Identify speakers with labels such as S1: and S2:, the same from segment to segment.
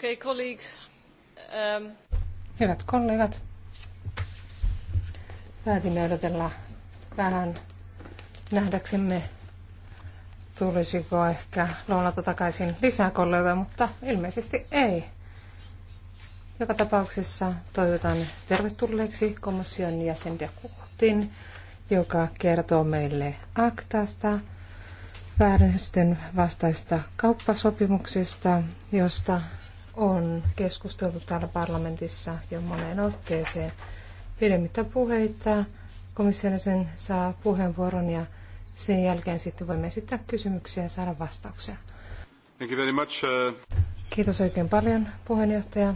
S1: Okay, colleagues. Um...
S2: Hyvät kollegat, päätimme odotella vähän nähdäksemme, tulisiko ehkä luonnolta takaisin lisää kollegoja, mutta ilmeisesti ei. Joka tapauksessa toivotan tervetulleeksi komission jäsen De Kuhtin, joka kertoo meille aktasta väärennösten vastaista kauppasopimuksesta, josta on keskusteltu täällä parlamentissa jo moneen otteeseen. Pidemmittä puheita komission sen saa puheenvuoron ja sen jälkeen sitten voimme esittää kysymyksiä ja saada vastauksia.
S1: Thank you very much. Uh,
S2: kiitos oikein paljon puheenjohtaja.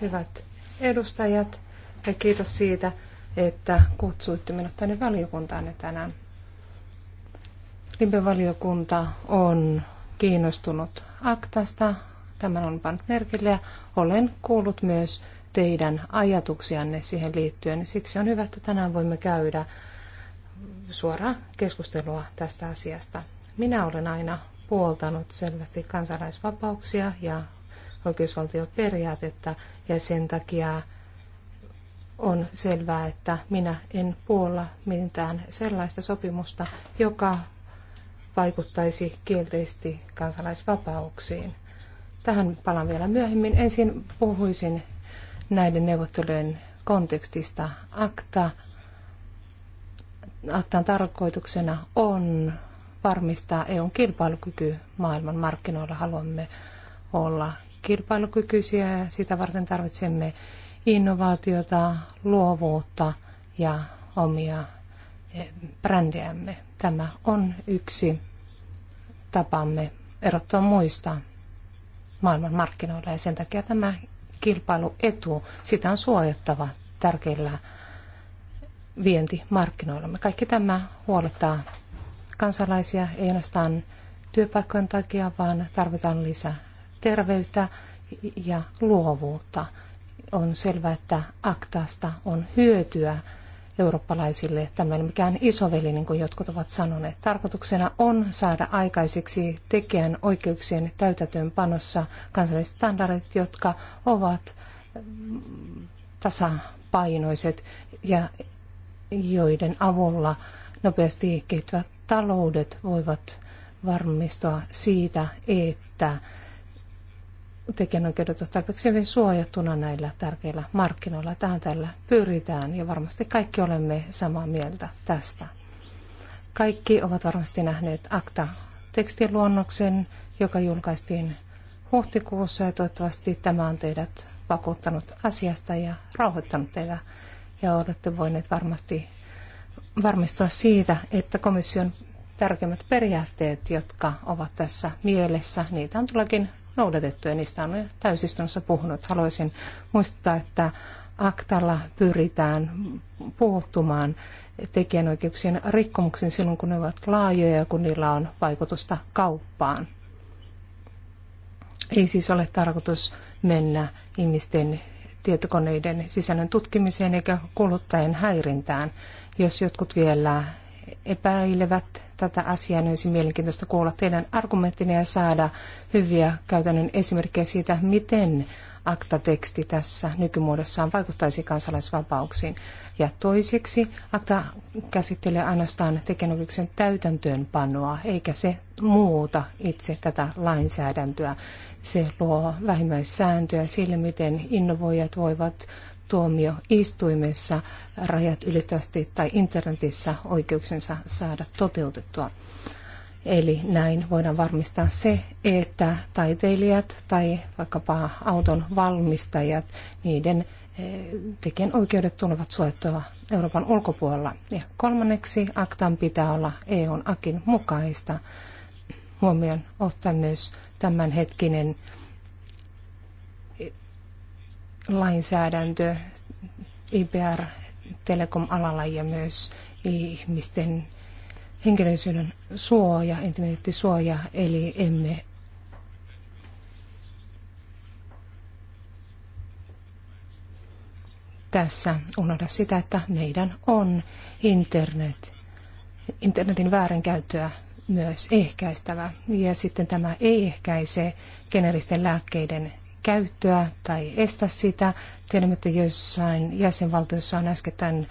S2: Hyvät edustajat ja kiitos siitä, että kutsuitte minut tänne valiokuntaan tänään. Limpe-valiokunta on kiinnostunut aktasta, Tämän on pannut merkille ja olen kuullut myös teidän ajatuksianne siihen liittyen. Siksi on hyvä, että tänään voimme käydä suoraa keskustelua tästä asiasta. Minä olen aina puoltanut selvästi kansalaisvapauksia ja oikeusvaltioperiaatetta ja sen takia on selvää, että minä en puolla mitään sellaista sopimusta, joka vaikuttaisi kielteisesti kansalaisvapauksiin. Tähän palaan vielä myöhemmin. Ensin puhuisin näiden neuvottelujen kontekstista. Akta, aktan tarkoituksena on varmistaa EUn kilpailukyky maailman markkinoilla. Haluamme olla kilpailukykyisiä ja sitä varten tarvitsemme innovaatiota, luovuutta ja omia eh, brändiämme. Tämä on yksi tapamme erottua muista maailman markkinoilla ja sen takia tämä kilpailuetu, sitä on suojattava tärkeillä Me Kaikki tämä huolettaa kansalaisia, ei ainoastaan työpaikkojen takia, vaan tarvitaan lisää terveyttä ja luovuutta. On selvää, että aktaasta on hyötyä eurooppalaisille. Tämä ei ole mikään isoveli, niin kuin jotkut ovat sanoneet. Tarkoituksena on saada aikaiseksi tekijän oikeuksien täytäntöönpanossa kansalliset standardit, jotka ovat tasapainoiset ja joiden avulla nopeasti kehittyvät taloudet voivat varmistua siitä, että tekijänoikeudet ovat tarpeeksi hyvin suojattuna näillä tärkeillä markkinoilla. Tähän tällä pyritään ja varmasti kaikki olemme samaa mieltä tästä. Kaikki ovat varmasti nähneet akta tekstiluonnoksen, joka julkaistiin huhtikuussa ja toivottavasti tämä on teidät vakuuttanut asiasta ja rauhoittanut teitä ja olette voineet varmasti varmistua siitä, että komission tärkeimmät periaatteet, jotka ovat tässä mielessä, niitä on tullakin noudatettu ja niistä on täysistunnossa puhunut. Haluaisin muistuttaa, että aktalla pyritään puuttumaan tekijänoikeuksien rikkomuksiin silloin, kun ne ovat laajoja ja kun niillä on vaikutusta kauppaan. Ei siis ole tarkoitus mennä ihmisten tietokoneiden sisällön tutkimiseen eikä kuluttajien häirintään. Jos jotkut vielä epäilevät tätä asiaa, niin olisi mielenkiintoista kuulla teidän argumenttinne ja saada hyviä käytännön esimerkkejä siitä, miten akta-teksti tässä nykymuodossaan vaikuttaisi kansalaisvapauksiin. Ja toiseksi akta käsittelee ainoastaan tekijänoikeuksien täytäntöönpanoa, eikä se muuta itse tätä lainsäädäntöä. Se luo vähimmäissääntöjä sille, miten innovoijat voivat tuomioistuimessa rajat ylittävästi tai internetissä oikeuksensa saada toteutettua. Eli näin voidaan varmistaa se, että taiteilijat tai vaikkapa auton valmistajat, niiden eh, tekijänoikeudet tulevat suojattua Euroopan ulkopuolella. Ja kolmanneksi aktan pitää olla EUn akin mukaista. Huomioon ottaa myös tämänhetkinen lainsäädäntö IPR telekom-alalla ja myös ihmisten henkilöisyyden suoja, internetisuoja, eli emme tässä unohda sitä, että meidän on internet, internetin väärinkäyttöä myös ehkäistävä. Ja sitten tämä ei ehkäise generisten lääkkeiden käyttöä tai estä sitä. Tiedämme, että joissain jäsenvaltioissa on äsken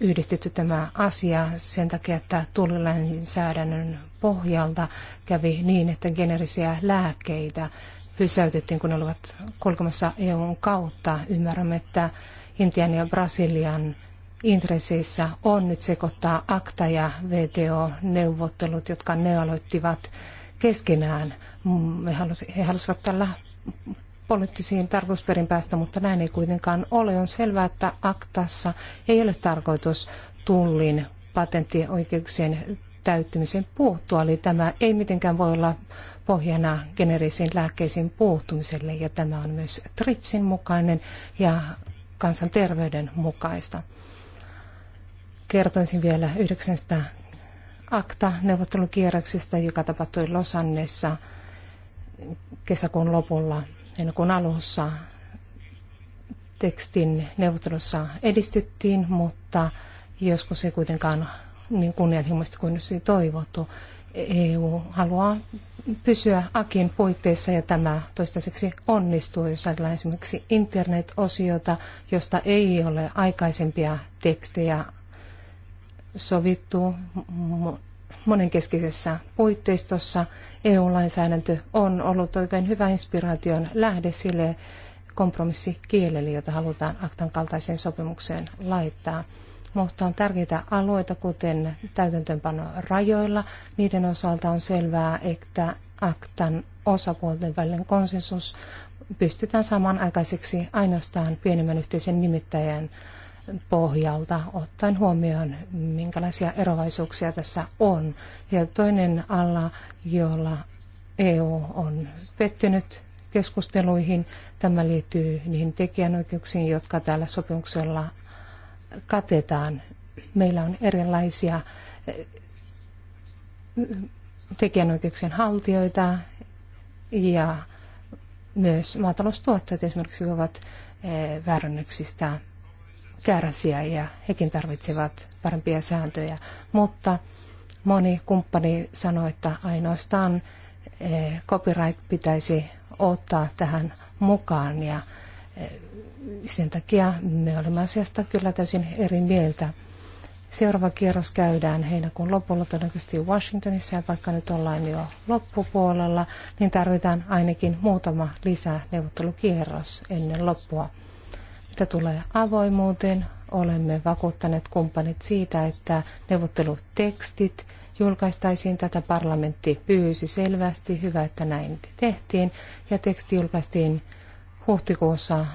S2: yhdistetty tämä asia sen takia, että tullilainsäädännön pohjalta kävi niin, että generisiä lääkkeitä pysäytettiin, kun ne olivat kulkemassa EUn kautta. Ymmärrämme, että Intian ja Brasilian intresseissä on nyt sekoittaa akta ja VTO-neuvottelut, jotka ne aloittivat keskenään. Mm, he halusivat tällä poliittisiin tarkoitusperin päästä, mutta näin ei kuitenkaan ole. On selvää, että aktassa ei ole tarkoitus tullin patenttioikeuksien täyttymisen puuttua, eli tämä ei mitenkään voi olla pohjana generisiin lääkkeisiin puuttumiselle, ja tämä on myös TRIPSin mukainen ja kansanterveyden mukaista. Kertoisin vielä yhdeksästä akta neuvottelukierroksesta, joka tapahtui Losannessa kesäkuun lopulla, heinäkuun alussa tekstin neuvottelussa edistyttiin, mutta joskus ei kuitenkaan niin kunnianhimoista kuin olisi toivottu. EU haluaa pysyä AKin puitteissa ja tämä toistaiseksi onnistuu, jos ajatellaan esimerkiksi internet-osiota, josta ei ole aikaisempia tekstejä sovittu monenkeskisessä puitteistossa EU-lainsäädäntö on ollut oikein hyvä inspiraation lähde sille kompromissikielelle, jota halutaan aktan kaltaiseen sopimukseen laittaa. Mutta on tärkeitä alueita, kuten täytäntöönpano rajoilla. Niiden osalta on selvää, että aktan osapuolten välinen konsensus pystytään saamaan aikaiseksi ainoastaan pienemmän yhteisen nimittäjän pohjalta, ottaen huomioon, minkälaisia eroavaisuuksia tässä on. Ja toinen alla, jolla EU on pettynyt keskusteluihin, tämä liittyy niihin tekijänoikeuksiin, jotka täällä sopimuksella katetaan. Meillä on erilaisia eh, tekijänoikeuksien haltijoita ja myös maataloustuottajat esimerkiksi ovat eh, väärännyksistä kärsiä ja hekin tarvitsevat parempia sääntöjä. Mutta moni kumppani sanoi, että ainoastaan eh, copyright pitäisi ottaa tähän mukaan ja eh, sen takia me olemme asiasta kyllä täysin eri mieltä. Seuraava kierros käydään heinäkuun lopulla todennäköisesti Washingtonissa ja vaikka nyt ollaan jo loppupuolella, niin tarvitaan ainakin muutama lisää neuvottelukierros ennen loppua. Mitä tulee avoimuuteen, olemme vakuuttaneet kumppanit siitä, että neuvottelutekstit julkaistaisiin. Tätä parlamentti pyysi selvästi. Hyvä, että näin tehtiin. Ja teksti julkaistiin huhtikuussa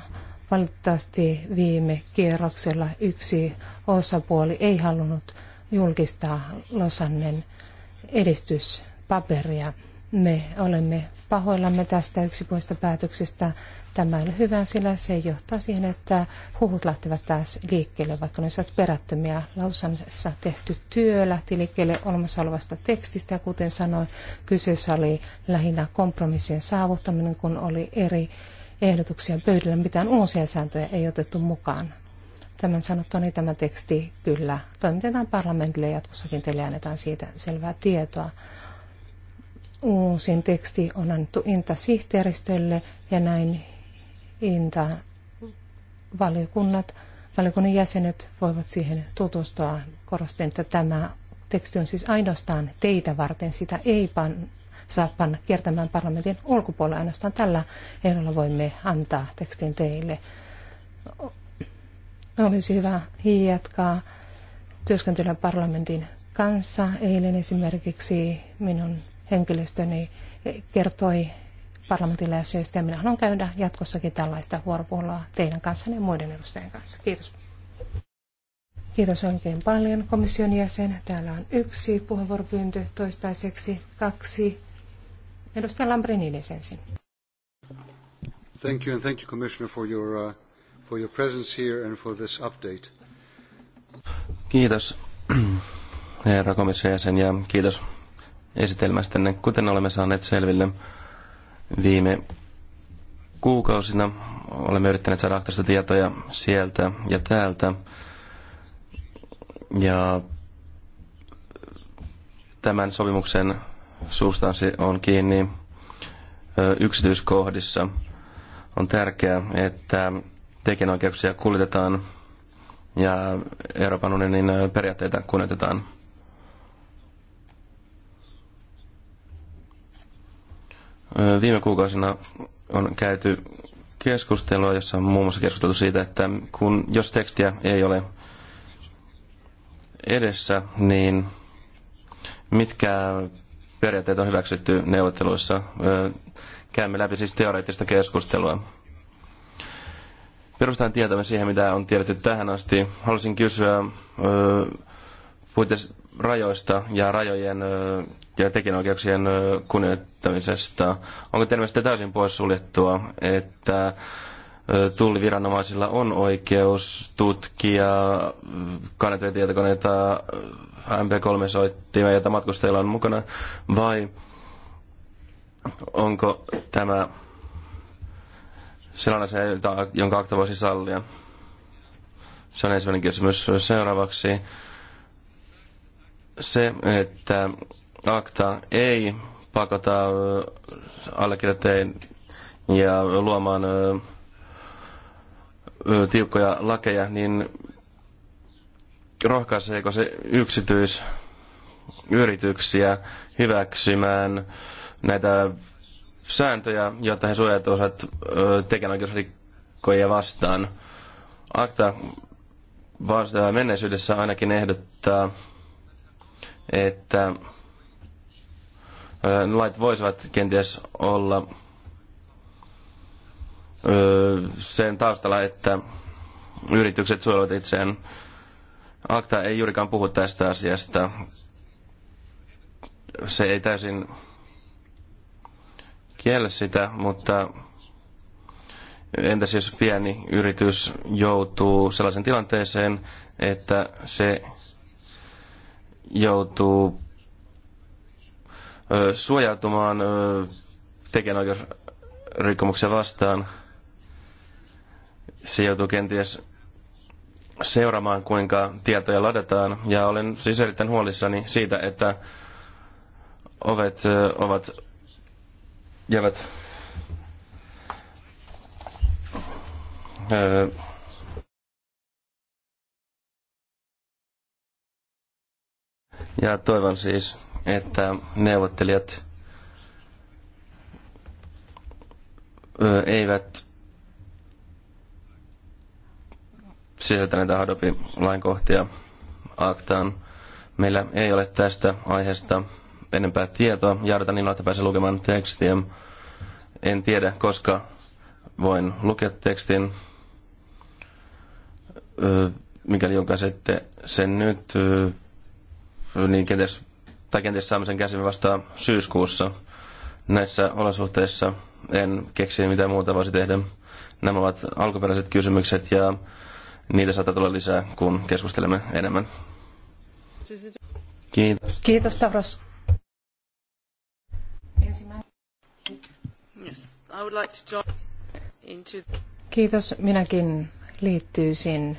S2: Valitettavasti viime kierroksella yksi osapuoli ei halunnut julkistaa Losannen edistyspaperia. Me olemme pahoillamme tästä yksipuolista päätöksestä. Tämä ei ole hyvä, sillä se johtaa siihen, että huhut lähtevät taas liikkeelle, vaikka ne olisivat perättömiä. Lausannessa tehty työ lähti liikkeelle olemassa olevasta tekstistä, ja kuten sanoin, kyseessä oli lähinnä kompromissien saavuttaminen, kun oli eri ehdotuksia pöydällä. Mitään uusia sääntöjä ei otettu mukaan. Tämän sanottuna niin tämä teksti kyllä toimitetaan parlamentille jatkossakin, teille annetaan siitä selvää tietoa. Uusin teksti on annettu Inta-sihteeristölle ja näin Inta-valiokunnat, valiokunnan jäsenet voivat siihen tutustua. Korostin, että tämä teksti on siis ainoastaan teitä varten. Sitä ei pan, saa panna kiertämään parlamentin ulkopuolella. Ainoastaan tällä ehdolla voimme antaa tekstin teille. Olisi hyvä jatkaa työskentelyä parlamentin kanssa. Eilen esimerkiksi minun henkilöstöni kertoi parlamentille asioista ja minä haluan käydä jatkossakin tällaista vuoropuhelua teidän kanssanne ja muiden edustajien kanssa. Kiitos. Kiitos oikein paljon komission jäsen. Täällä on yksi puheenvuoropyyntö toistaiseksi, kaksi. Edustaja Lambrinides
S3: ensin.
S1: Thank you and thank you Commissioner for your, uh, for your
S2: presence here and for this update.
S4: Kiitos herra komission jäsen ja kiitos esitelmästänne. Kuten olemme saaneet selville viime kuukausina, olemme yrittäneet saada aktaista tietoja sieltä ja täältä. Ja tämän sopimuksen substanssi on kiinni yksityiskohdissa. On tärkeää, että tekijänoikeuksia kuljetetaan ja Euroopan unionin periaatteita kunnioitetaan. Viime kuukausina on käyty keskustelua, jossa on muun muassa keskusteltu siitä, että kun, jos tekstiä ei ole edessä, niin mitkä periaatteet on hyväksytty neuvotteluissa? Käymme läpi siis teoreettista keskustelua. Perustan tietämme siihen, mitä on tiedetty tähän asti. Haluaisin kysyä puitteissa rajoista ja rajojen ja tekijänoikeuksien kunnioittamisesta. Onko teidän täysin poissuljettua, että tulliviranomaisilla on oikeus tutkia mm, kannettuja tietokoneita, MP3-soittimia, joita matkustajilla on mukana, vai onko tämä sellainen asia, jonka akta voisi sallia? Se on ensimmäinen kysymys. Seuraavaksi se, että akta ei pakota äh, allekirjoittajien ja luomaan äh, äh, tiukkoja lakeja, niin rohkaiseeko se yksityisyrityksiä hyväksymään näitä sääntöjä, jotta he suojautuisivat tekijänoikeusrikkoja vastaan. Akta vasta menneisyydessä ainakin ehdottaa, että lait voisivat kenties olla sen taustalla, että yritykset suojelevat itseään. Akta ei juurikaan puhu tästä asiasta. Se ei täysin kiellä sitä, mutta entäs jos pieni yritys joutuu sellaisen tilanteeseen, että se joutuu suojautumaan tekijänoikeusrikkomuksia vastaan. Se joutuu kenties seuraamaan, kuinka tietoja ladataan. Ja olen siis erittäin huolissani siitä, että ovet ovat jäävät öö, ja toivon siis että neuvottelijat eivät sisältäneet Adobin lainkohtia aktaan. Meillä ei ole tästä aiheesta enempää tietoa. Jartan niin että pääsen lukemaan tekstiä. En tiedä, koska voin lukea tekstin. Mikäli julkaisette sen nyt, niin kenties tai kenties saamme sen käsimme vasta syyskuussa. Näissä olosuhteissa en keksi mitä muuta voisi tehdä. Nämä ovat alkuperäiset kysymykset ja niitä saattaa tulla lisää, kun keskustelemme enemmän. Kiitos.
S2: Kiitos Tavros. Kiitos. Minäkin liittyisin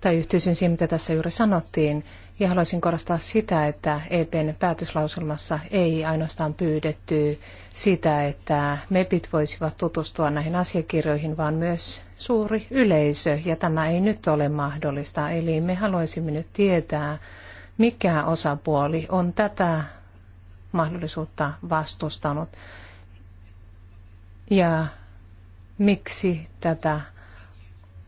S2: tai yhtyisin siihen, mitä tässä juuri sanottiin. Ja haluaisin korostaa sitä, että EPn päätöslauselmassa ei ainoastaan pyydetty sitä, että MEPit voisivat tutustua näihin asiakirjoihin, vaan myös suuri yleisö, ja tämä ei nyt ole mahdollista. Eli me haluaisimme nyt tietää, mikä osapuoli on tätä mahdollisuutta vastustanut ja miksi tätä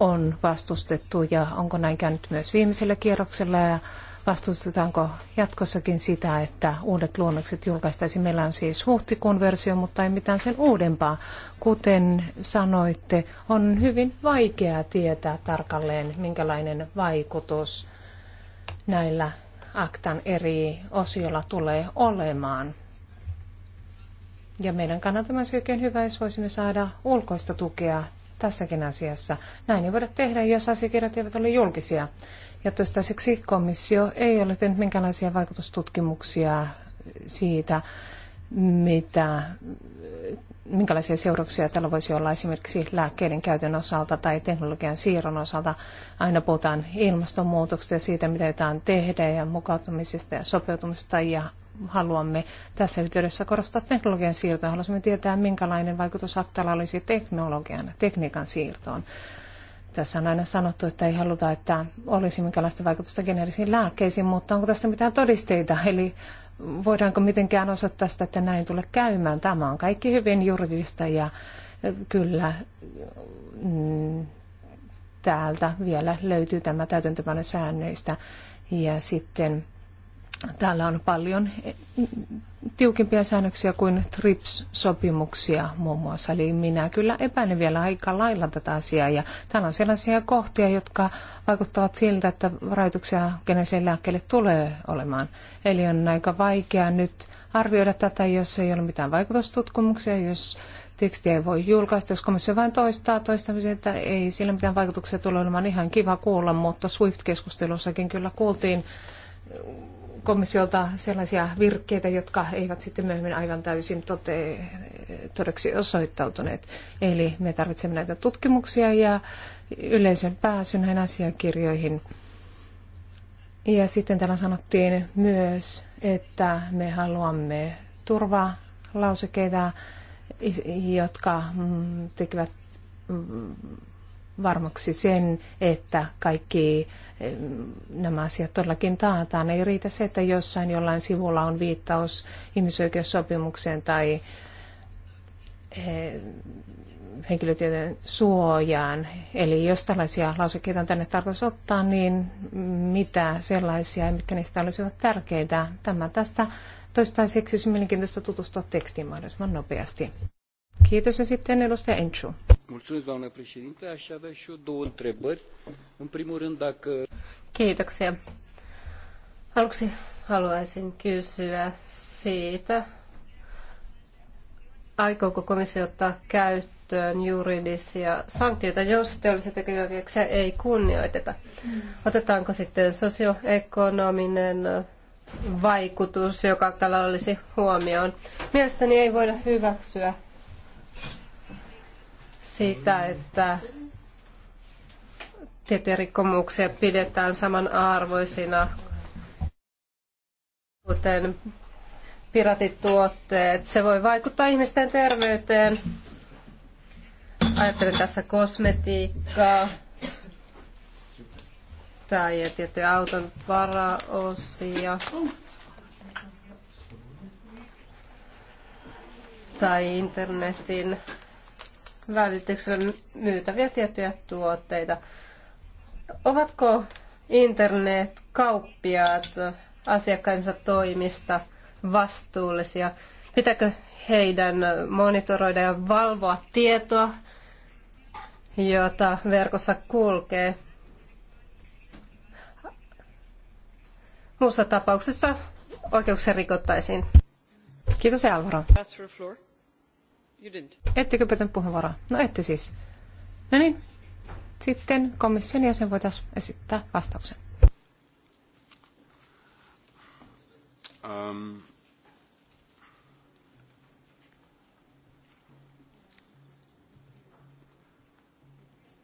S2: on vastustettu ja onko näin käynyt myös viimeisellä kierroksella ja Vastustetaanko jatkossakin sitä, että uudet luonnokset julkaistaisiin? Meillä on siis huhtikuun versio, mutta ei mitään sen uudempaa. Kuten sanoitte, on hyvin vaikeaa tietää tarkalleen, minkälainen vaikutus näillä aktan eri osioilla tulee olemaan. Ja meidän kannalta myös oikein hyvä, jos voisimme saada ulkoista tukea tässäkin asiassa. Näin ei voida tehdä, jos asiakirjat eivät ole julkisia. Ja toistaiseksi komissio ei ole tehnyt minkälaisia vaikutustutkimuksia siitä, mitä, minkälaisia seurauksia tällä voisi olla esimerkiksi lääkkeiden käytön osalta tai teknologian siirron osalta. Aina puhutaan ilmastonmuutoksesta ja siitä, mitä jotain tehdä ja mukautumisesta ja sopeutumista ja haluamme tässä yhteydessä korostaa teknologian siirtoa. Haluaisimme tietää, minkälainen vaikutus Aptalla olisi teknologian, tekniikan siirtoon. Tässä on aina sanottu, että ei haluta, että olisi minkälaista vaikutusta geneerisiin lääkkeisiin, mutta onko tästä mitään todisteita? Eli voidaanko mitenkään osoittaa sitä, että näin tulee käymään? Tämä on kaikki hyvin juridista ja kyllä mm, täältä vielä löytyy tämä täytäntöpanon säännöistä. Ja sitten Täällä on paljon tiukempia säännöksiä kuin TRIPS-sopimuksia muun muassa. Eli minä kyllä epäilen vielä aika lailla tätä asiaa. Ja täällä on sellaisia kohtia, jotka vaikuttavat siltä, että rajoituksia geneeseen lääkkeelle tulee olemaan. Eli on aika vaikea nyt arvioida tätä, jos ei ole mitään vaikutustutkimuksia, jos tekstiä ei voi julkaista, jos komissio vain toistaa toistamisen, että ei sillä mitään vaikutuksia tule olemaan ihan kiva kuulla, mutta SWIFT-keskustelussakin kyllä kuultiin komissiolta sellaisia virkkeitä, jotka eivät sitten myöhemmin aivan täysin tote, todeksi osoittautuneet. Eli me tarvitsemme näitä tutkimuksia ja yleisön pääsyn näihin asiakirjoihin. Ja sitten täällä sanottiin myös, että me haluamme turvaa lausekkeita, jotka mm, tekevät mm, varmaksi sen, että kaikki nämä asiat todellakin taataan. Ei riitä se, että jossain jollain sivulla on viittaus ihmisoikeussopimukseen tai eh, henkilötietojen suojaan. Eli jos tällaisia lausekkeita on tänne tarkoitus ottaa, niin mitä sellaisia ja mitkä niistä olisivat tärkeitä? Tämä tästä toistaiseksi olisi mielenkiintoista tutustua tekstiin mahdollisimman nopeasti. Kiitos ja sitten edustaja Enchu.
S3: Mulțumesc, doamnă președinte. Aș avea și eu două întrebări. În primul rând, dacă...
S1: Kiitoksia. Aluksi haluaisin kysyä siitä, aikooko komissio ottaa käyttöön juridisia sanktioita, jos teollisia tekijäoikeuksia ei kunnioiteta? Otetaanko sitten sosioekonominen vaikutus, joka tällä olisi huomioon? Mielestäni ei voida hyväksyä sitä, että tiettyjä rikkomuksia pidetään samanarvoisina, kuten piratituotteet. Se voi vaikuttaa ihmisten terveyteen. Ajattelen tässä kosmetiikkaa tai tiettyjä auton varaosia. Tai internetin välityksellä myytäviä tiettyjä tuotteita. Ovatko internet-kauppiaat asiakkaansa toimista vastuullisia? Pitääkö heidän monitoroida ja valvoa tietoa, jota verkossa kulkee? Muussa tapauksessa oikeuksia rikottaisiin. Kiitos Alvaro. Ettekö pyytänyt puheenvuoroa? No ette siis. No niin,
S2: sitten komission jäsen voi taas esittää vastauksen.
S1: Um,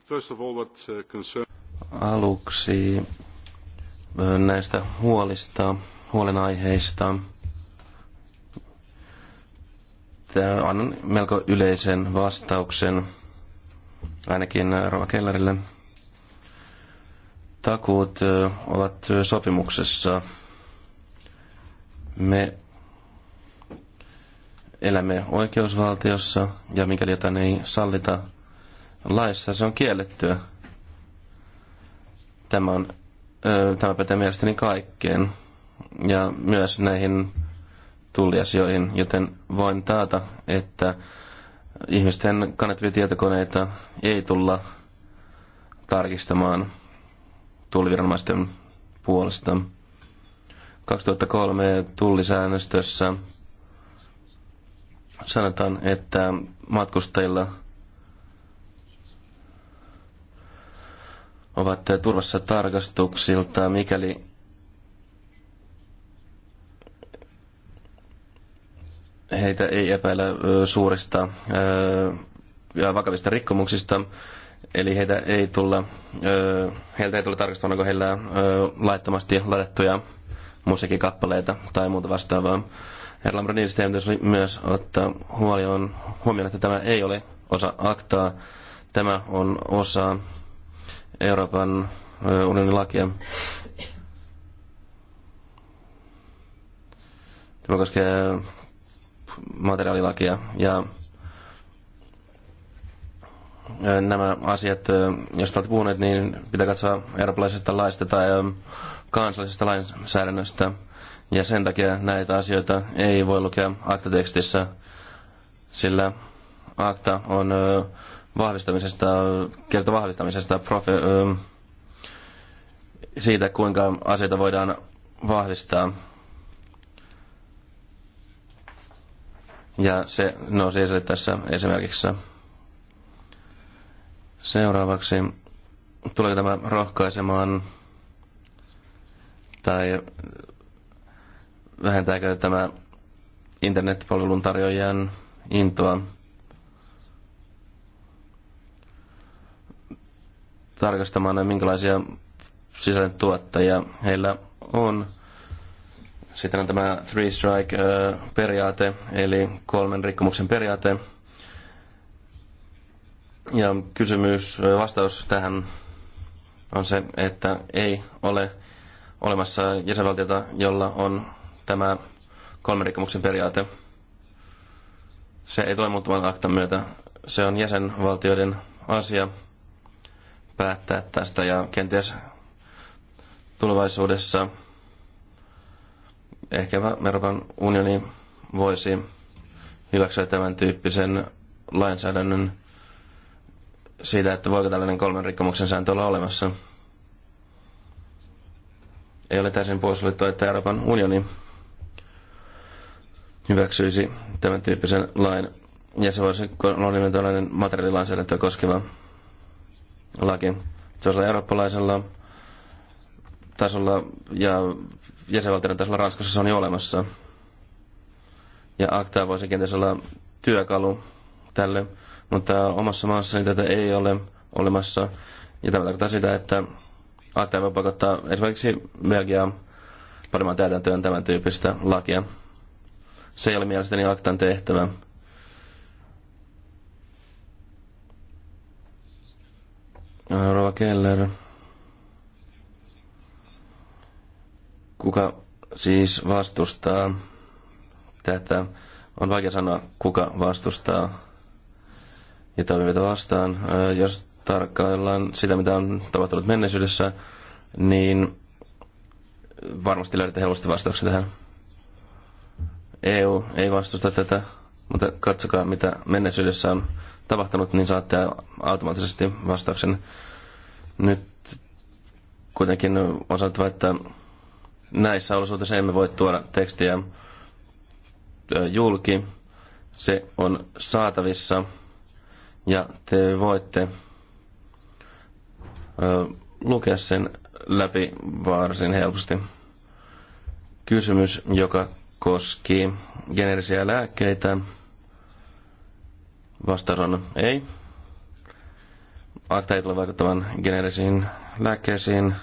S1: first of all, what
S3: uh, concern...
S4: Aluksi äh, näistä huolista, huolenaiheista. Tämä annan melko yleisen vastauksen ainakin Rova Kellerille. Takuut ovat sopimuksessa. Me elämme oikeusvaltiossa ja mikäli jotain ei sallita laissa, se on kiellettyä. Tämä, on, tämä pätee mielestäni kaikkeen ja myös näihin tulliasioihin, joten voin taata, että ihmisten kannettavia tietokoneita ei tulla tarkistamaan tulliviranomaisten puolesta. 2003 tullisäännöstössä sanotaan, että matkustajilla ovat turvassa tarkastuksilta, mikäli heitä ei epäillä suurista ja vakavista rikkomuksista, eli heitä ei tulla, heiltä ei tulla tarkastamaan, onko heillä laittomasti ladattuja musiikkikappaleita tai muuta vastaavaa. Herra Lambrinista pitäisi myös ottaa huomioon, huomioon, että tämä ei ole osa aktaa, tämä on osa Euroopan unionin lakia. Tämä koskee materiaalilakia ja nämä asiat, jos olet puhuneet, niin pitää katsoa eurooppalaisesta laista tai kansallisesta lainsäädännöstä. Ja sen takia näitä asioita ei voi lukea aktatekstissä, sillä akta on vahvistamisesta, kerto vahvistamisesta, profi siitä kuinka asioita voidaan vahvistaa. Ja se nousi esille tässä esimerkiksi seuraavaksi. tulee tämä rohkaisemaan tai vähentääkö tämä internetpalvelun tarjoajan intoa tarkastamaan, minkälaisia sisällön tuottajia heillä on – sitten on tämä three strike-periaate, eli kolmen rikkomuksen periaate. Ja kysymys, vastaus tähän on se, että ei ole olemassa jäsenvaltiota, jolla on tämä kolmen rikkomuksen periaate. Se ei tule muuttumaan aktan myötä. Se on jäsenvaltioiden asia päättää tästä ja kenties tulevaisuudessa Ehkä Euroopan unioni voisi hyväksyä tämän tyyppisen lainsäädännön siitä, että voiko tällainen kolmen rikkomuksen sääntö olla olemassa. Ei ole täysin poissuljettu, että Euroopan unioni hyväksyisi tämän tyyppisen lain. Ja se voisi olla tällainen materiaalilainsäädäntöä koskeva laki. Se voisi olla eurooppalaisella tasolla ja jäsenvaltioiden tasolla Ranskassa se on jo olemassa. Ja ACTA voisi kenties olla työkalu tälle, mutta omassa maassani tätä ei ole olemassa. Ja tämä tarkoittaa sitä, että ACTA voi pakottaa esimerkiksi Belgiaa panemaan täytäntöön tämän tyyppistä lakia. Se ei ole mielestäni aktan tehtävä. Rova Keller. Kuka siis vastustaa tätä? On vaikea sanoa, kuka vastustaa ja toimivita vastaan. Jos tarkkaillaan sitä, mitä on tapahtunut menneisyydessä, niin varmasti löydätte helposti vastauksen tähän. EU ei vastusta tätä, mutta katsokaa, mitä menneisyydessä on tapahtunut, niin saatte automaattisesti vastauksen. Nyt kuitenkin on sanottava, että näissä olosuhteissa emme voi tuoda tekstiä julki. Se on saatavissa ja te voitte lukea sen läpi varsin helposti. Kysymys, joka koski generisiä lääkkeitä. Vastaus on ei. Akta ei tule vaikuttamaan generisiin lääkkeisiin.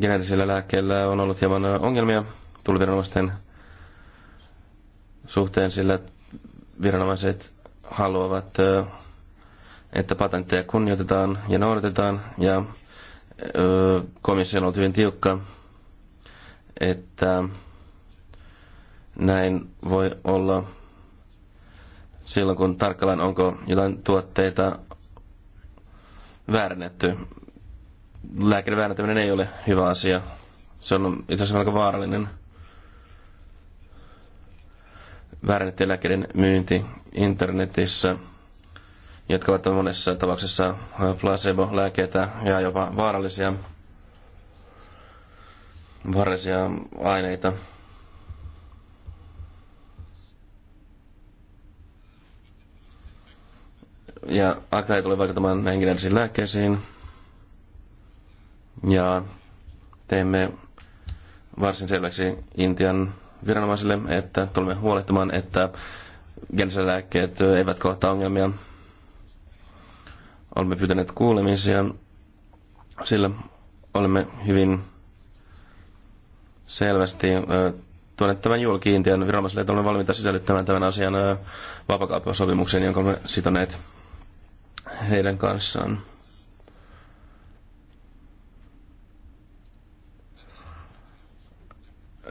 S4: geneerisillä lääkkeillä on ollut hieman ongelmia tuliviranomaisten suhteen, sillä viranomaiset haluavat, että patentteja kunnioitetaan ja noudatetaan, ja komissio on ollut hyvin tiukka, että näin voi olla silloin, kun tarkkaillaan, onko jotain tuotteita väärennetty lääkärin väärentäminen ei ole hyvä asia. Se on itse asiassa aika vaarallinen. Väärennettyjen lääkkeiden myynti internetissä, jotka ovat monessa tapauksessa placebo-lääkkeitä ja jopa vaarallisia, vaarallisia aineita. Ja aika ei tule vaikuttamaan näihin lääkkeisiin, ja teemme varsin selväksi Intian viranomaisille, että tulemme huolehtimaan, että genselääkkeet eivät kohta ongelmia. Olemme pyytäneet kuulemisia, sillä olemme hyvin selvästi tuoneet tämän julki Intian viranomaisille, että olemme valmiita sisällyttämään tämän asian vapakauppasopimukseen, jonka olemme sitoneet heidän kanssaan.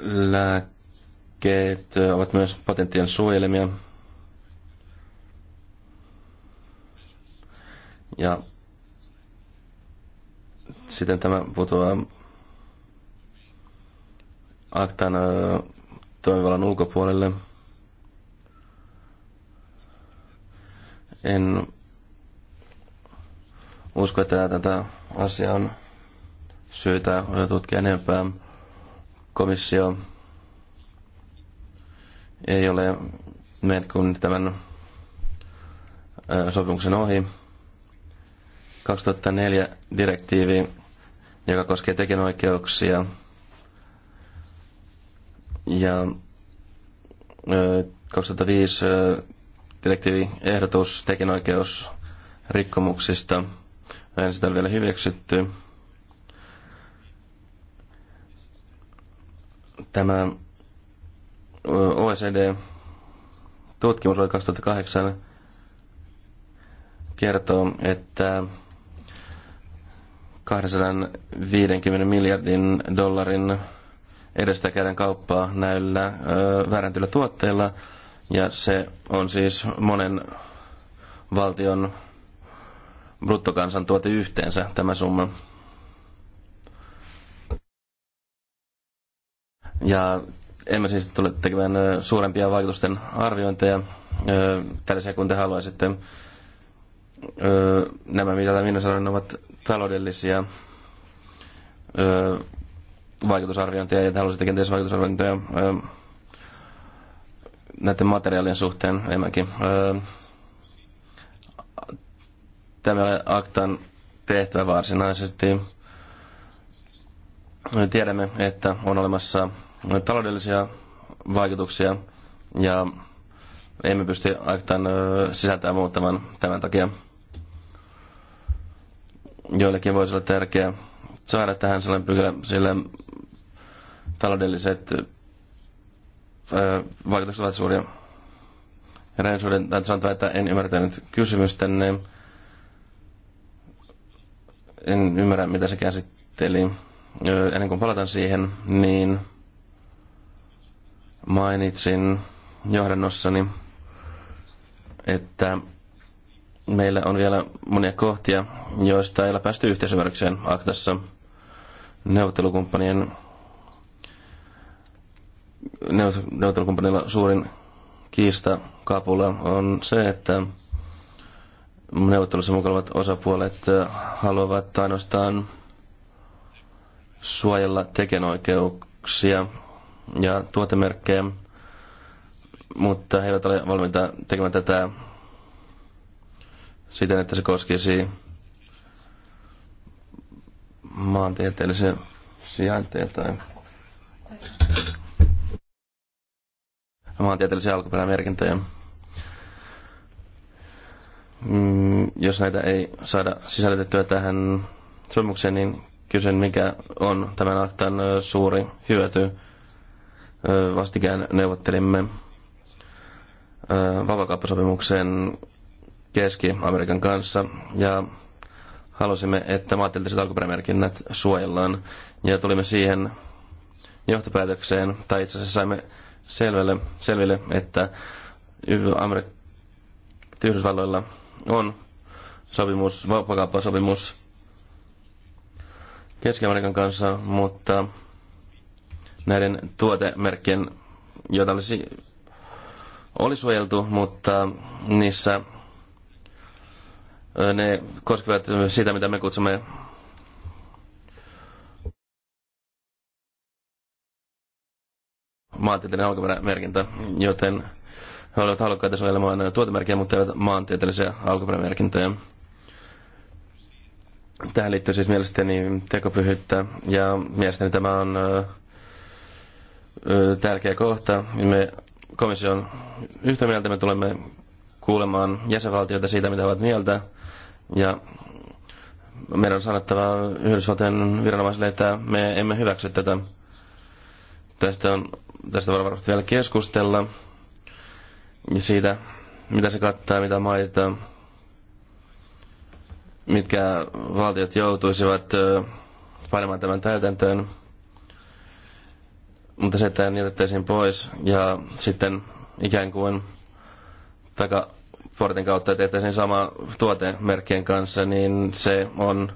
S4: lääkkeet ovat myös patenttien suojelemia. Ja sitten tämä putoaa aktan toimivallan ulkopuolelle. En usko, että tätä asiaa on syytä tutkia enempää komissio ei ole mennyt tämän äh, sopimuksen ohi. 2004 direktiivi, joka koskee tekijänoikeuksia ja 2005 äh, äh, direktiivi ehdotus tekijänoikeusrikkomuksista. En sitä ole vielä hyväksytty. Tämä OECD-tutkimus vuonna 2008 kertoo, että 250 miljardin dollarin edestä käydään kauppaa näillä vääräntyillä tuotteilla. Ja se on siis monen valtion bruttokansantuote yhteensä tämä summa. Ja emme siis tule tekemään suurempia vaikutusten arviointeja tällaisia kun te haluaisitte. Nämä, mitä minä sanoin, ovat taloudellisia vaikutusarviointeja ja haluaisitte kenties vaikutusarviointeja näiden materiaalien suhteen enemmänkin. Tämä on aktan tehtävä varsinaisesti. Tiedämme, että on olemassa taloudellisia vaikutuksia ja emme pysty Actan sisältämään muuttamaan tämän takia. Joillekin voisi olla tärkeää saada tähän sellainen pykälä, sillä taloudelliset vaikutukset ovat suuria. Rehellisyyden täytyy sanoa, että en ymmärtänyt niin En ymmärrä, mitä se käsitteli. Ennen kuin palataan siihen, niin Mainitsin johdannossani, että meillä on vielä monia kohtia, joista ei ole päästy yhteisymmärrykseen aktassa neuvottelukumppanien neuvottelukumppanilla suurin kiista kapula on se, että neuvottelussa mukana osapuolet äh, haluavat ainoastaan suojella tekijänoikeuksia ja tuotemerkkejä, mutta he eivät ole valmiita tekemään tätä siten, että se koskisi maantieteellisiä sijainteja tai maantieteellisiä alkuperämerkintöjä. Mm, jos näitä ei saada sisällytettyä tähän sopimukseen, niin kysyn, mikä on tämän aktan suuri hyöty. Vastikään neuvottelimme vapakauppasopimuksen Keski-Amerikan kanssa ja halusimme, että maatilliset alkuperämerkinnät suojellaan ja tulimme siihen johtopäätökseen, tai itse asiassa saimme selville, selville että Yhdysvalloilla on sopimus, vapakauppasopimus Keski-Amerikan kanssa, mutta näiden tuotemerkkien, joita olisi, oli suojeltu, mutta niissä ne koskevat sitä, mitä me kutsumme maantieteellinen alkuperämerkintä, joten he olivat halukkaita suojelemaan tuotemerkkejä, mutta eivät maantieteellisiä alkuperämerkintöjä. Tähän liittyy siis mielestäni tekopyhyyttä ja mielestäni tämä on tärkeä kohta. Me komission yhtä mieltä me tulemme kuulemaan jäsenvaltioita siitä, mitä ovat mieltä. Ja meidän on sanottava Yhdysvaltojen viranomaisille, että me emme hyväksy tätä. Tästä, on, tästä varmasti vielä keskustella. Ja siitä, mitä se kattaa, mitä maita, mitkä valtiot joutuisivat panemaan tämän täytäntöön. Mutta se, että jätettäisiin pois ja sitten ikään kuin takaportin kautta tehtäisiin sama tuotemerkkien kanssa, niin se on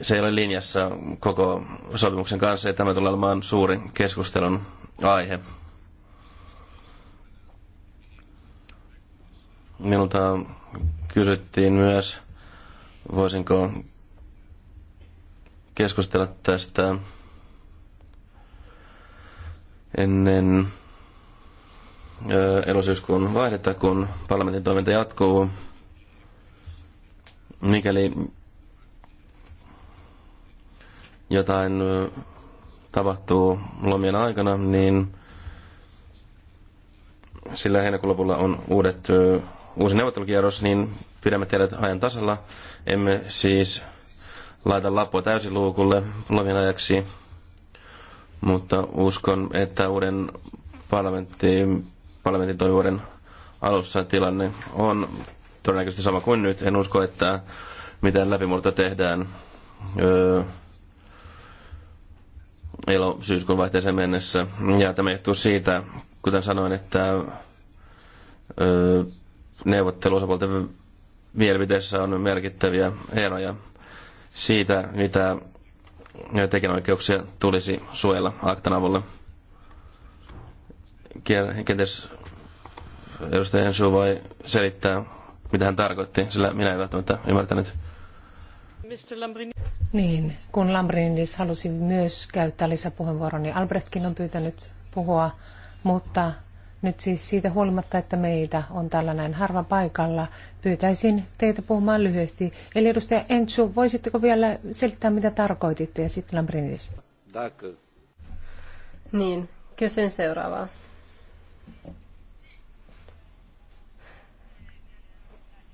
S4: se ei ole linjassa koko sopimuksen kanssa ja tämä tulee olemaan suuri keskustelun aihe. Minulta kysyttiin myös, voisinko keskustella tästä ennen elosyyskuun vaihdetta, kun parlamentin toiminta jatkuu. Mikäli jotain tapahtuu lomien aikana, niin sillä heinäkuun lopulla on uudet, uusi neuvottelukierros, niin pidämme teidät ajan tasalla. Emme siis laita lappua luukulle lomien ajaksi mutta uskon, että uuden parlamentin, parlamentin toi alussa tilanne on todennäköisesti sama kuin nyt. En usko, että mitään läpimurto tehdään öö, elo syyskuun vaihteeseen mennessä. Ja tämä johtuu siitä, kuten sanoin, että öö, neuvotteluosapuolten mielipiteissä on merkittäviä eroja siitä, mitä tekijänoikeuksia tulisi suojella aktan avulla. Kenties edustaja Ensu voi selittää, mitä hän tarkoitti, sillä minä en välttämättä ymmärtänyt.
S2: Niin, kun Lambrinis halusi myös käyttää lisäpuheenvuoron, niin Albrechtkin on pyytänyt puhua, mutta nyt siis siitä huolimatta, että meitä on täällä näin harva paikalla, pyytäisin teitä puhumaan lyhyesti. Eli edustaja Entsu, voisitteko vielä selittää, mitä tarkoititte, ja sitten Lambrinidis.
S1: Niin, kysyn seuraavaa.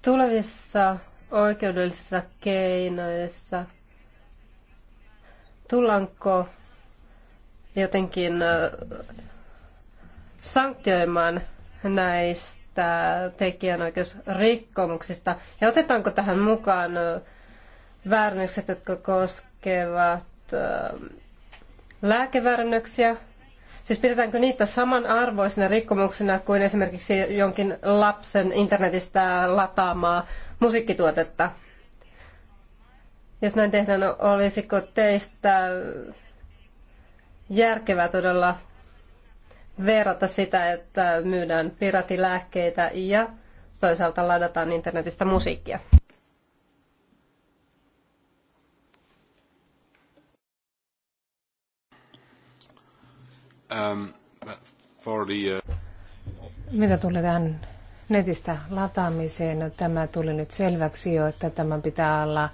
S1: Tulevissa oikeudellisissa keinoissa tullaanko jotenkin sanktioimaan näistä tekijänoikeusrikkomuksista? Ja otetaanko tähän mukaan väärännökset, jotka koskevat lääkeväärännöksiä? Siis pidetäänkö niitä samanarvoisina rikkomuksina kuin esimerkiksi jonkin lapsen internetistä lataamaa musiikkituotetta? Jos näin tehdään, olisiko teistä järkevää todella verrata sitä, että myydään piratilääkkeitä ja toisaalta ladataan internetistä musiikkia. Um, for the, uh... Mitä
S2: tulee tähän netistä lataamiseen, no, tämä tuli nyt selväksi jo, että tämä pitää olla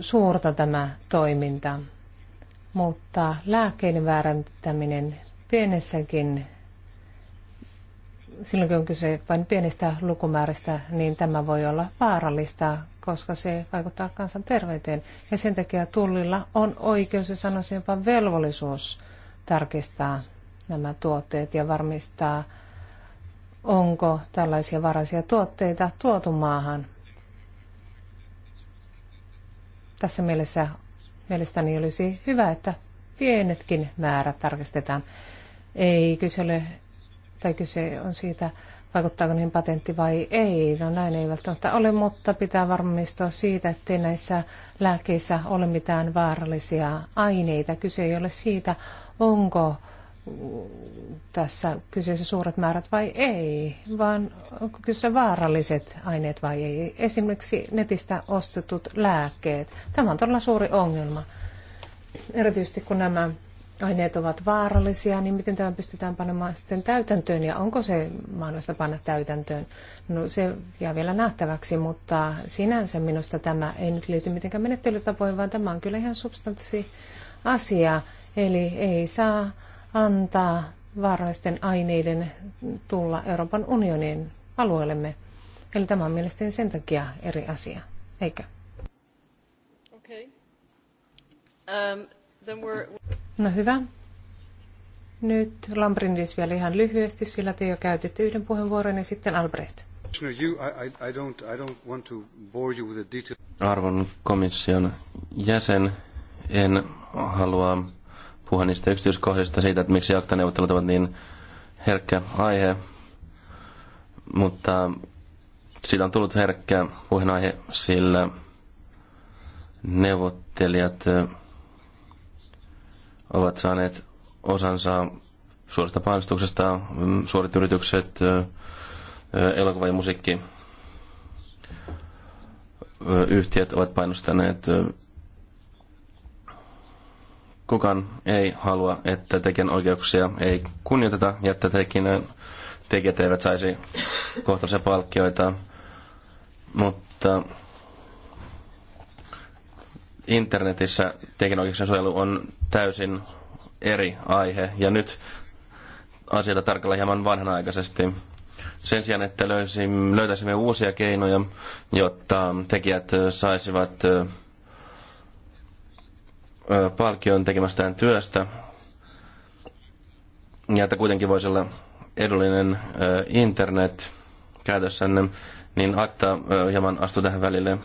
S2: suurta tämä toiminta. Mutta lääkkeiden väärentäminen pienessäkin, silloin kun on kyse vain pienistä lukumääristä, niin tämä voi olla vaarallista, koska se vaikuttaa kansanterveyteen. Ja sen takia tullilla on oikeus ja sanoisin jopa velvollisuus tarkistaa nämä tuotteet ja varmistaa, onko tällaisia varaisia tuotteita tuotu maahan. Tässä mielessä mielestäni olisi hyvä, että pienetkin määrät tarkistetaan. Ei kyse ole, tai kyse on siitä, vaikuttaako niihin patentti vai ei. No näin ei välttämättä ole, mutta pitää varmistua siitä, ettei näissä lääkeissä ole mitään vaarallisia aineita. Kyse ei ole siitä, onko tässä kyseessä suuret määrät vai ei, vaan onko kyseessä vaaralliset aineet vai ei. Esimerkiksi netistä ostetut lääkkeet. Tämä on todella suuri ongelma, erityisesti kun nämä aineet ovat vaarallisia, niin miten tämä pystytään panemaan sitten täytäntöön ja onko se mahdollista panna täytäntöön? No se jää vielä nähtäväksi, mutta sinänsä minusta tämä ei nyt liity mitenkään menettelytapoihin, vaan tämä on kyllä ihan substanssi asia. Eli ei saa antaa vaarallisten aineiden tulla Euroopan unionin alueellemme. Eli tämä on mielestäni sen takia eri asia, eikö?
S1: Okay. Um, then we're...
S2: No hyvä. Nyt Lambrindis vielä ihan lyhyesti, sillä te jo käytitte yhden puheenvuoron ja niin sitten Albrecht.
S4: Arvon komission jäsen, en halua puhua niistä yksityiskohdista siitä, että miksi jaktaneuvottelut ovat niin herkkä aihe, mutta siitä on tullut herkkä puheenaihe, sillä neuvottelijat ovat saaneet osansa suorasta painostuksesta, mm, suorit yritykset, elokuva- ja musiikki yhtiöt ovat painostaneet. Kukaan ei halua, että oikeuksia, ei kunnioiteta ja että tekijät eivät saisi kohtuullisia palkkioita, mutta Internetissä tekijänoikeuksien suojelu on täysin eri aihe, ja nyt asioita tarkalla hieman vanhanaikaisesti. Sen sijaan, että löytäisimme uusia keinoja, jotta tekijät saisivat palkion tekemästään työstä, ja että kuitenkin voisi olla edullinen internet käytössänne, niin Akta hieman astui tähän välille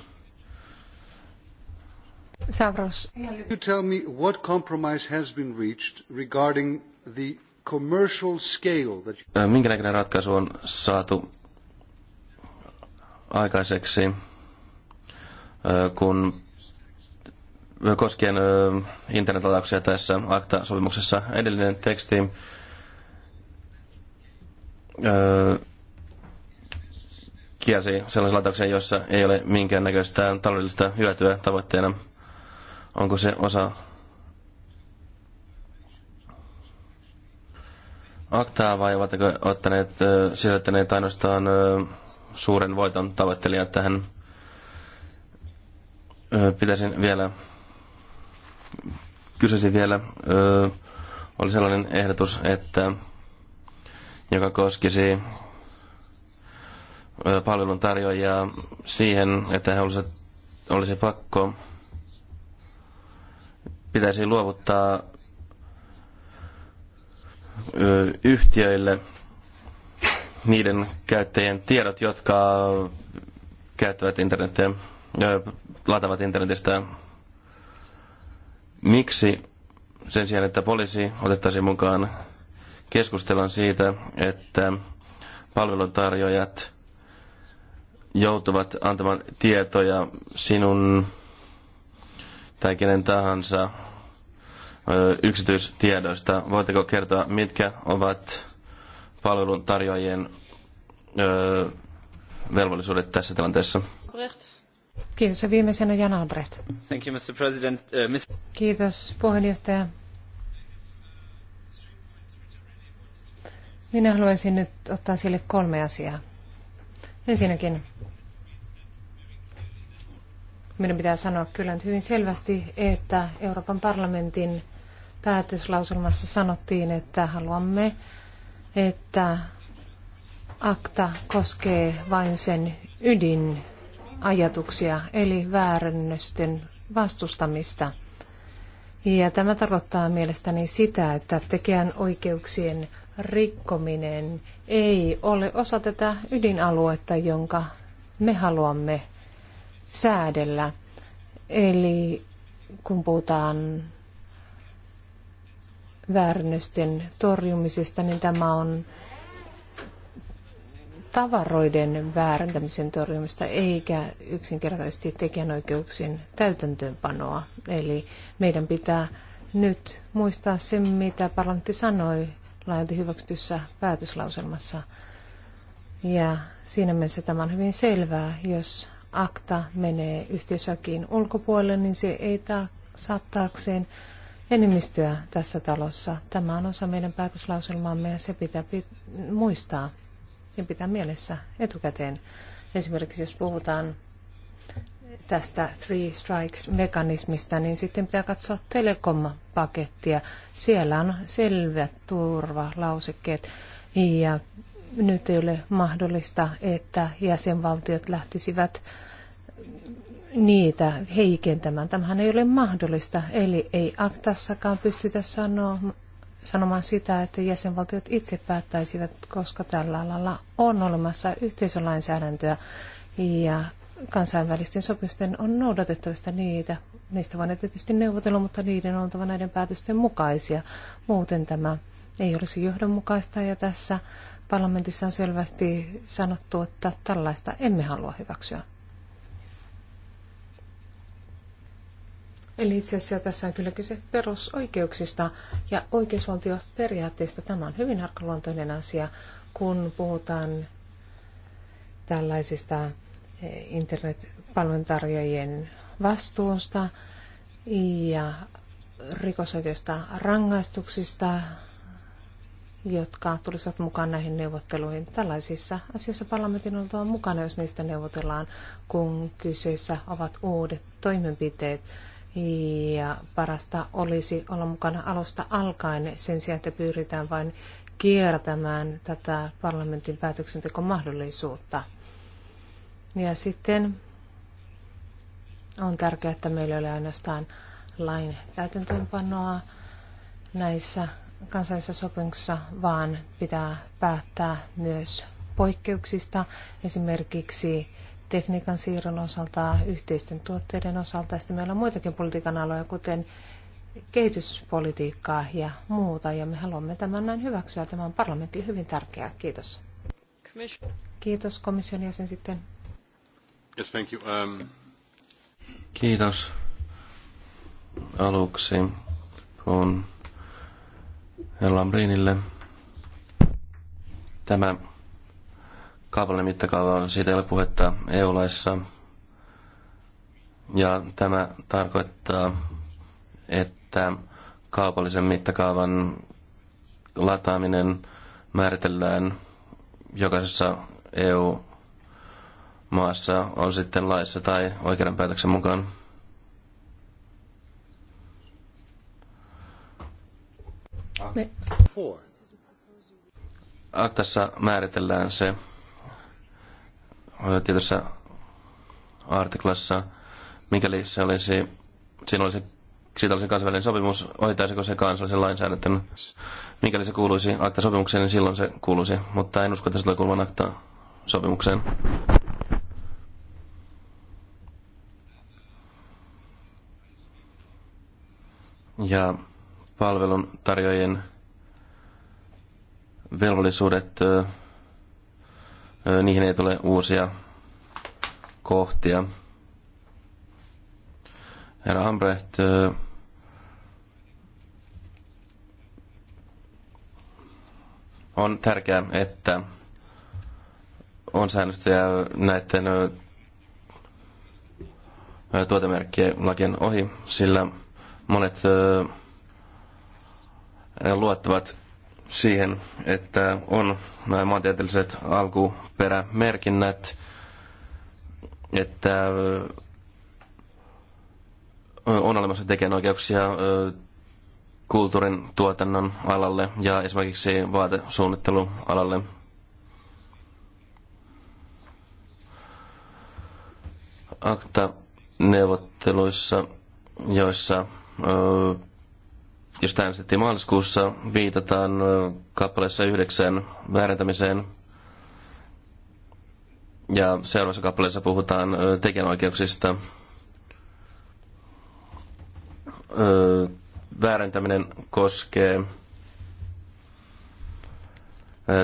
S2: Savros. Can
S1: you tell me what compromise has been reached regarding the commercial scale that
S4: you... Minkä näköinen ratkaisu on saatu aikaiseksi, kun koskien internetatauksia tässä akta-sopimuksessa edellinen teksti kielsi sellaisen latauksen, jossa ei ole minkäännäköistä taloudellista hyötyä tavoitteena – Onko se osa aktaa vai ovatko ottaneet, sisältäneet ainoastaan suuren voiton tavoittelijat tähän? Pitäisin vielä, kysyisin vielä, oli sellainen ehdotus, että joka koskisi palvelun tarjoajia siihen, että he olisi, olisi pakko pitäisi luovuttaa yhtiöille niiden käyttäjien tiedot, jotka käyttävät internetiä, latavat internetistä. Miksi sen sijaan, että poliisi otettaisiin mukaan keskustelun siitä, että palveluntarjoajat joutuvat antamaan tietoja sinun tai kenen tahansa yksityistiedoista. Voitteko kertoa, mitkä ovat palvelun tarjoajien velvollisuudet tässä tilanteessa?
S2: Kiitos. Ja viimeisenä Jan Albrecht.
S3: Thank you, Mr. President. Uh, miss...
S2: Kiitos, puheenjohtaja. Minä haluaisin nyt ottaa sille kolme asiaa. Ensinnäkin Minun pitää sanoa kyllä nyt hyvin selvästi, että Euroopan parlamentin päätöslauselmassa sanottiin, että haluamme, että akta koskee vain sen ydinajatuksia, eli väärennösten vastustamista. Ja tämä tarkoittaa mielestäni sitä, että tekijän oikeuksien rikkominen ei ole osa tätä ydinaluetta, jonka me haluamme säädellä. Eli kun puhutaan väärennösten torjumisesta, niin tämä on tavaroiden väärentämisen torjumista eikä yksinkertaisesti tekijänoikeuksien täytäntöönpanoa. Eli meidän pitää nyt muistaa se, mitä parlamentti sanoi laajalti hyväksytyssä päätöslauselmassa. Ja siinä mielessä tämä on hyvin selvää, jos akta menee yhteisökin ulkopuolelle, niin se ei ta- saattaakseen enemmistöä tässä talossa. Tämä on osa meidän päätöslauselmaamme ja se pitää pit- muistaa ja pitää mielessä etukäteen. Esimerkiksi jos puhutaan tästä Three Strikes-mekanismista, niin sitten pitää katsoa Telekom-pakettia. Siellä on selvät turvalausekkeet ja nyt ei ole mahdollista, että jäsenvaltiot lähtisivät niitä heikentämään. Tämähän ei ole mahdollista, eli ei aktassakaan pystytä sanoa, sanomaan sitä, että jäsenvaltiot itse päättäisivät, koska tällä alalla on olemassa yhteisölainsäädäntöä ja kansainvälisten sopimusten on noudatettavista niitä. Niistä voidaan tietysti neuvotella, mutta niiden on oltava näiden päätösten mukaisia. Muuten tämä ei olisi johdonmukaista ja tässä parlamentissa on selvästi sanottu, että tällaista emme halua hyväksyä. Eli itse asiassa tässä on kyllä kyse perusoikeuksista ja oikeusvaltioperiaatteista. Tämä on hyvin arkaluontoinen asia, kun puhutaan tällaisista eh, internetpalveluntarjoajien vastuusta ja rikosoikeudesta rangaistuksista, jotka tulisivat mukaan näihin neuvotteluihin. Tällaisissa asioissa parlamentin on mukana, jos niistä neuvotellaan, kun kyseessä ovat uudet toimenpiteet. Ja parasta olisi olla mukana alusta alkaen sen sijaan, että pyritään vain kiertämään tätä parlamentin päätöksentekomahdollisuutta. Ja sitten on tärkeää, että meillä ei ole ainoastaan lain täytäntöönpanoa näissä kansallisessa sopimuksessa, vaan pitää päättää myös poikkeuksista, esimerkiksi tekniikan siirron osalta, yhteisten tuotteiden osalta. Sitten meillä on muitakin politiikan aloja, kuten kehityspolitiikkaa ja muuta, ja me haluamme tämän näin hyväksyä. Tämä on parlamentille hyvin tärkeää. Kiitos. Kiitos komission jäsen sitten.
S1: Yes, thank you. Um...
S4: Kiitos. Aluksi puhun Lambrinille. Tämä kaupallinen mittakaava, on siitä ei ole puhetta EU-laissa. Ja tämä tarkoittaa, että kaupallisen mittakaavan lataaminen määritellään jokaisessa EU-maassa, on sitten laissa tai oikeudenpäätöksen mukaan. Aktassa määritellään se tietyssä artiklassa, mikäli se olisi, siinä olisi, siitä olisi kansainvälinen sopimus, ohittaisiko se kansallisen lainsäädännön. Mikäli se kuuluisi akta-sopimukseen, niin silloin se kuuluisi, mutta en usko, että se tulee kuuluvan akta-sopimukseen. Ja palvelun tarjoajien velvollisuudet, niihin ei tule uusia kohtia. Herra Ambrecht, on tärkeää, että on säännöstöjä näiden tuotemerkkien lakien ohi, sillä monet luottavat siihen, että on nämä maantieteelliset alkuperämerkinnät, että on olemassa tekijänoikeuksia kulttuurin tuotannon alalle ja esimerkiksi alalle, Akta-neuvotteluissa, joissa josta äänestettiin maaliskuussa, viitataan kappaleessa yhdeksän väärentämiseen. Ja seuraavassa kappaleessa puhutaan tekijänoikeuksista. Väärentäminen koskee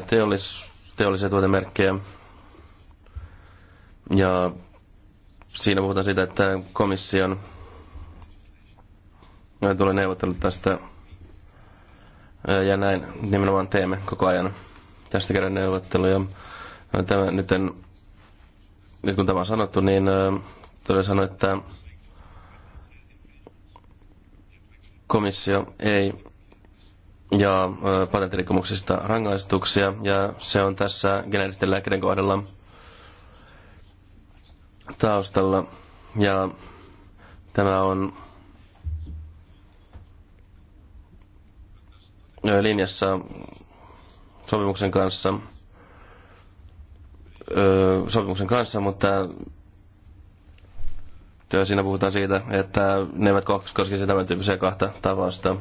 S4: teollis, teollisia tuotemerkkejä. Ja siinä puhutaan siitä, että komission tulee neuvotella tästä. Ja näin nimenomaan teemme koko ajan. Tästä kerran neuvotteluja. Tämä nyt en, kun tämä on sanottu, niin tulee sanoa, että komissio ei ja patentirikkomuksista rangaistuksia, ja se on tässä geneeristen lääkärin kohdalla taustalla. Ja tämä on linjassa sopimuksen kanssa, sopimuksen kanssa, mutta siinä puhutaan siitä, että ne eivät koskisi tämän tyyppisiä kahta tavasta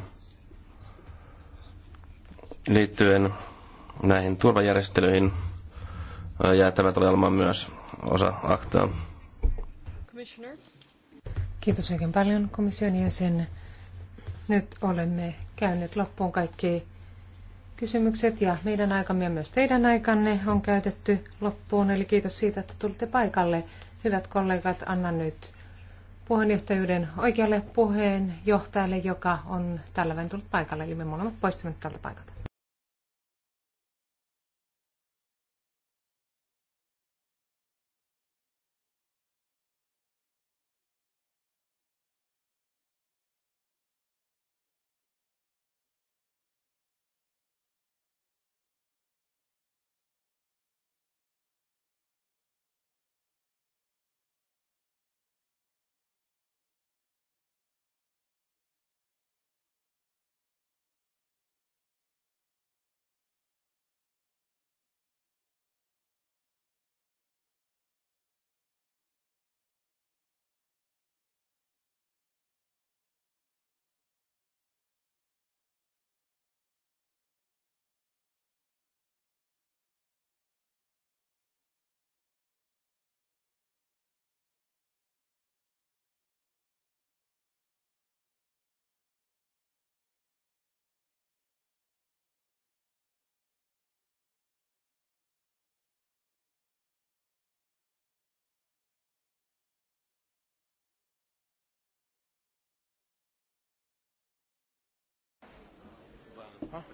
S4: liittyen näihin turvajärjestelyihin. Ja tämä tulee olemaan myös osa aktaa.
S2: Kiitos oikein paljon komission jäsen. Nyt olemme käyneet loppuun kaikki kysymykset ja meidän aikamme ja myös teidän aikanne on käytetty loppuun. Eli kiitos siitä, että tulitte paikalle. Hyvät kollegat, annan nyt puheenjohtajuuden oikealle puheenjohtajalle, joka on tällä tullut paikalle. Eli me
S1: molemmat poistumme tältä paikalta.
S3: pas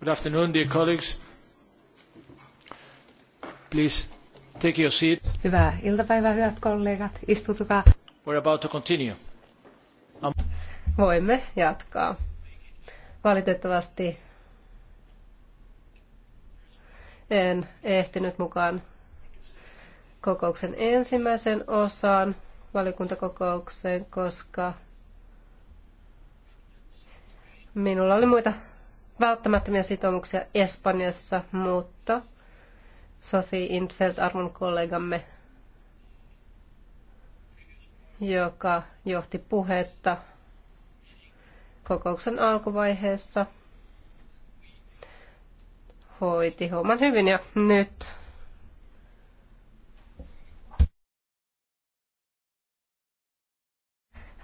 S3: Good afternoon, dear colleagues. Please take your seat.
S1: Hyvää iltapäivää, hyvät kollegat. Istutukaa. We're about to continue. Um... Voimme jatkaa. Valitettavasti en ehtinyt mukaan kokouksen ensimmäisen osan valiokuntakokoukseen, koska minulla oli muita välttämättömiä sitoumuksia Espanjassa, mutta Sofi Intfeld, arvon kollegamme, joka johti puhetta kokouksen alkuvaiheessa, hoiti homman hyvin ja nyt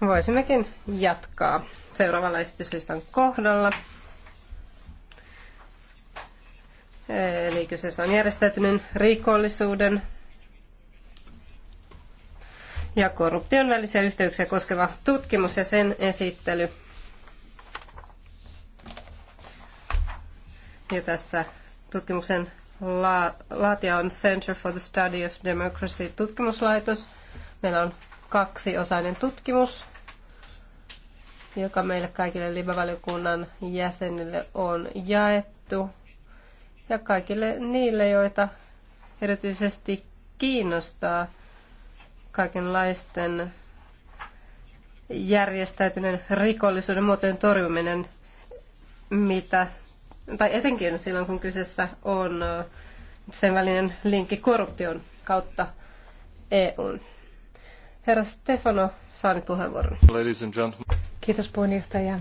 S1: voisimmekin jatkaa seuraavalla esityslistan kohdalla. Eli kyseessä on järjestäytynyt rikollisuuden ja korruption välisiä yhteyksiä koskeva tutkimus ja sen esittely. Ja tässä tutkimuksen laatia on Center for the Study of Democracy tutkimuslaitos. Meillä on kaksiosainen tutkimus, joka meille kaikille libavaliokunnan jäsenille on jaettu ja kaikille niille, joita erityisesti kiinnostaa kaikenlaisten järjestäytyneen rikollisuuden muotojen torjuminen, mitä, tai etenkin silloin, kun kyseessä on sen välinen linkki korruption kautta EUn. Herra Stefano saa puheenvuoron.
S3: Ladies and gentlemen.
S1: Kiitos puheenjohtaja.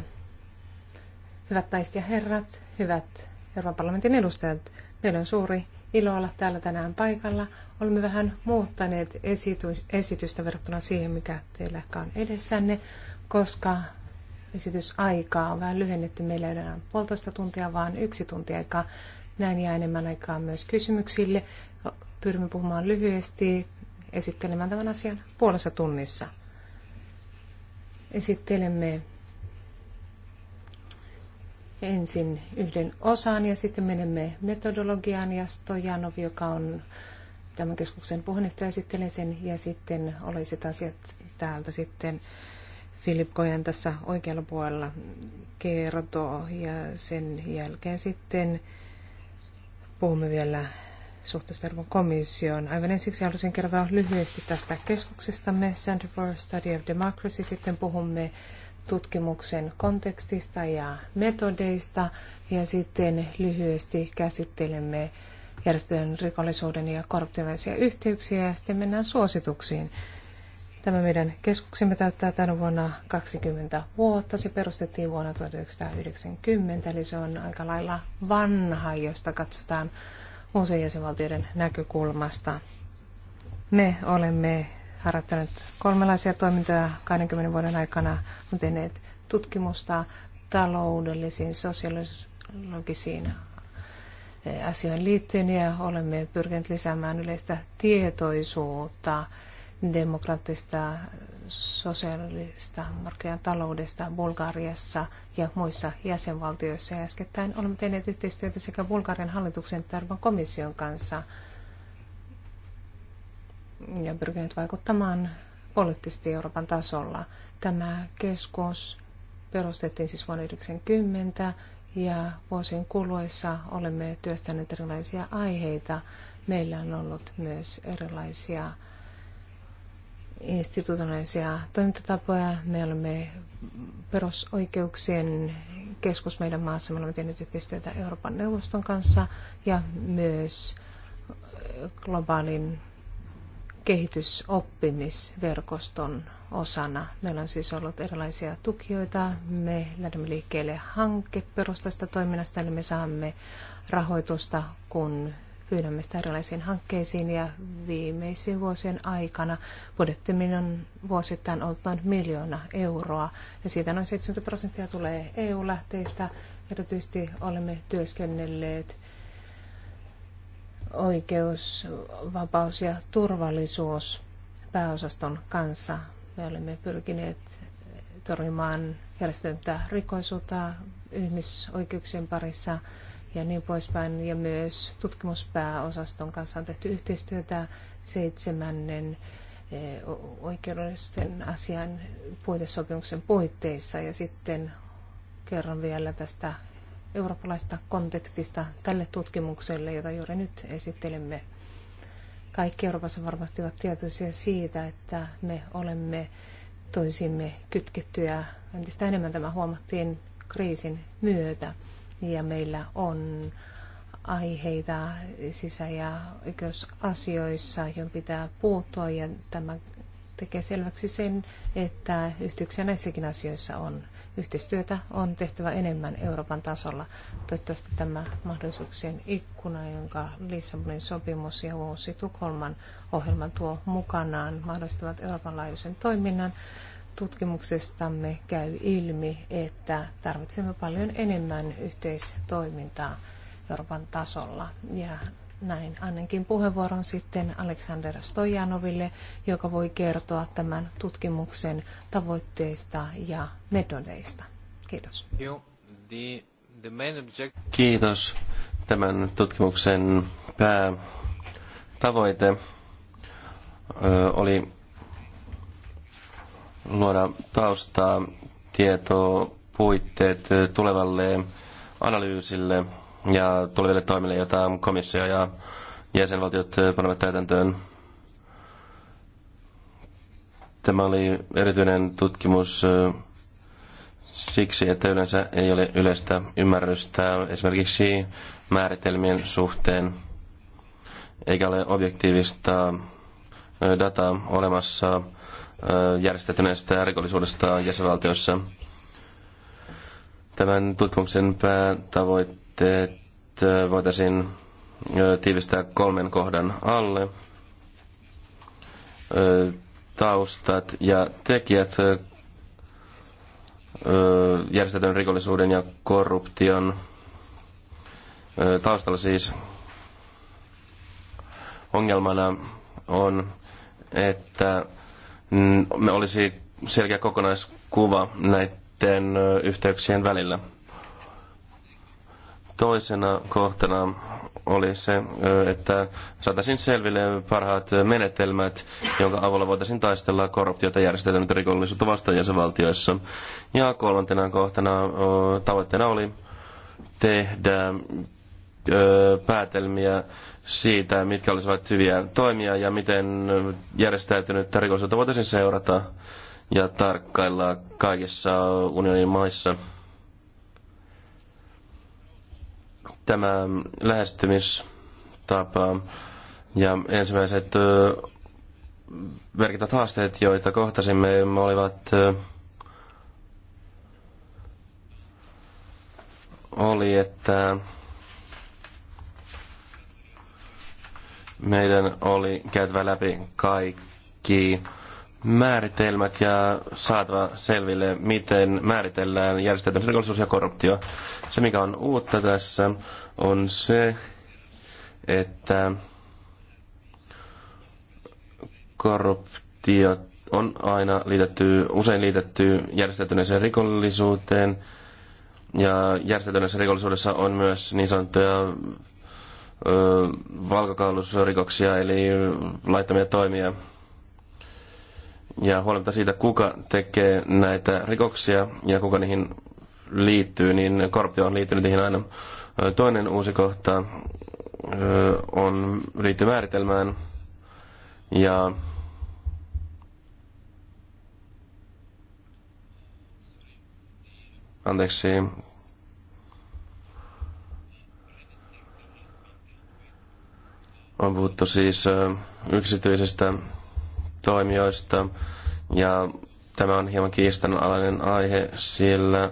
S1: Hyvät naiset ja
S2: herrat, hyvät Euroopan parlamentin edustajat. Meillä on suuri ilo olla täällä tänään paikalla. Olemme vähän muuttaneet esity- esitystä verrattuna siihen, mikä teillä ehkä on edessänne, koska esitysaikaa on vähän lyhennetty. Meillä ei ole enää puolitoista tuntia, vaan yksi tunti aikaa. Näin jää enemmän aikaa myös kysymyksille. Pyrimme puhumaan lyhyesti, esittelemään tämän asian puolessa tunnissa. Esittelemme ensin yhden osan ja sitten menemme metodologiaan ja Stojanov, joka on tämän keskuksen puheenjohtaja, esittelee sen ja sitten olisit asiat täältä sitten Filip Kojan tässä oikealla puolella kertoo ja sen jälkeen sitten puhumme vielä suhteesta Euroopan komissioon. Aivan ensiksi haluaisin kertoa lyhyesti tästä keskuksestamme, Center for Study of Democracy. Sitten puhumme tutkimuksen kontekstista ja metodeista ja sitten lyhyesti käsittelemme järjestöjen rikollisuuden ja korruptiivisia yhteyksiä ja sitten mennään suosituksiin. Tämä meidän keskuksemme täyttää tänä vuonna 20 vuotta. Se perustettiin vuonna 1990, eli se on aika lailla vanha, josta katsotaan uusien jäsenvaltioiden näkökulmasta. Me olemme harjoittaneet kolmenlaisia toimintoja 20 vuoden aikana, on tehneet tutkimusta taloudellisiin, sosiologisiin eh, asioihin liittyen ja olemme pyrkineet lisäämään yleistä tietoisuutta demokraattista sosiaalista markkinataloudesta Bulgariassa ja muissa jäsenvaltioissa. Ja äskettäin olemme tehneet yhteistyötä sekä Bulgarian hallituksen että Euroopan komission kanssa – ja pyrkinyt vaikuttamaan poliittisesti Euroopan tasolla. Tämä keskus perustettiin siis vuonna 1990 ja vuosien kuluessa olemme työstäneet erilaisia aiheita. Meillä on ollut myös erilaisia institutionaalisia toimintatapoja. Me olemme perusoikeuksien keskus meidän maassa. Me olemme tehneet yhteistyötä Euroopan neuvoston kanssa ja myös globaalin kehitysoppimisverkoston osana. Meillä on siis ollut erilaisia tukijoita. Me lähdemme liikkeelle hankeperustaista toiminnasta, eli me saamme rahoitusta, kun pyydämme sitä erilaisiin hankkeisiin ja viimeisen vuosien aikana budjettimin on vuosittain ollut noin miljoona euroa ja siitä noin 70 prosenttia tulee EU-lähteistä. Erityisesti olemme työskennelleet oikeus, vapaus ja turvallisuus pääosaston kanssa. Me olemme pyrkineet torjumaan järjestöntä rikollisuutta ihmisoikeuksien parissa ja niin poispäin. Ja myös tutkimuspääosaston kanssa on tehty yhteistyötä seitsemännen e, oikeudellisten asian puitesopimuksen puitteissa. Ja sitten kerron vielä tästä eurooppalaista kontekstista tälle tutkimukselle, jota juuri nyt esittelemme. Kaikki Euroopassa varmasti ovat tietoisia siitä, että me olemme toisimme kytkettyjä entistä enemmän. Tämä huomattiin kriisin myötä ja meillä on aiheita sisä- ja oikeusasioissa, joihin pitää puuttua ja tämä tekee selväksi sen, että yhteyksiä näissäkin asioissa on Yhteistyötä on tehtävä enemmän Euroopan tasolla. Toivottavasti tämä mahdollisuuksien ikkuna, jonka Lissabonin sopimus ja uusi Tukholman ohjelma tuo mukanaan, mahdollistavat Euroopan laajuisen toiminnan. Tutkimuksestamme käy ilmi, että tarvitsemme paljon enemmän yhteistoimintaa Euroopan tasolla. Ja näin, annenkin puheenvuoron sitten Aleksander Stojanoville, joka voi kertoa tämän tutkimuksen tavoitteista ja metodeista. Kiitos.
S4: Kiitos. Tämän tutkimuksen päätavoite oli luoda taustaa, tietoa, puitteet tulevalle analyysille – ja tuleville toimille, joita komissio ja jäsenvaltiot eh, panevat täytäntöön. Tämä oli erityinen tutkimus eh, siksi, että yleensä ei ole yleistä ymmärrystä esimerkiksi määritelmien suhteen, eikä ole objektiivista eh, dataa olemassa järjestäytyneestä rikollisuudesta jäsenvaltiossa. Tämän tutkimuksen päätavoitteena että voitaisiin tiivistää kolmen kohdan alle. Taustat ja tekijät järjestetyn rikollisuuden ja korruption taustalla siis ongelmana on, että me olisi selkeä kokonaiskuva näiden yhteyksien välillä. Toisena kohtana oli se, että saataisiin selville parhaat menetelmät, jonka avulla voitaisiin taistella korruptiota järjestäytynyttä rikollisuutta vastaan jäsenvaltioissa. Ja kolmantena kohtana tavoitteena oli tehdä päätelmiä siitä, mitkä olisivat hyviä toimia ja miten järjestäytynyttä rikollisuutta voitaisiin seurata ja tarkkailla kaikissa unionin maissa. tämä lähestymistapa ja ensimmäiset merkittävät haasteet, joita kohtasimme, olivat oli, että meidän oli käytävä läpi kaikki määritelmät ja saatava selville, miten määritellään järjestäytynyt rikollisuus ja korruptio. Se, mikä on uutta tässä, on se, että korruptio on aina liitetty, usein liitetty järjestäytyneeseen rikollisuuteen. Ja järjestäytyneessä rikollisuudessa on myös niin sanottuja valkokaulusrikoksia, eli laittamia toimia ja huolimatta siitä, kuka tekee näitä rikoksia ja kuka niihin liittyy, niin korruptio on liittynyt niihin aina. Toinen uusi kohta on liittyy määritelmään ja anteeksi on puhuttu siis yksityisestä toimijoista. Ja tämä on hieman kiistanalainen aihe, sillä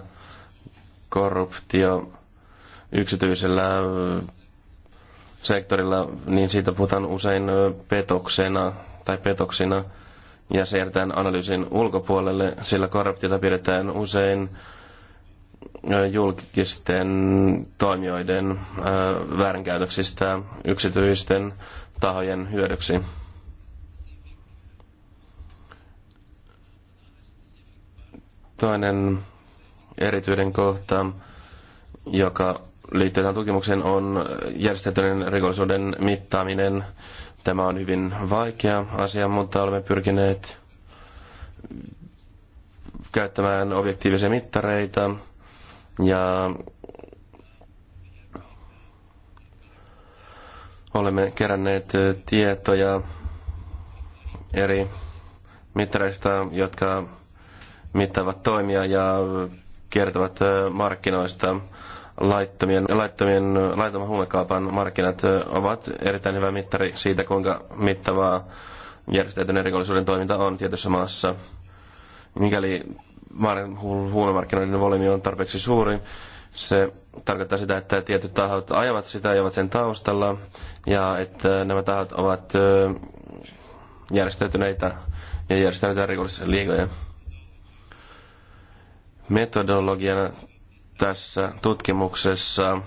S4: korruptio yksityisellä sektorilla, niin siitä puhutaan usein petoksena tai petoksina ja se jätetään analyysin ulkopuolelle, sillä korruptiota pidetään usein julkisten toimijoiden väärinkäytöksistä yksityisten tahojen hyödyksi. Toinen erityinen kohta, joka liittyy tähän tutkimukseen, on järjestetyn rikollisuuden mittaaminen. Tämä on hyvin vaikea asia, mutta olemme pyrkineet käyttämään objektiivisia mittareita ja olemme keränneet tietoja eri mittareista, jotka mittavat toimia ja kiertävät markkinoista. Laittomien, laittomien, laittoman huumekaupan markkinat ovat erittäin hyvä mittari siitä, kuinka mittavaa järjestäytyneen rikollisuuden toiminta on tietyssä maassa. Mikäli huumemarkkinoiden volyymi on tarpeeksi suuri, se tarkoittaa sitä, että tietyt tahot ajavat sitä, ja ovat sen taustalla, ja että nämä tahot ovat järjestäytyneitä ja järjestäytyneitä rikollisliigoja. liigoja. Metodologiana tässä tutkimuksessa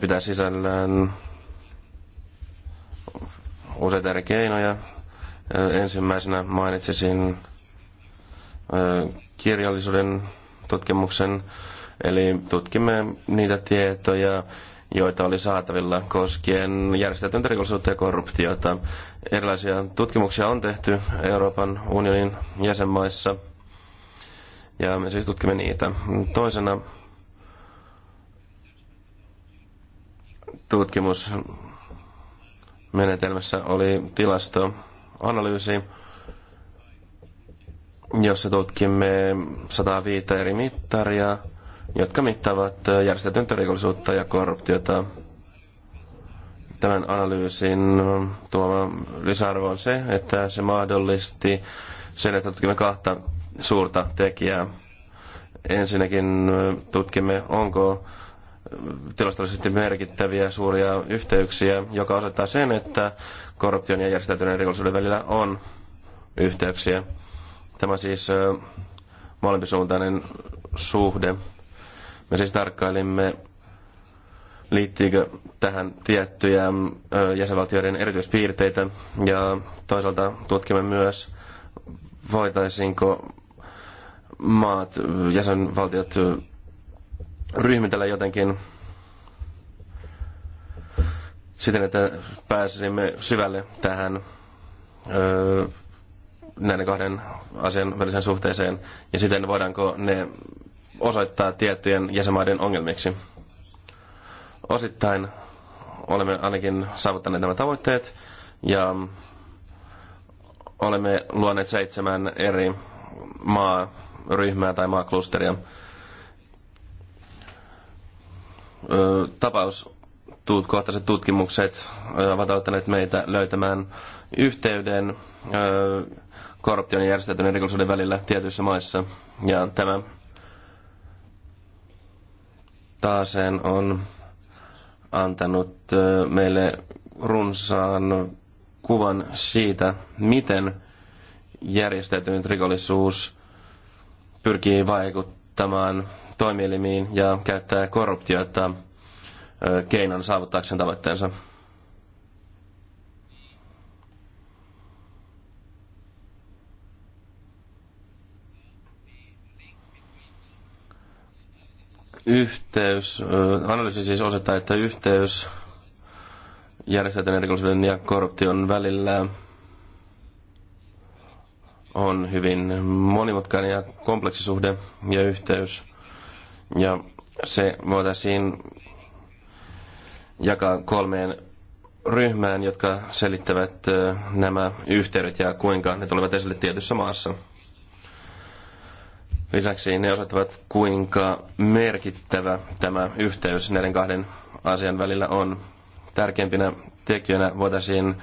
S4: pitää sisällään useita eri keinoja. Ensimmäisenä mainitsisin kirjallisuuden tutkimuksen, eli tutkimme niitä tietoja, joita oli saatavilla koskien järjestäytyntä rikollisuutta ja korruptiota. Erilaisia tutkimuksia on tehty Euroopan unionin jäsenmaissa – ja me siis tutkimme niitä. Toisena tutkimusmenetelmässä oli tilastoanalyysi, jossa tutkimme 105 eri mittaria, jotka mittaavat järjestetyntä rikollisuutta ja korruptiota. Tämän analyysin tuoma lisäarvo on se, että se mahdollisti sen, että tutkimme kahta suurta tekijää. Ensinnäkin tutkimme, onko tilastollisesti merkittäviä suuria yhteyksiä, joka osoittaa sen, että korruption ja järjestäytyneen rikollisuuden välillä on yhteyksiä. Tämä siis molempisuuntainen suhde. Me siis tarkkailimme, liittyykö tähän tiettyjä jäsenvaltioiden erityispiirteitä ja toisaalta tutkimme myös, voitaisiinko maat, jäsenvaltiot ryhmitellä jotenkin siten, että pääsisimme syvälle tähän öö, näiden kahden asian väliseen suhteeseen, ja siten voidaanko ne osoittaa tiettyjen jäsenmaiden ongelmiksi. Osittain olemme ainakin saavuttaneet nämä tavoitteet, ja olemme luoneet seitsemän eri maa ryhmää tai maaklusteria. Tapaus kohtaiset tutkimukset ovat auttaneet meitä löytämään yhteyden korruption ja järjestäytyneen rikollisuuden välillä tietyissä maissa. Ja tämä taaseen on antanut meille runsaan kuvan siitä, miten järjestäytynyt rikollisuus pyrkii vaikuttamaan toimielimiin ja käyttää korruptiota keinon saavuttaakseen tavoitteensa. Yhteys, analyysi siis osoittaa, että yhteys järjestäytyneen rikollisuuden ja korruption välillä on hyvin monimutkainen ja kompleksisuhde ja yhteys. Ja se voitaisiin jakaa kolmeen ryhmään, jotka selittävät nämä yhteydet ja kuinka ne tulevat esille tietyssä maassa. Lisäksi ne osoittavat, kuinka merkittävä tämä yhteys näiden kahden asian välillä on. Tärkeimpinä tekijöinä voitaisiin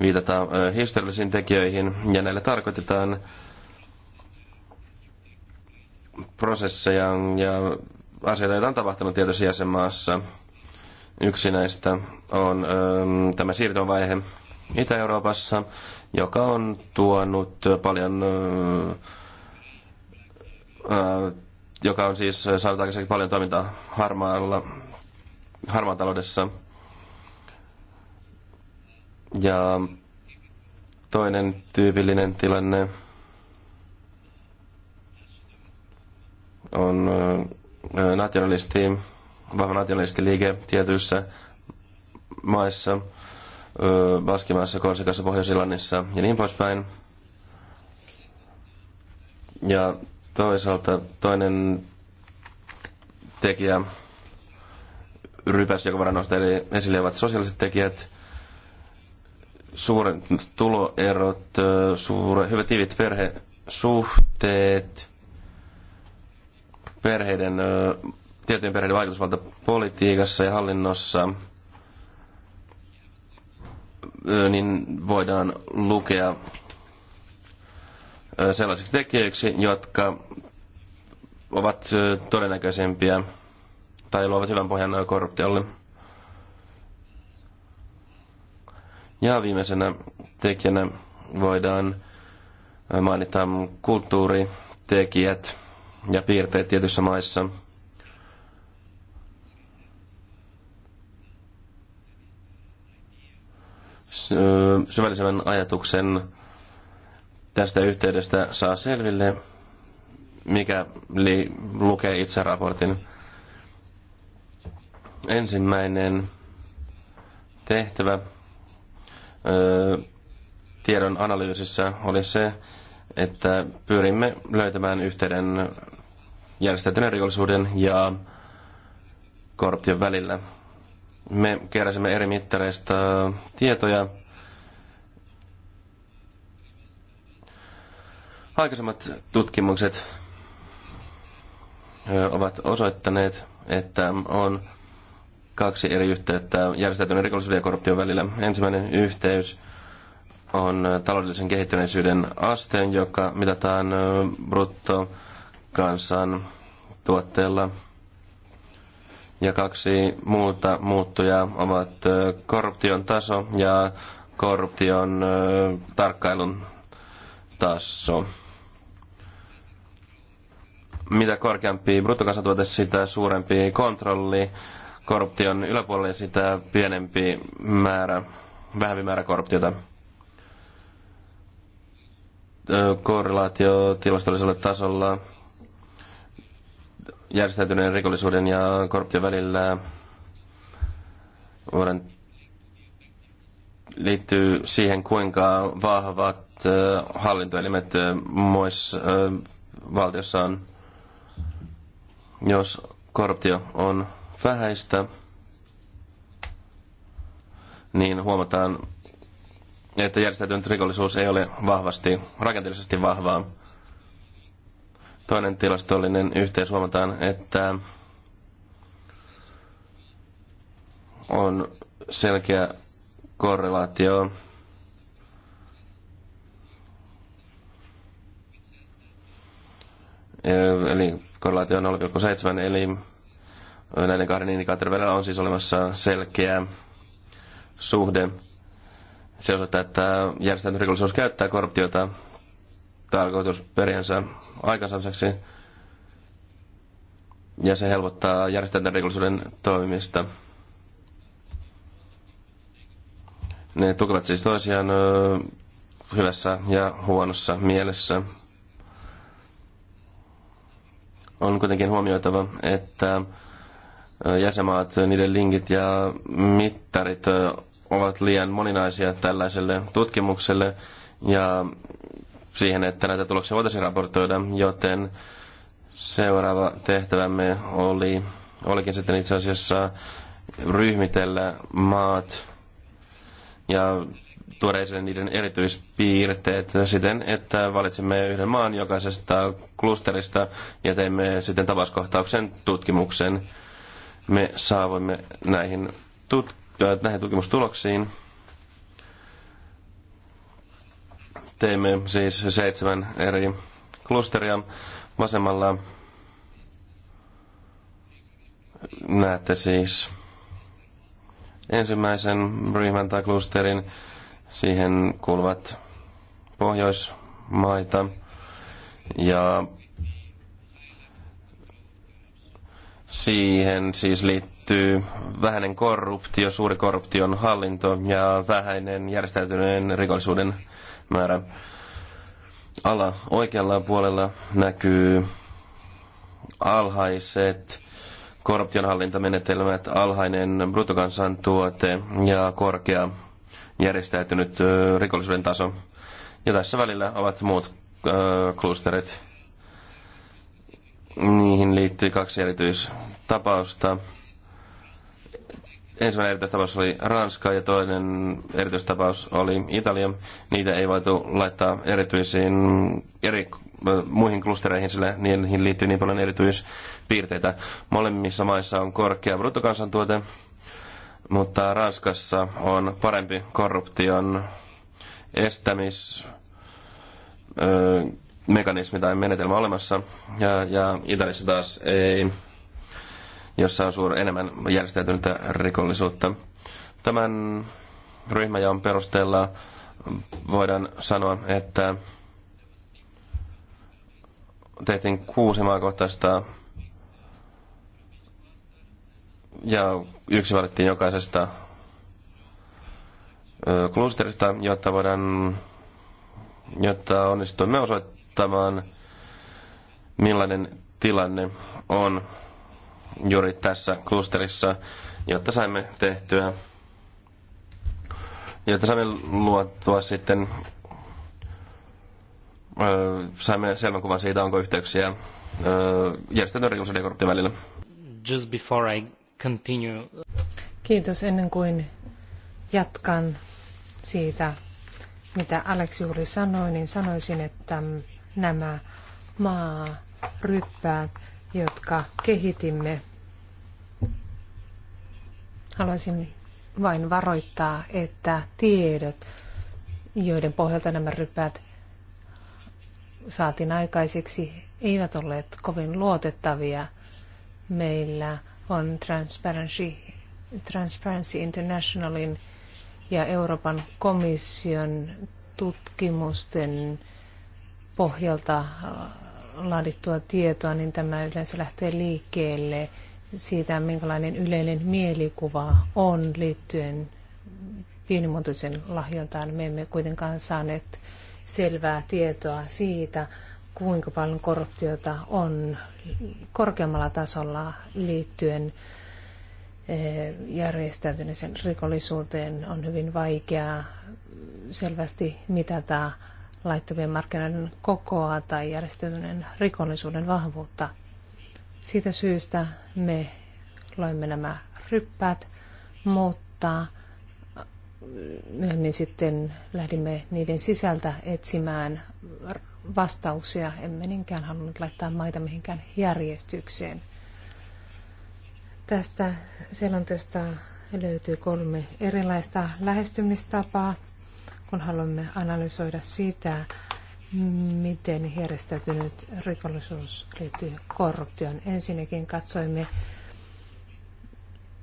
S4: viitataan historiallisiin tekijöihin ja näillä tarkoitetaan prosesseja ja asioita, joita on tapahtunut tietyssä jäsenmaassa. Yksi näistä on ö, tämä siirtymävaihe Itä-Euroopassa, joka on tuonut paljon, ö, joka on siis saanut paljon toimintaa harmaalla, harmaataloudessa taloudessa ja toinen tyypillinen tilanne on nationalisti, vahva nationalistiliike tietyissä maissa, Baskimaassa, Korsikassa, Pohjois-Irlannissa ja niin poispäin. Ja toisaalta toinen tekijä, rypäs, joka voidaan nostaa esille, ovat sosiaaliset tekijät – suuret tuloerot, suure, hyvät tiivit perhesuhteet, perheiden, tietojen perheiden vaikutusvalta politiikassa ja hallinnossa, niin voidaan lukea sellaisiksi tekijöiksi, jotka ovat todennäköisempiä tai luovat hyvän pohjan korruptiolle. Ja viimeisenä tekijänä voidaan äh, mainita kulttuuritekijät ja piirteet tietyissä maissa. Syvällisemmän ajatuksen tästä yhteydestä saa selville, mikä li- lukee itse raportin. Ensimmäinen tehtävä tiedon analyysissä oli se, että pyrimme löytämään yhteyden järjestäytyneen rikollisuuden ja korruption välillä. Me keräsimme eri mittareista tietoja. Aikaisemmat tutkimukset ovat osoittaneet, että on kaksi eri yhteyttä järjestäytyneen rikollisuuden ja korruption välillä. Ensimmäinen yhteys on taloudellisen kehittyneisyyden aste, joka mitataan bruttokansan tuotteella. Ja kaksi muuta muuttujaa ovat korruption taso ja korruption tarkkailun taso. Mitä korkeampi bruttokansantuote, sitä suurempi kontrolli korruption yläpuolelle, sitä pienempi määrä, vähempi määrä korruptiota. Korrelaatio tilastollisella tasolla järjestäytyneen rikollisuuden ja korruption välillä voidaan liittyy siihen, kuinka vahvat hallintoelimet muissa valtiossa on. Jos korruptio on vähäistä, niin huomataan, että järjestäytynyt rikollisuus ei ole vahvasti, rakenteellisesti vahvaa. Toinen tilastollinen yhteys huomataan, että on selkeä korrelaatio eli korrelaatio on 0,7, eli Näiden kahden indikaattorin välillä on siis olemassa selkeä suhde. Se osoittaa, että järjestäytynyt rikollisuus käyttää korruptiota tarkoitusperiänsä aikaansaamiseksi ja se helpottaa järjestäytyneen rikollisuuden toimista. Ne tukevat siis toisiaan hyvässä ja huonossa mielessä. On kuitenkin huomioitava, että jäsenmaat, niiden linkit ja mittarit ovat liian moninaisia tällaiselle tutkimukselle ja siihen, että näitä tuloksia voitaisiin raportoida, joten seuraava tehtävämme oli, olikin sitten itse asiassa ryhmitellä maat ja tuoda esille niiden erityispiirteet siten, että valitsimme yhden maan jokaisesta klusterista ja teimme sitten tapauskohtauksen tutkimuksen me saavoimme näihin, tut- äh, näihin tutkimustuloksiin. Teimme siis seitsemän eri klusteria. Vasemmalla näette siis ensimmäisen ryhmän tai klusterin. Siihen kuuluvat Pohjoismaita ja Siihen siis liittyy vähäinen korruptio, suuri korruption hallinto ja vähäinen järjestäytyneen rikollisuuden määrä. Ala oikealla puolella näkyy alhaiset korruptionhallintamenetelmät, alhainen bruttokansantuote ja korkea järjestäytynyt rikollisuuden taso. Ja tässä välillä ovat muut klusterit. Niihin liittyy kaksi erityistapausta. Ensimmäinen erityistapaus oli Ranska ja toinen erityistapaus oli Italia. Niitä ei voitu laittaa erityisiin eri, muihin klustereihin, sillä niihin liittyy niin paljon erityispiirteitä. Molemmissa maissa on korkea bruttokansantuote, mutta Ranskassa on parempi korruption estämis mekanismi tai menetelmä olemassa, ja, ja Italiassa taas ei, jossa on suur enemmän järjestäytynyttä rikollisuutta. Tämän ryhmäjaon perusteella voidaan sanoa, että tehtiin kuusi maakohtaista ja yksi valittiin jokaisesta klusterista, jotta voidaan jotta onnistuimme osoittamaan osoittamaan, millainen tilanne on juuri tässä klusterissa, jotta saimme tehtyä, jotta saimme luottua sitten, ö, saimme selvän kuvan siitä, onko yhteyksiä järjestetyn rikollisuuden ja korruption välillä. Just before I continue.
S2: Kiitos ennen kuin jatkan siitä, mitä Alex juuri sanoi, niin sanoisin, että nämä maaryppäät, jotka kehitimme. Haluaisin vain varoittaa, että tiedot, joiden pohjalta nämä ryppäät saatiin aikaiseksi, eivät olleet kovin luotettavia. Meillä on Transparency, Transparency Internationalin ja Euroopan komission tutkimusten pohjalta äh, laadittua tietoa, niin tämä yleensä lähtee liikkeelle siitä, minkälainen yleinen mielikuva on liittyen pienimuotoisen lahjontaan. Me emme kuitenkaan saaneet selvää tietoa siitä, kuinka paljon korruptiota on korkeammalla tasolla liittyen eh, järjestäytyneeseen rikollisuuteen. On hyvin vaikeaa selvästi mitata laittomien markkinoiden kokoa tai järjestäytyneen rikollisuuden vahvuutta. Siitä syystä me loimme nämä ryppäät, mutta myöhemmin sitten lähdimme niiden sisältä etsimään vastauksia. Emme niinkään halunnut laittaa maita mihinkään järjestykseen. Tästä selonteosta löytyy kolme erilaista lähestymistapaa kun haluamme analysoida sitä, miten järjestäytynyt rikollisuus liittyy korruptioon. Ensinnäkin katsoimme,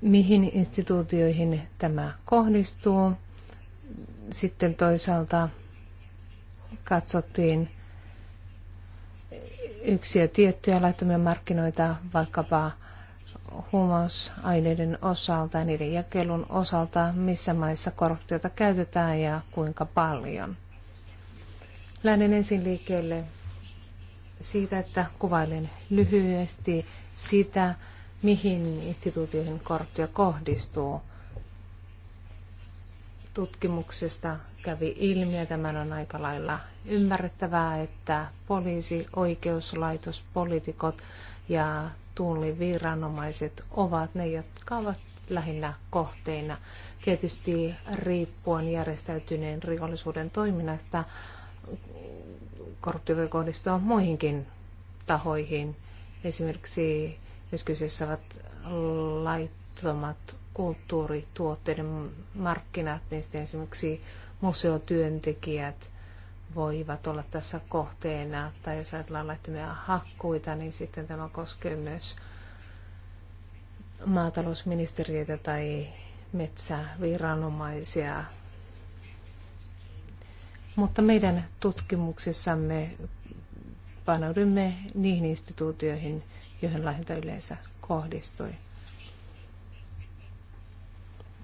S2: mihin instituutioihin tämä kohdistuu. Sitten toisaalta katsottiin yksiä tiettyjä laittomia markkinoita, vaikkapa huumausaineiden osalta ja niiden jakelun osalta, missä maissa korruptiota käytetään ja kuinka paljon. Lähden ensin liikkeelle siitä, että kuvailen lyhyesti sitä, mihin instituutioihin korruptio kohdistuu. Tutkimuksesta kävi ilmi, ja tämän on aika lailla ymmärrettävää, että poliisi, oikeuslaitos, poliitikot ja tulliviranomaiset ovat ne, jotka ovat lähinnä kohteina. Tietysti riippuen järjestäytyneen rikollisuuden toiminnasta korruptio voi kohdistua muihinkin tahoihin. Esimerkiksi jos kyseessä ovat laittomat kulttuurituotteiden markkinat, niin sitten esimerkiksi museotyöntekijät voivat olla tässä kohteena. Tai jos ajatellaan laittomia hakkuita, niin sitten tämä koskee myös maatalousministeriötä tai metsäviranomaisia. Mutta meidän tutkimuksissamme panoudumme niihin instituutioihin, joihin lahjonta yleensä kohdistui.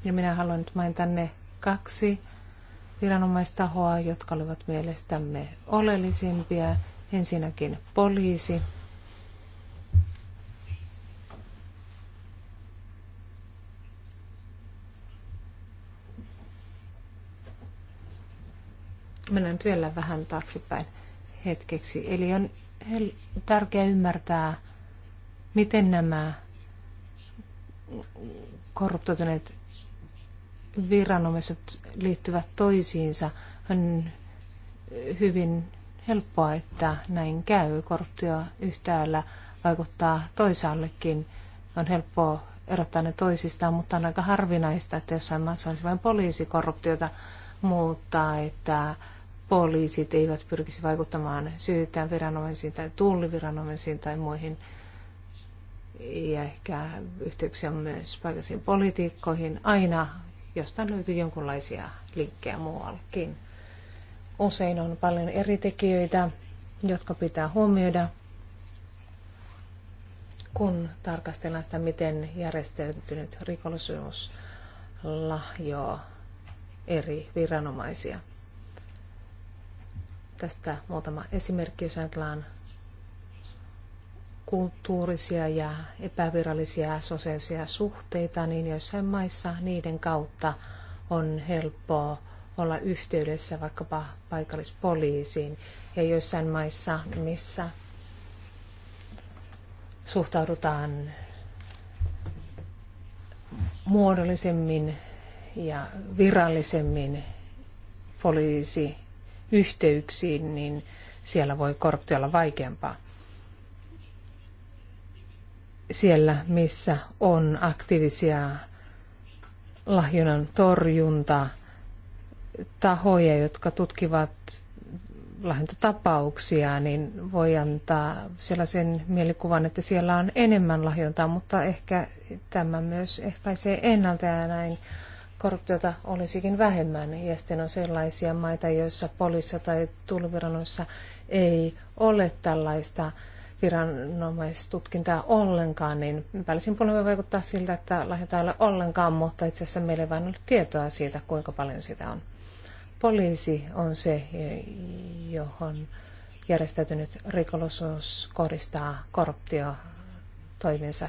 S2: Ja minä haluan nyt mainita ne kaksi viranomaistahoa, jotka olivat mielestämme oleellisimpia. Ensinnäkin poliisi, mennään nyt vielä vähän taaksepäin hetkeksi. Eli on tärkeää ymmärtää, miten nämä korruptoituneet viranomaiset liittyvät toisiinsa, on hyvin helppoa, että näin käy. Korruptio yhtäällä vaikuttaa toisaallekin. On helppoa erottaa ne toisistaan, mutta on aika harvinaista, että jossain maassa olisi vain poliisikorruptiota, mutta että poliisit eivät pyrkisi vaikuttamaan syytään viranomaisiin tai tulliviranomaisiin tai muihin. Ja ehkä yhteyksiä myös paikallisiin poliitikkoihin Aina josta löytyy jonkinlaisia linkkejä muuallekin. Usein on paljon eri tekijöitä, jotka pitää huomioida, kun tarkastellaan sitä, miten järjestäytynyt rikollisuus lahjoaa eri viranomaisia. Tästä muutama esimerkki, jos ajatellaan kulttuurisia ja epävirallisia sosiaalisia suhteita, niin joissain maissa niiden kautta on helppoa olla yhteydessä vaikkapa paikallispoliisiin ja joissain maissa, missä suhtaudutaan muodollisemmin ja virallisemmin poliisiyhteyksiin, niin siellä voi korruptio olla vaikeampaa siellä, missä on aktiivisia lahjonnan torjunta tahoja, jotka tutkivat lahjontatapauksia, niin voi antaa sellaisen mielikuvan, että siellä on enemmän lahjontaa, mutta ehkä tämä myös ehkäisee ennalta ja näin korruptiota olisikin vähemmän. Ja sitten on sellaisia maita, joissa poliissa tai tulliviranoissa ei ole tällaista viranomaistutkintaa ollenkaan, niin päällisin puolin voi vaikuttaa siltä, että lahjoita ei ole ollenkaan, mutta itse asiassa meillä ei vain ollut tietoa siitä, kuinka paljon sitä on. Poliisi on se, johon järjestäytynyt rikollisuus kohdistaa korruptio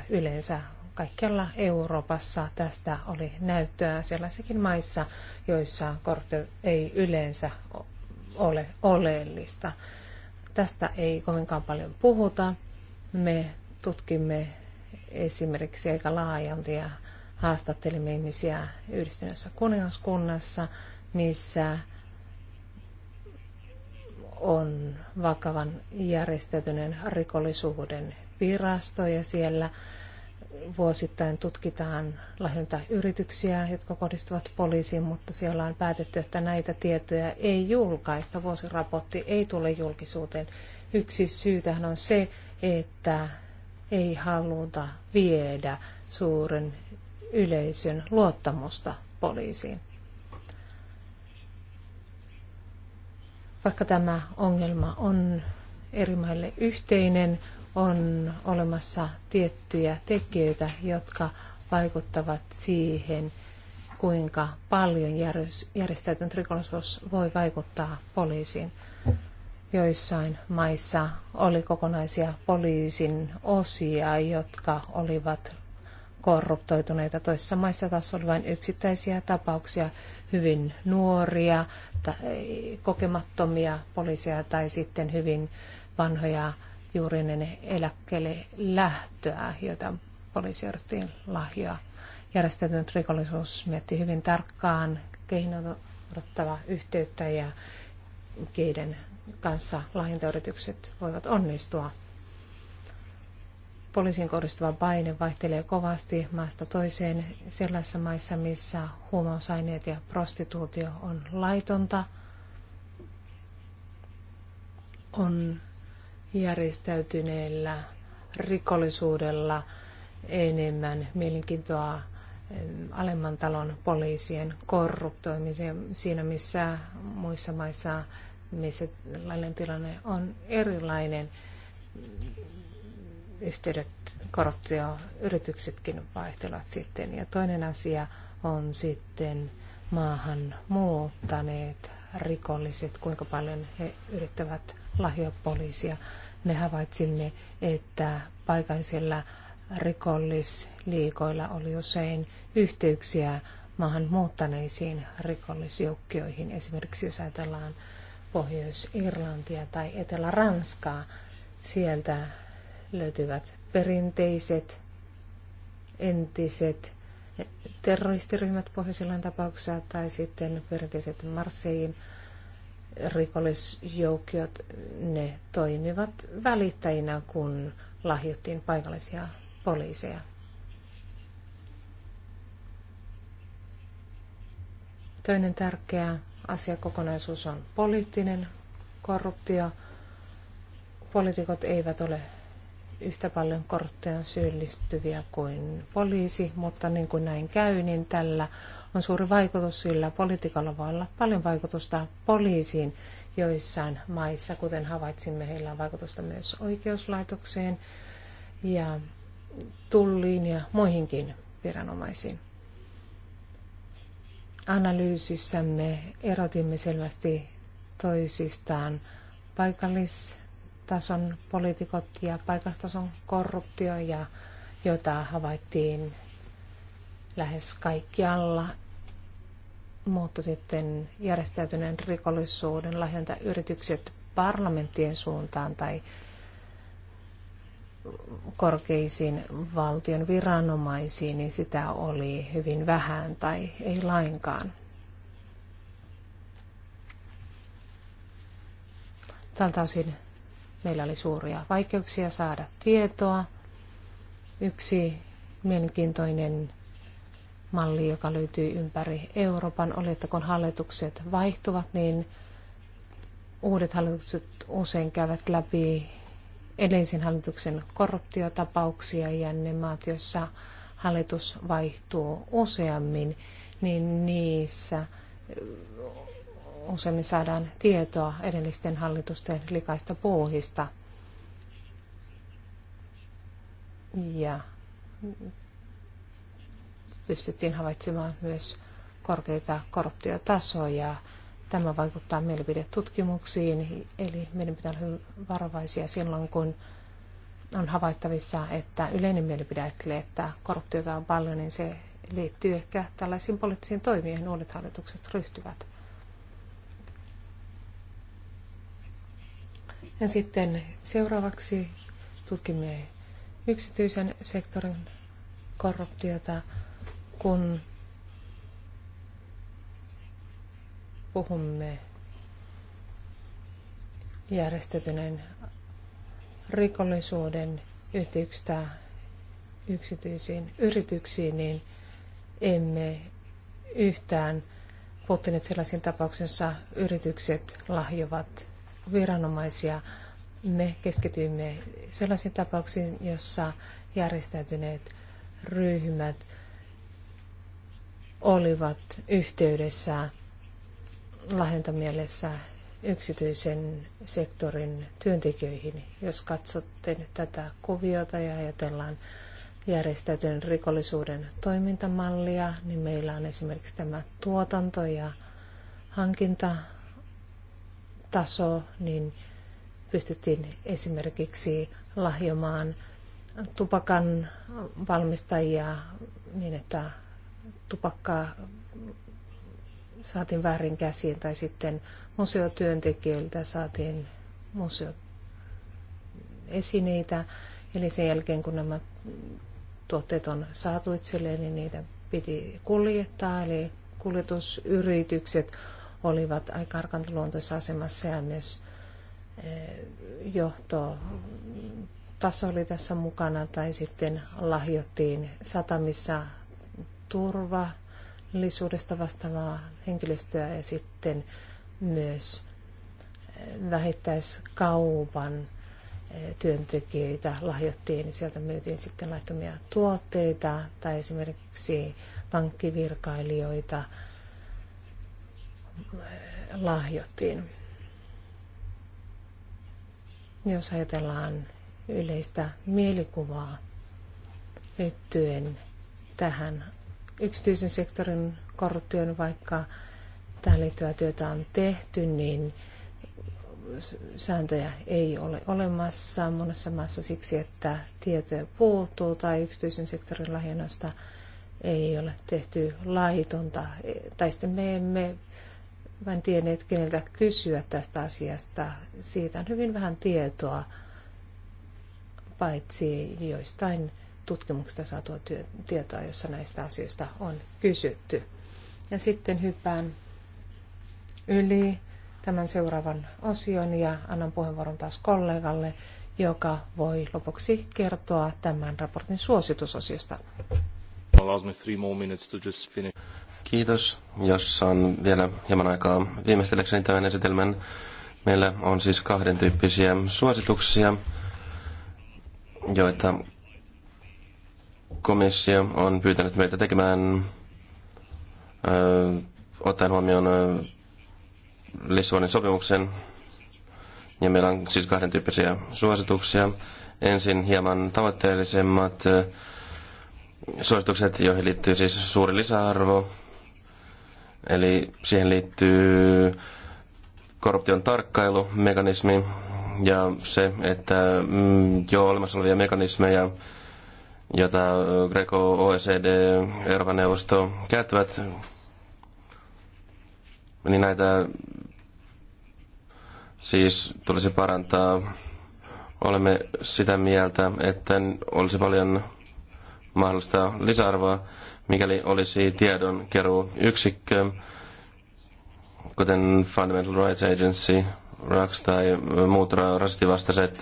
S2: yleensä kaikkialla Euroopassa. Tästä oli näyttöä sellaisikin maissa, joissa korruptio ei yleensä ole oleellista. Tästä ei kovinkaan paljon puhuta. Me tutkimme esimerkiksi aika laajalti ja haastattelimme ihmisiä yhdistyneessä kuningaskunnassa, missä on vakavan järjestäytyneen rikollisuuden virasto ja siellä vuosittain tutkitaan lahjontayrityksiä, jotka kohdistuvat poliisiin, mutta siellä on päätetty, että näitä tietoja ei julkaista. Vuosiraportti ei tule julkisuuteen. Yksi syytähän on se, että ei haluta viedä suuren yleisön luottamusta poliisiin. Vaikka tämä ongelma on eri maille yhteinen, on olemassa tiettyjä tekijöitä, jotka vaikuttavat siihen, kuinka paljon järjestäytynyt rikollisuus voi vaikuttaa poliisiin. Joissain maissa oli kokonaisia poliisin osia, jotka olivat korruptoituneita. Toisissa maissa taas oli vain yksittäisiä tapauksia, hyvin nuoria, tai kokemattomia poliiseja tai sitten hyvin vanhoja juuri ennen eläkkeelle lähtöä, jota poliisi odottiin lahjoa. Järjestetyn rikollisuus mietti hyvin tarkkaan, keihin on yhteyttä ja keiden kanssa lahjontayritykset voivat onnistua. Poliisin kohdistuva paine vaihtelee kovasti maasta toiseen sellaisissa maissa, missä huumausaineet ja prostituutio on laitonta. On järjestäytyneellä rikollisuudella enemmän mielenkiintoa alemman talon poliisien korruptoimiseen siinä, missä muissa maissa, missä laillinen tilanne on erilainen. Yhteydet korruptioyrityksetkin vaihtelevat sitten. Ja toinen asia on sitten maahan muuttaneet rikolliset, kuinka paljon he yrittävät lahjoa poliisia me havaitsimme, että paikallisilla rikollisliikoilla oli usein yhteyksiä maahan muuttaneisiin rikollisjoukkioihin. Esimerkiksi jos ajatellaan Pohjois-Irlantia tai Etelä-Ranskaa, sieltä löytyvät perinteiset, entiset terroristiryhmät Pohjois-Irlannin tapauksessa tai sitten perinteiset Marseillin rikollisjoukkiot, ne toimivat välittäjinä, kun lahjottiin paikallisia poliiseja. Toinen tärkeä asiakokonaisuus on poliittinen korruptio. Poliitikot eivät ole yhtä paljon korruptioon syyllistyviä kuin poliisi, mutta niin kuin näin käy, niin tällä on suuri vaikutus, sillä politiikalla voi olla paljon vaikutusta poliisiin joissain maissa. Kuten havaitsimme, heillä on vaikutusta myös oikeuslaitokseen ja tulliin ja muihinkin viranomaisiin. Analyysissämme erotimme selvästi toisistaan paikallistason poliitikot ja paikallistason korruptio, ja, jota havaittiin lähes kaikkialla mutta sitten järjestäytyneen rikollisuuden lahjontayritykset parlamenttien suuntaan tai korkeisiin valtion viranomaisiin, niin sitä oli hyvin vähän tai ei lainkaan. Tältä osin meillä oli suuria vaikeuksia saada tietoa. Yksi mielenkiintoinen malli, joka löytyy ympäri Euroopan, oli, että kun hallitukset vaihtuvat, niin uudet hallitukset usein käyvät läpi edellisen hallituksen korruptiotapauksia ja ne maat, joissa hallitus vaihtuu useammin, niin niissä useammin saadaan tietoa edellisten hallitusten likaista puuhista. Ja pystyttiin havaitsemaan myös korkeita korruptiotasoja. Tämä vaikuttaa mielipidetutkimuksiin, eli meidän pitää olla varovaisia silloin, kun on havaittavissa, että yleinen mielipide ajattelee, että korruptiota on paljon, niin se liittyy ehkä tällaisiin poliittisiin toimiin, joihin uudet hallitukset ryhtyvät. Ja sitten seuraavaksi tutkimme yksityisen sektorin korruptiota kun puhumme järjestetyneen rikollisuuden yhteyksistä yksityisiin yrityksiin, niin emme yhtään puuttuneet sellaisiin tapauksiin, jossa yritykset lahjovat viranomaisia. Me keskityimme sellaisiin tapauksiin, jossa järjestäytyneet ryhmät olivat yhteydessä lahjontamielessä yksityisen sektorin työntekijöihin. Jos katsotte nyt tätä kuviota ja ajatellaan järjestäytyneen rikollisuuden toimintamallia, niin meillä on esimerkiksi tämä tuotanto- ja hankintataso, niin pystyttiin esimerkiksi lahjomaan tupakan valmistajia niin, että tupakkaa saatiin väärin käsiin tai sitten museotyöntekijöiltä saatiin museoesineitä. Eli sen jälkeen kun nämä tuotteet on saatu itselleen, niin niitä piti kuljettaa. Eli kuljetusyritykset olivat aika arkantaluontoisessa asemassa ja myös e, johto taso oli tässä mukana tai sitten lahjottiin satamissa turvallisuudesta vastaavaa henkilöstöä ja sitten myös eh, vähittäiskaupan eh, työntekijöitä lahjoittiin, niin sieltä myytiin sitten laittomia tuotteita tai esimerkiksi pankkivirkailijoita eh, lahjoittiin. Jos ajatellaan yleistä mielikuvaa liittyen tähän yksityisen sektorin korruption, vaikka tähän liittyvää työtä on tehty, niin sääntöjä ei ole olemassa monessa maassa siksi, että tietoja puuttuu tai yksityisen sektorin lahjonnasta ei ole tehty laitonta. Tai sitten me emme vain tienneet, keneltä kysyä tästä asiasta. Siitä on hyvin vähän tietoa, paitsi joistain tutkimuksesta saatua työ, tietoa, jossa näistä asioista on kysytty. Ja sitten hyppään yli tämän seuraavan osion ja annan puheenvuoron taas kollegalle, joka voi lopuksi kertoa tämän raportin suositusosiosta.
S4: Kiitos, jos saan vielä hieman aikaa viimeistelekseni tämän esitelmän. Meillä on siis kahden tyyppisiä suosituksia, joita Komissio on pyytänyt meitä tekemään ö, ottaen huomioon ö, Lissabonin sopimuksen. Ja meillä on siis kahden tyyppisiä suosituksia. Ensin hieman tavoitteellisemmat ö, suositukset, joihin liittyy siis suuri lisäarvo. Eli siihen liittyy korruption tarkkailumekanismi ja se, että mm, jo olemassa olevia mekanismeja jota Greco, OECD, Euroopan neuvosto käyttävät, niin näitä siis tulisi parantaa. Olemme sitä mieltä, että olisi paljon mahdollista lisäarvoa, mikäli olisi tiedon yksikkö, kuten Fundamental Rights Agency, RACS tai muut rasistivastaiset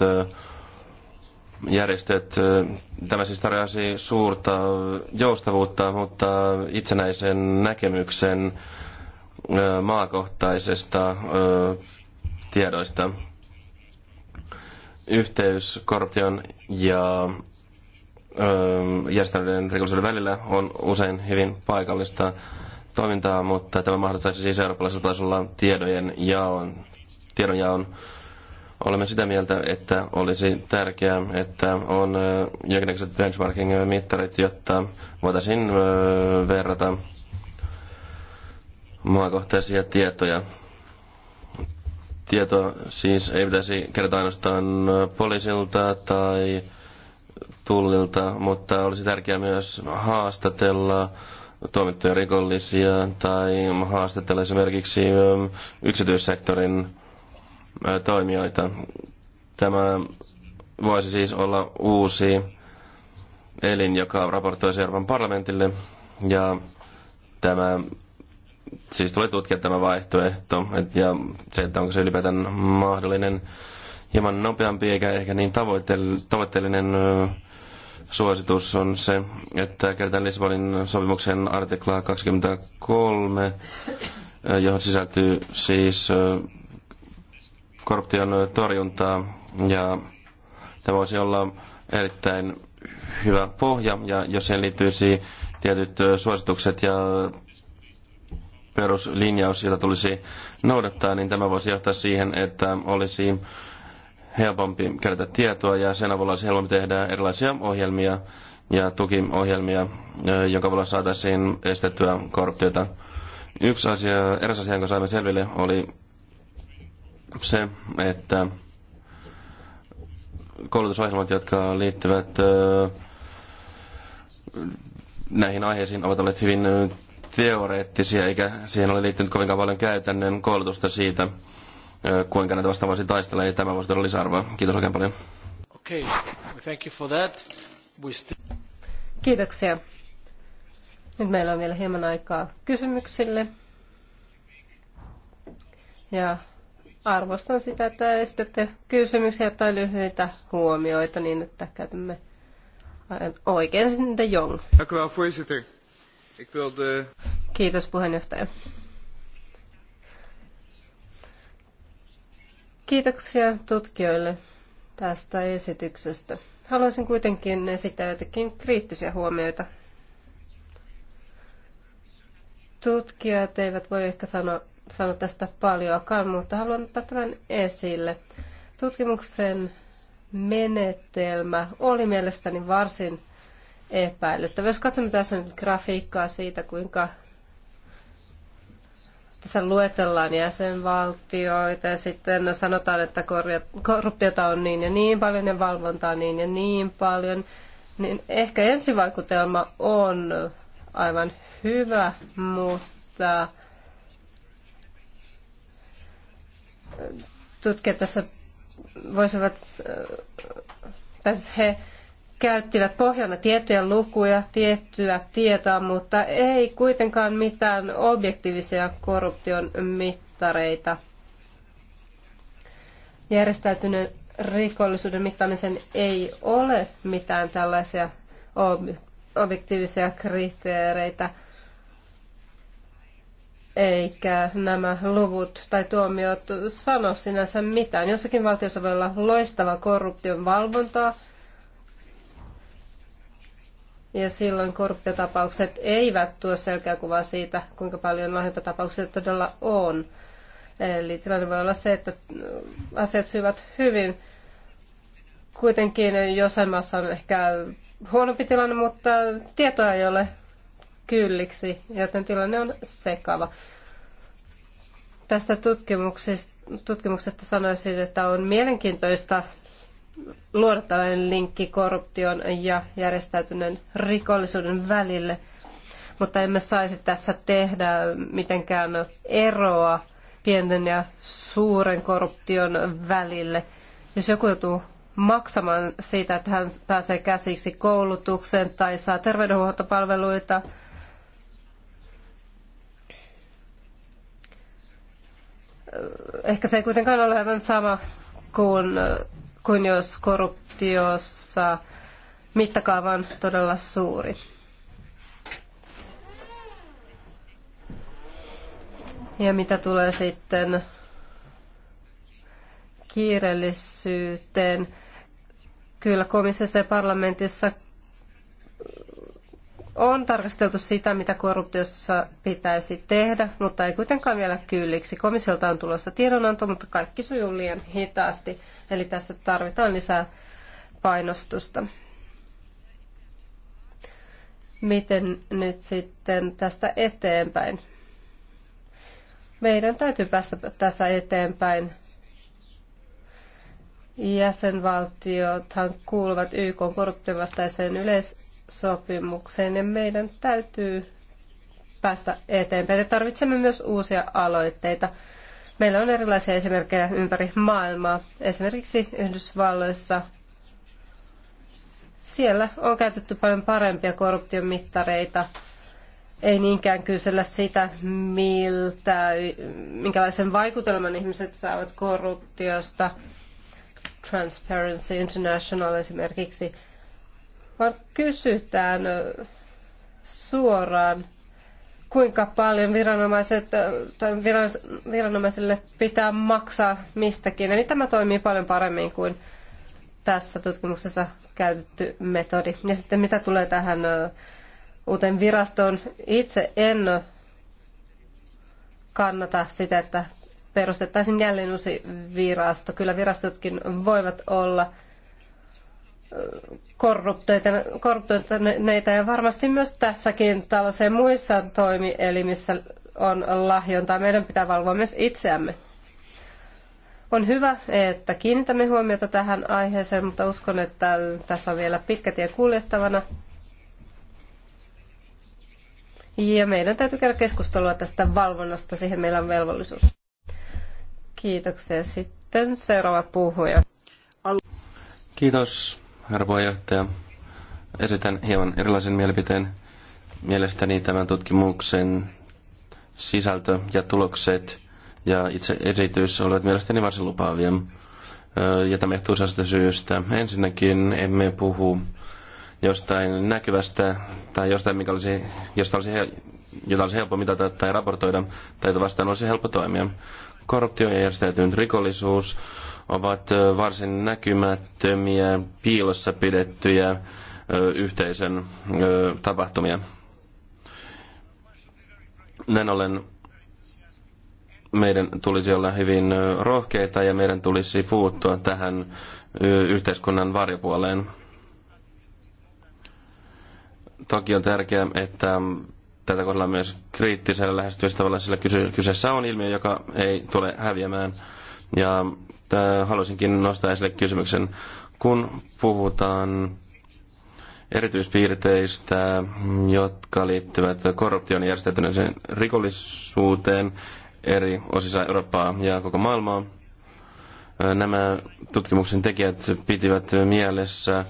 S4: järjestöt. Tämä siis tarjoaisi suurta joustavuutta, mutta itsenäisen näkemyksen maakohtaisesta tiedoista. Yhteys korruption ja järjestäytyneen rikollisuuden välillä on usein hyvin paikallista toimintaa, mutta tämä mahdollistaisi siis eurooppalaisella tasolla tiedojen jaon, tiedonjaon Olemme sitä mieltä, että olisi tärkeää, että on jonkinlaiset benchmarking-mittarit, jotta voitaisiin verrata maakohtaisia tietoja. Tietoa siis ei pitäisi kertoa ainoastaan poliisilta tai tullilta, mutta olisi tärkeää myös haastatella tuomittuja rikollisia tai haastatella esimerkiksi yksityissektorin toimijoita. Tämä voisi siis olla uusi elin, joka raportoi Euroopan parlamentille ja tämä siis tulee tutkia tämä vaihtoehto et, ja se, että onko se ylipäätään mahdollinen hieman nopeampi eikä ehkä niin tavoitteellinen suositus on se, että käytetään Lisbonin sopimuksen artiklaa 23, johon sisältyy siis korruption torjuntaa ja tämä voisi olla erittäin hyvä pohja ja jos siihen liittyisi tietyt suositukset ja peruslinjaus, jota tulisi noudattaa, niin tämä voisi johtaa siihen, että olisi helpompi kerätä tietoa ja sen avulla olisi helpompi tehdä erilaisia ohjelmia ja tukiohjelmia, jonka avulla saataisiin estettyä korruptiota. Yksi asia, eräs asia, jonka saimme selville, oli se, että koulutusohjelmat, jotka liittyvät näihin aiheisiin, ovat olleet hyvin teoreettisia, eikä siihen ole liittynyt kovinkaan paljon käytännön koulutusta siitä, kuinka näitä vastaan voisi taistella, ja tämä voisi tuoda lisäarvoa. Kiitos oikein paljon.
S3: Okay. Thank you for that. We still...
S1: Kiitoksia. Nyt meillä on vielä hieman aikaa kysymyksille. Ja Arvostan sitä, että esitätte kysymyksiä tai lyhyitä huomioita niin, että käytämme äh, oikein sinne Jong. Kiitos puheenjohtaja. Kiitoksia tutkijoille tästä esityksestä. Haluaisin kuitenkin esittää jotakin kriittisiä huomioita. Tutkijat eivät voi ehkä sanoa sano tästä paljoakaan, mutta haluan ottaa tämän esille. Tutkimuksen menetelmä oli mielestäni varsin epäilyttävä. Jos katsomme tässä nyt grafiikkaa siitä, kuinka tässä luetellaan jäsenvaltioita ja sitten sanotaan, että korruptiota on niin ja niin paljon ja valvontaa niin ja niin paljon, niin ehkä ensivaikutelma on aivan hyvä, mutta tutkijat tässä voisivat, tai siis he käyttivät pohjana tiettyjä lukuja, tiettyä tietoa, mutta ei kuitenkaan mitään objektiivisia korruption mittareita. Järjestäytyneen rikollisuuden mittaamisen ei ole mitään tällaisia objektiivisia kriteereitä eikä nämä luvut tai tuomiot sano sinänsä mitään. Jossakin valtiossa voi olla loistava korruption valvontaa, ja silloin korruptiotapaukset eivät tuo selkeä kuvaa siitä, kuinka paljon lahjontatapauksia todella on. Eli tilanne voi olla se, että asiat syyvät hyvin. Kuitenkin jossain maassa on ehkä huonompi tilanne, mutta tietoa ei ole kylliksi, joten tilanne on sekava. Tästä tutkimuksesta, tutkimuksesta sanoisin, että on mielenkiintoista luoda tällainen linkki korruption ja järjestäytyneen rikollisuuden välille, mutta emme saisi tässä tehdä mitenkään eroa pienten ja suuren korruption välille. Jos joku joutuu maksamaan siitä, että hän pääsee käsiksi koulutukseen tai saa terveydenhuoltopalveluita, ehkä se ei kuitenkaan ole aivan sama kuin, kuin jos korruptiossa mittakaava on todella suuri. Ja mitä tulee sitten kiireellisyyteen, kyllä komissiossa ja parlamentissa on tarkasteltu sitä, mitä korruptiossa pitäisi tehdä, mutta ei kuitenkaan vielä kylliksi. Komissiolta on tulossa tiedonanto, mutta kaikki sujuu liian hitaasti. Eli tässä tarvitaan lisää painostusta. Miten nyt sitten tästä eteenpäin? Meidän täytyy päästä tässä eteenpäin. Jäsenvaltiothan kuuluvat YK korruption yleis- sopimukseen ja meidän täytyy päästä eteenpäin. Ja tarvitsemme myös uusia aloitteita. Meillä on erilaisia esimerkkejä ympäri maailmaa. Esimerkiksi Yhdysvalloissa siellä on käytetty paljon parempia korruptiomittareita. Ei niinkään kysellä sitä, miltä, minkälaisen vaikutelman ihmiset saavat korruptiosta. Transparency International esimerkiksi – vaan kysytään suoraan, kuinka paljon viranomaiset, tai viranomaisille pitää maksaa mistäkin. Eli tämä toimii paljon paremmin kuin tässä tutkimuksessa käytetty metodi. Ja sitten mitä tulee tähän uuteen virastoon, itse en kannata sitä, että perustettaisiin jälleen uusi virasto. Kyllä virastotkin voivat olla korruptoituneita ja varmasti myös tässäkin talossa ja muissa toimielimissä on lahjontaa. Meidän pitää valvoa myös itseämme. On hyvä, että kiinnitämme huomiota tähän aiheeseen, mutta uskon, että tässä on vielä pitkä tie kuljettavana. Ja meidän täytyy käydä keskustelua tästä valvonnasta, siihen meillä on velvollisuus. Kiitoksia. Sitten seuraava puhuja.
S4: Kiitos herra puheenjohtaja. Esitän hieman erilaisen mielipiteen. Mielestäni tämän tutkimuksen sisältö ja tulokset ja itse esitys olivat mielestäni varsin lupaavia. Ja tämä johtuu useasta syystä. Ensinnäkin emme puhu jostain näkyvästä tai jostain, mikä olisi, josta olisi, jota olisi helppo mitata tai raportoida tai vastaan olisi helppo toimia. Korruptio ja järjestäytynyt rikollisuus ovat varsin näkymättömiä, piilossa pidettyjä yhteisön tapahtumia. Näin ollen meidän tulisi olla hyvin rohkeita ja meidän tulisi puuttua tähän yhteiskunnan varjopuoleen. Toki on tärkeää, että tätä kohdellaan myös kriittisellä lähestymistavalla, sillä kyseessä on ilmiö, joka ei tule häviämään. Ja että haluaisinkin nostaa esille kysymyksen, kun puhutaan erityispiirteistä, jotka liittyvät korruption järjestäytyneeseen rikollisuuteen eri osissa Eurooppaa ja koko maailmaa. Nämä tutkimuksen tekijät pitivät mielessä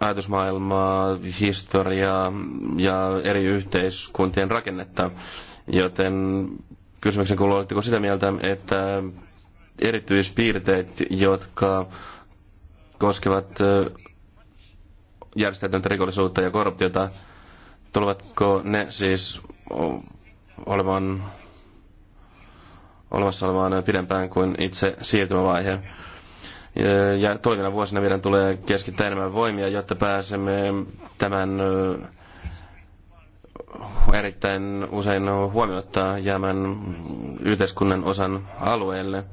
S4: ajatusmaailmaa, historiaa ja eri yhteiskuntien rakennetta, joten Kysymyksen kuuluu, oletteko sitä mieltä, että erityispiirteet, jotka koskevat järjestäytyntä rikollisuutta ja korruptiota, tulevatko ne siis olemaan olemassa olemaan pidempään kuin itse siirtymävaihe. Ja tulevina vuosina meidän tulee keskittää enemmän voimia, jotta pääsemme tämän erittäin usein huomiota jäämän yhteiskunnan osan alueelle.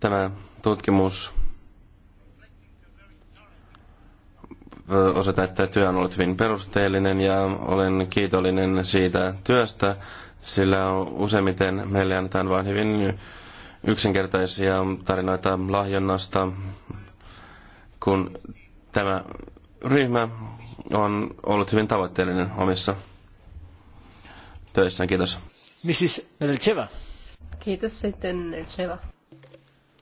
S4: Tämä tutkimus osoita, että työ on ollut hyvin perusteellinen ja olen kiitollinen siitä työstä, sillä useimmiten meille annetaan vain hyvin yksinkertaisia tarinoita lahjonnasta, kun tämä ryhmä on ollut hyvin tavoitteellinen omissa töissään. Kiitos. Mrs. Nelceva?
S1: Kiitos sitten Nelceva.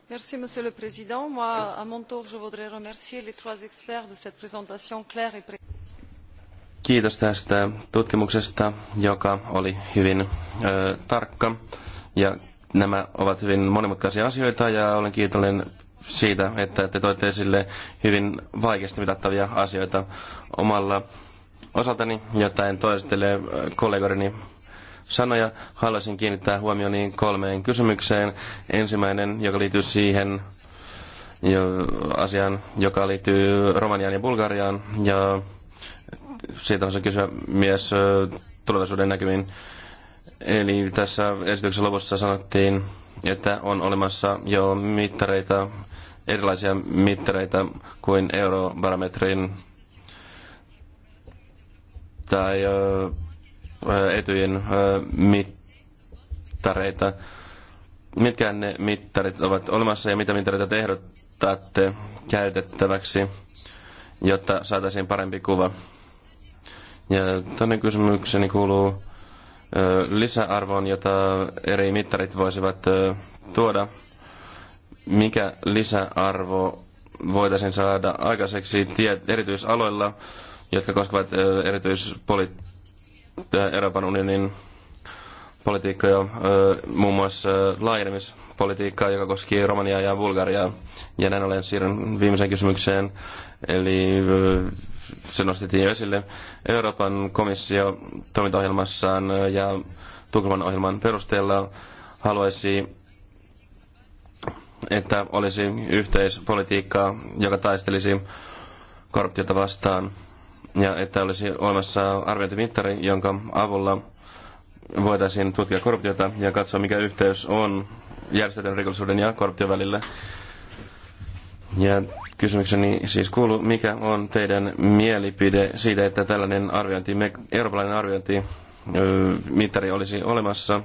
S2: Merci, Monsieur le Président. Moi, à mon tour, je voudrais remercier les trois experts de cette présentation claire et précise.
S4: Kiitos tästä tutkimuksesta, joka oli hyvin ö, tarkka ja Nämä ovat hyvin monimutkaisia asioita ja olen kiitollinen siitä, että te toitte esille hyvin vaikeasti mitattavia asioita omalla osaltani, jotta en toistele kollegorini sanoja. Haluaisin kiinnittää huomioni kolmeen kysymykseen. Ensimmäinen, joka liittyy siihen jo, asiaan, joka liittyy Romaniaan ja Bulgariaan. Ja siitä on se kysyä myös tulevaisuuden näkymiin. Eli tässä esityksen lopussa sanottiin, että on olemassa jo mittareita, erilaisia mittareita kuin eurobarometrin tai etyjen mittareita. Mitkä ne mittarit ovat olemassa ja mitä mittareita te ehdottaatte käytettäväksi, jotta saataisiin parempi kuva? Ja toinen kysymykseni kuuluu, lisäarvon, jota eri mittarit voisivat tuoda. Mikä lisäarvo voitaisiin saada aikaiseksi erityisaloilla, jotka koskevat erityispolitiikkaa Euroopan unionin politiikkoja, muun muassa laajenemispolitiikkaa, joka koski Romaniaa ja Bulgariaa. Ja näin ollen siirryn viimeiseen kysymykseen, eli se nostettiin jo esille. Euroopan komissio toimintaohjelmassaan ja Tukholman ohjelman perusteella haluaisi, että olisi yhteispolitiikkaa, joka taistelisi korruptiota vastaan ja että olisi olemassa arviointimittari, jonka avulla voitaisiin tutkia korruptiota ja katsoa, mikä yhteys on järjestäytyneen rikollisuuden ja korruption välillä. Ja kysymykseni siis kuuluu, mikä on teidän mielipide siitä, että tällainen arviointi, eurooppalainen arviointi, mittari olisi olemassa?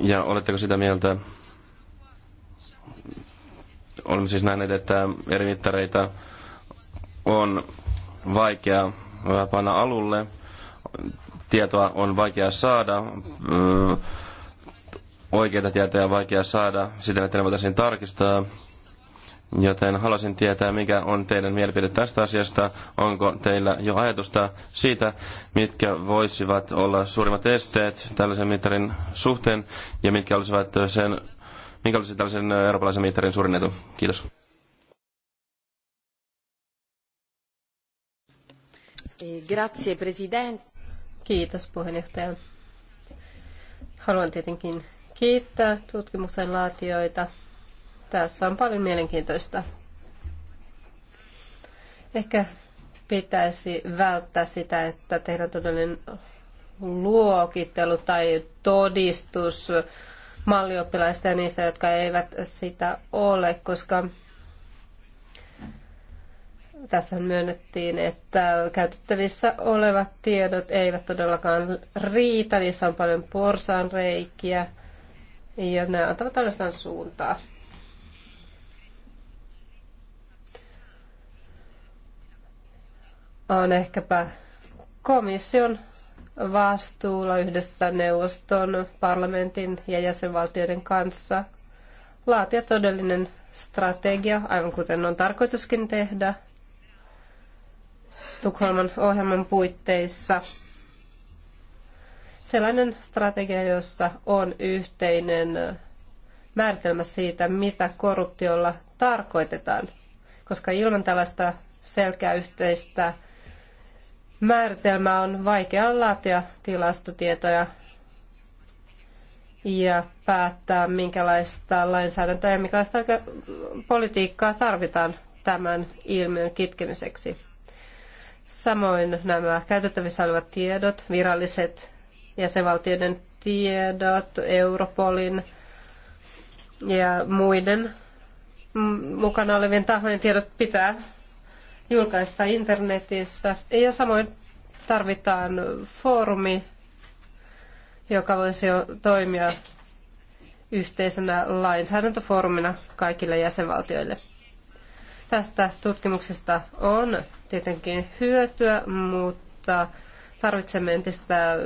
S4: Ja oletteko sitä mieltä, olemme siis nähneet, että eri mittareita on vaikea panna alulle, tietoa on vaikea saada, oikeita tietoja on vaikea saada siten, että ne voitaisiin tarkistaa. Joten haluaisin tietää, mikä on teidän mielipide tästä asiasta. Onko teillä jo ajatusta siitä, mitkä voisivat olla suurimmat esteet tällaisen mittarin suhteen ja mitkä olisivat sen, mikä olisi tällaisen eurooppalaisen mittarin suurin etu? Kiitos.
S1: Grazie, Kiitos puheenjohtaja. Haluan tietenkin kiittää tutkimuksen laatioita. Tässä on paljon mielenkiintoista. Ehkä pitäisi välttää sitä, että tehdään todellinen luokittelu tai todistus mallioppilaista ja niistä, jotka eivät sitä ole, koska tässä myönnettiin, että käytettävissä olevat tiedot eivät todellakaan riitä, niissä on paljon porsaanreikiä ja nämä antavat ainoastaan suuntaa. On ehkäpä komission vastuulla yhdessä neuvoston, parlamentin ja jäsenvaltioiden kanssa laatia todellinen strategia, aivan kuten on tarkoituskin tehdä Tukholman ohjelman puitteissa – sellainen strategia, jossa on yhteinen määritelmä siitä, mitä korruptiolla tarkoitetaan. Koska ilman tällaista selkeä yhteistä määritelmää on vaikea laatia tilastotietoja ja päättää, minkälaista lainsäädäntöä ja minkälaista politiikkaa tarvitaan tämän ilmiön kitkemiseksi. Samoin nämä käytettävissä olevat tiedot, viralliset jäsenvaltioiden tiedot, Europolin ja muiden mukana olevien tahojen tiedot pitää julkaista internetissä. Ja samoin tarvitaan foorumi, joka voisi toimia yhteisenä lainsäädäntöfoorumina kaikille jäsenvaltioille. Tästä tutkimuksesta on tietenkin hyötyä, mutta tarvitsemme entistä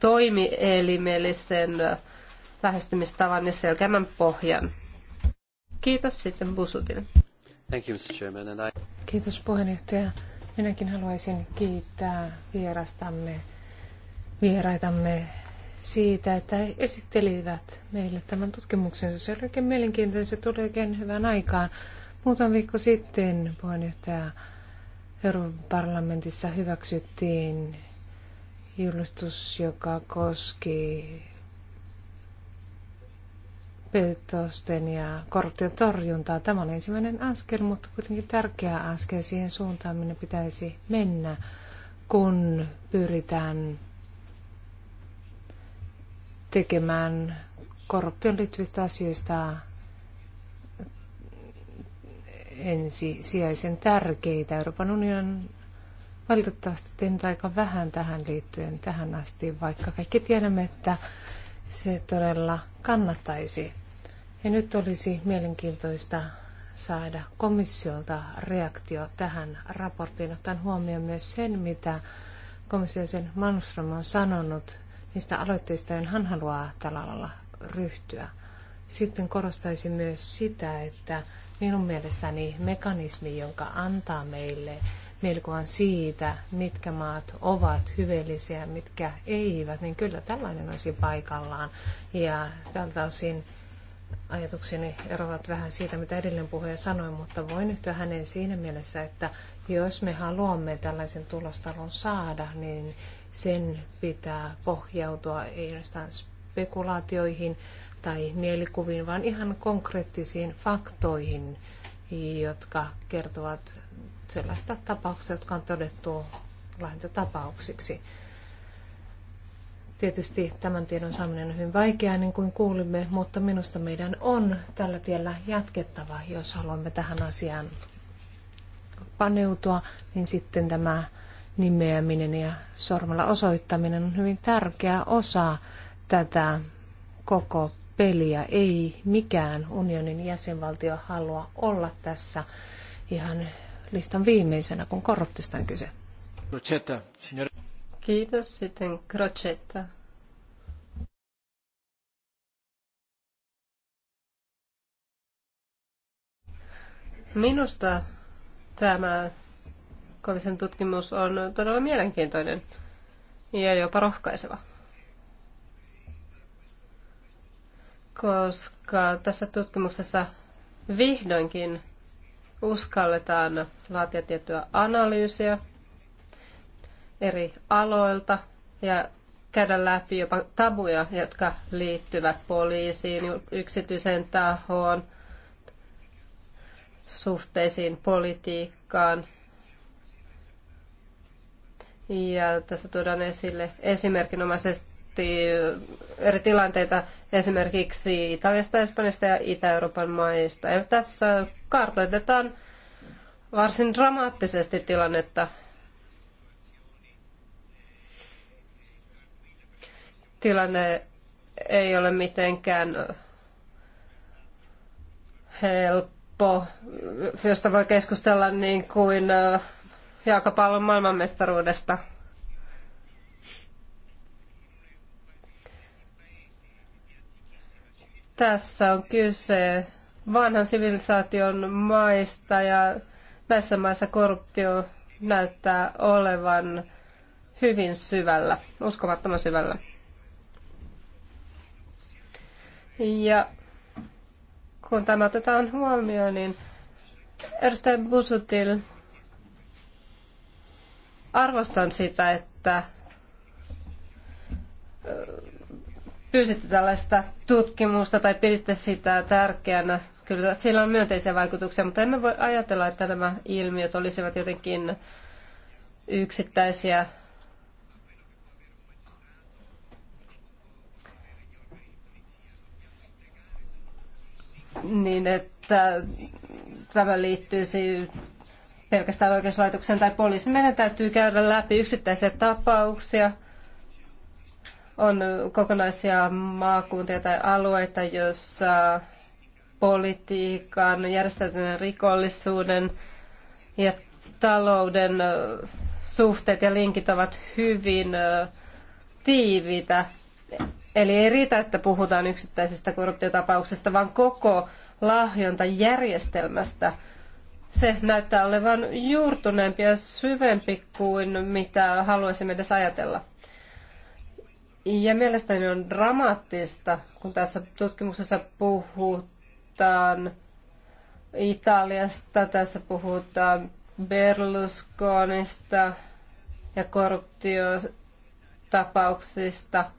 S1: toimielimellisen lähestymistavan ja selkeämmän pohjan. Kiitos sitten Busutin.
S4: Thank you, Mr. Chairman, and I...
S1: Kiitos puheenjohtaja. Minäkin haluaisin kiittää
S2: vierastamme, vieraitamme siitä, että he esittelivät meille tämän tutkimuksensa. Se oli oikein mielenkiintoinen, se tuli oikein hyvään aikaan. Muutama viikko sitten puheenjohtaja Euroopan parlamentissa hyväksyttiin julistus, joka koski petosten ja korruption torjuntaa. Tämä on ensimmäinen askel, mutta kuitenkin tärkeä askel siihen suuntaan, minne pitäisi mennä, kun pyritään tekemään korruption liittyvistä asioista ensisijaisen tärkeitä. Euroopan unionin Valitettavasti tehnyt aika vähän tähän liittyen tähän asti, vaikka kaikki tiedämme, että se todella kannattaisi. Ja nyt olisi mielenkiintoista saada komissiolta reaktio tähän raporttiin, ottaen huomioon myös sen, mitä komissiosen Malmström on sanonut niistä aloitteista, joihin hän haluaa tällä alalla ryhtyä. Sitten korostaisin myös sitä, että minun mielestäni mekanismi, jonka antaa meille mielikuvan siitä, mitkä maat ovat hyvällisiä, mitkä eivät, niin kyllä tällainen olisi paikallaan. Ja tältä osin ajatukseni eroavat vähän siitä, mitä edellinen puhuja sanoi, mutta voin yhtyä hänen siinä mielessä, että jos me haluamme tällaisen tulostalon saada, niin sen pitää pohjautua ei ainoastaan spekulaatioihin tai mielikuviin, vaan ihan konkreettisiin faktoihin, jotka kertovat sellaista tapauksista, jotka on todettu lahjontatapauksiksi. Tietysti tämän tiedon saaminen on hyvin vaikeaa, niin kuin kuulimme, mutta minusta meidän on tällä tiellä jatkettava, jos haluamme tähän asiaan paneutua, niin sitten tämä nimeäminen ja sormella osoittaminen on hyvin tärkeä osa tätä koko peliä. Ei mikään unionin jäsenvaltio halua olla tässä ihan listan viimeisenä, kun korruptista on kyse.
S3: Crocetta, signor...
S1: Kiitos. Sitten Crocetta. Minusta tämä kolisen tutkimus on todella mielenkiintoinen ja jopa rohkaiseva. Koska tässä tutkimuksessa vihdoinkin uskalletaan laatia tiettyä analyysiä eri aloilta ja käydä läpi jopa tabuja, jotka liittyvät poliisiin, yksityiseen tahoon, suhteisiin politiikkaan. Ja tässä tuodaan esille esimerkinomaisesti pohti eri tilanteita esimerkiksi Italiasta, Espanjasta ja Itä-Euroopan maista. Ja tässä kartoitetaan varsin dramaattisesti tilannetta. Tilanne ei ole mitenkään helppo, josta voi keskustella niin kuin jalkapallon maailmanmestaruudesta. Tässä on kyse vanhan sivilisaation maista ja näissä maissa korruptio näyttää olevan hyvin syvällä, uskomattoman syvällä. Ja kun tämä otetaan huomioon, niin Erste Busutil arvostan sitä, että pyysitte tällaista tutkimusta tai piditte sitä tärkeänä. Kyllä sillä on myönteisiä vaikutuksia, mutta emme voi ajatella, että nämä ilmiöt olisivat jotenkin yksittäisiä niin, että tämä liittyisi pelkästään oikeuslaitokseen tai poliisin. Meidän täytyy käydä läpi yksittäisiä tapauksia – on kokonaisia maakuntia tai alueita, joissa politiikan, järjestäytyneen rikollisuuden ja talouden suhteet ja linkit ovat hyvin tiiviitä. Eli ei riitä, että puhutaan yksittäisistä korruptiotapauksista, vaan koko lahjontajärjestelmästä. Se näyttää olevan juurtuneempi ja syvempi kuin mitä haluaisimme edes ajatella. Ja mielestäni on dramaattista, kun tässä tutkimuksessa puhutaan Italiasta, tässä puhutaan Berlusconista ja korruptiotapauksista.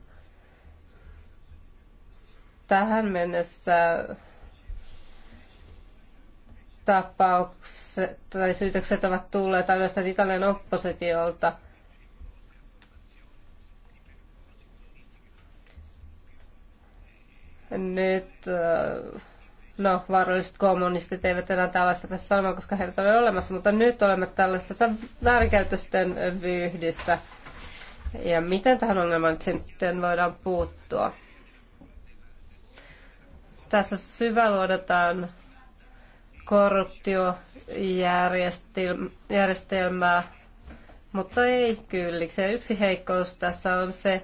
S1: Tähän mennessä tapaukset tai syytökset ovat tulleet ainoastaan Italian oppositiolta – nyt äh, no vaaralliset kommunistit eivät enää tällaista pääse sanomaan, koska heitä ole olemassa, mutta nyt olemme tällaisessa väärinkäytösten vyyhdissä. Ja miten tähän ongelmaan sitten voidaan puuttua? Tässä syväluodetaan korruptiojärjestelmää, mutta ei kylliksi. Ja yksi heikkous tässä on se,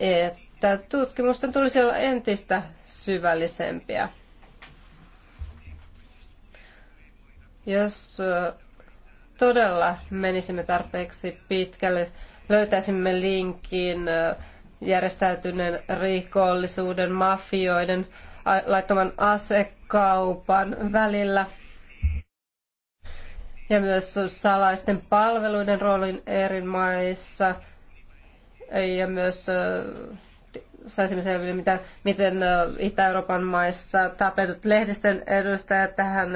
S1: että että tutkimusten tulisi olla entistä syvällisempiä. Jos todella menisimme tarpeeksi pitkälle, löytäisimme linkin järjestäytyneen rikollisuuden, mafioiden, laittoman asekaupan välillä ja myös salaisten palveluiden roolin eri maissa ja myös saisimme selville, miten, miten Itä-Euroopan maissa tapetut lehdistön edustajat tähän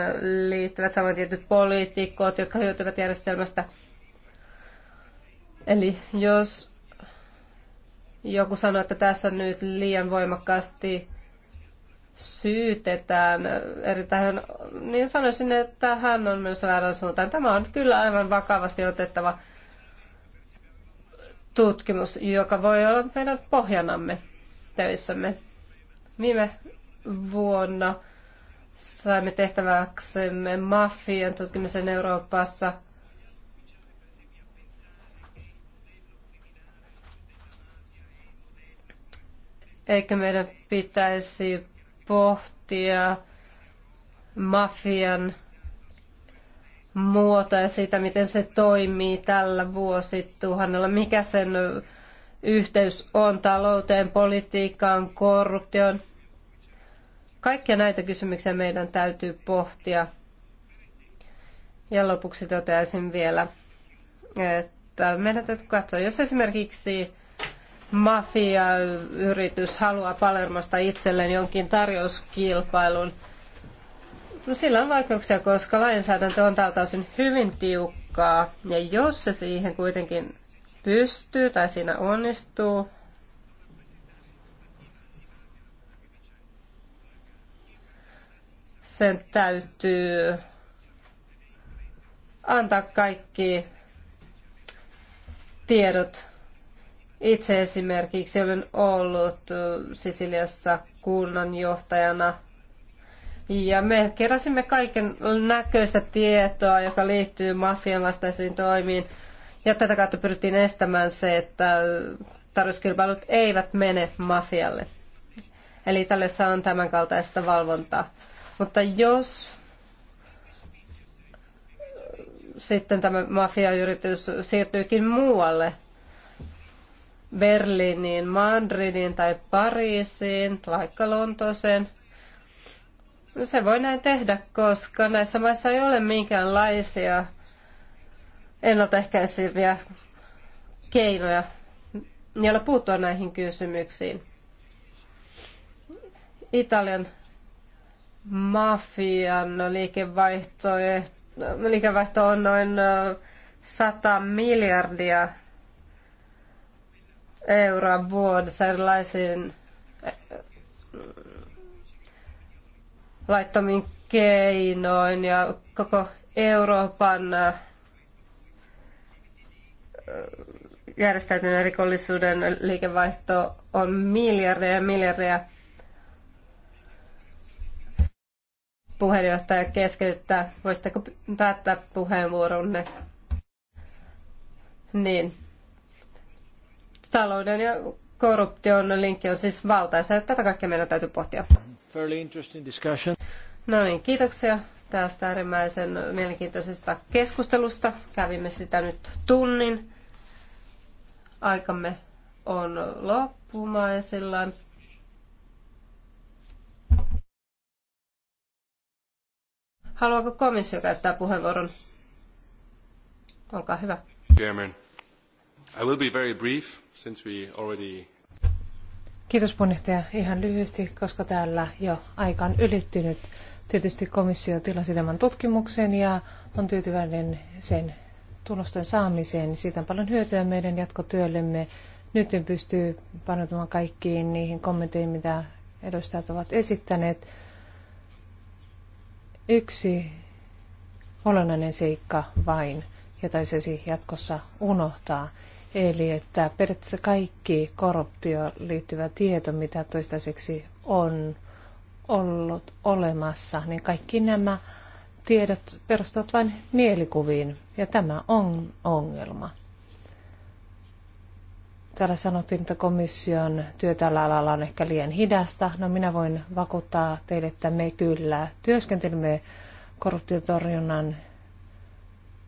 S1: liittyvät, samoin tietyt poliitikot, jotka hyötyvät järjestelmästä. Eli jos joku sanoo, että tässä nyt liian voimakkaasti syytetään eri tähän, niin sanoisin, että hän on myös väärän suuntaan. Tämä on kyllä aivan vakavasti otettava tutkimus, joka voi olla meidän pohjanamme töissämme. Viime vuonna saimme tehtäväksemme mafian tutkimisen Euroopassa. Eikö meidän pitäisi pohtia mafian muoto ja sitä, miten se toimii tällä vuosituhannella, mikä sen yhteys on talouteen, politiikkaan, korruptioon. Kaikkia näitä kysymyksiä meidän täytyy pohtia. Ja lopuksi toteaisin vielä, että meidän täytyy katsoa, jos esimerkiksi mafiayritys haluaa Palermosta itselleen jonkin tarjouskilpailun, No sillä on vaikeuksia, koska lainsäädäntö on tältä osin hyvin tiukkaa. Ja jos se siihen kuitenkin pystyy tai siinä onnistuu, sen täytyy antaa kaikki tiedot. Itse esimerkiksi olen ollut Sisiliassa kunnanjohtajana ja me keräsimme kaiken näköistä tietoa, joka liittyy mafian vastaisiin toimiin, ja tätä kautta pyrittiin estämään se, että tarjouskilpailut eivät mene mafialle. Eli Italiassa on tämän kaltaista valvontaa. Mutta jos sitten tämä mafiayritys siirtyykin muualle, Berliiniin, Madridiin tai Pariisiin, vaikka Lontooseen, se voi näin tehdä, koska näissä maissa ei ole minkäänlaisia ennaltaehkäiseviä keinoja, joilla puuttua näihin kysymyksiin. Italian mafian liikevaihto, liikevaihto on noin 100 miljardia euroa vuodessa erilaisiin laittomiin keinoin ja koko Euroopan järjestäytyneen rikollisuuden liikevaihto on miljardeja ja miljardeja. Puheenjohtaja keskeyttää. Voisitteko päättää puheenvuoronne? Niin. Talouden ja korruption linkki on siis valtaisa tätä kaikkea meidän täytyy pohtia.
S3: Fairly interesting discussion.
S1: No niin, kiitoksia tästä äärimmäisen mielenkiintoisesta keskustelusta. Kävimme sitä nyt tunnin aikamme on loppumaisillaan. Haluaako komissio käyttää puheenvuoron? Olkaa hyvä.
S4: Chairman. I will be very brief, since we already...
S2: Kiitos puheenjohtaja. Ihan lyhyesti, koska täällä jo aika on ylittynyt. Tietysti komissio tilasi tämän tutkimuksen ja on tyytyväinen sen tulosten saamiseen. niin Siitä on paljon hyötyä meidän jatkotyöllemme. Nyt en pysty panotumaan kaikkiin niihin kommentteihin, mitä edustajat ovat esittäneet. Yksi olennainen seikka vain, jota se siis jatkossa unohtaa. Eli että periaatteessa kaikki korruptio liittyvä tieto, mitä toistaiseksi on ollut olemassa, niin kaikki nämä tiedot perustuvat vain mielikuviin, ja tämä on ongelma. Täällä sanottiin, että komission työ tällä alalla on ehkä liian hidasta. No minä voin vakuuttaa teille, että me kyllä työskentelemme korruptiotorjunnan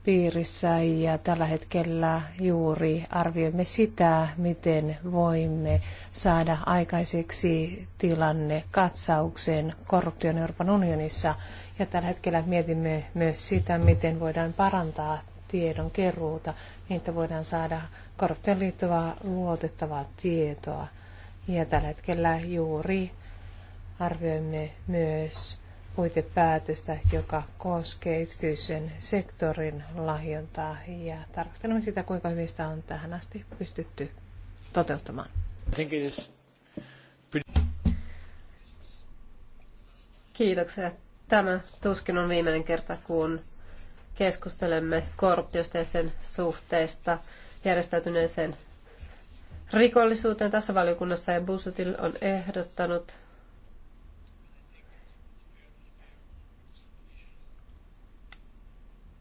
S2: piirissä ja tällä hetkellä juuri arvioimme sitä, miten voimme saada aikaiseksi tilanne katsauksen korruption Euroopan unionissa. Ja tällä hetkellä mietimme myös sitä, miten voidaan parantaa tiedon keruuta, niin että voidaan saada korruptioon liittyvää luotettavaa tietoa. Ja tällä hetkellä juuri arvioimme myös puitepäätöstä, joka koskee yksityisen sektorin lahjontaa ja tarkastelemme sitä, kuinka hyvin sitä on tähän asti pystytty
S3: toteuttamaan.
S1: Kiitoksia. Tämä tuskin on viimeinen kerta, kun keskustelemme korruptiosta ja sen suhteesta järjestäytyneeseen rikollisuuteen. Tässä valiokunnassa ja Busutil on ehdottanut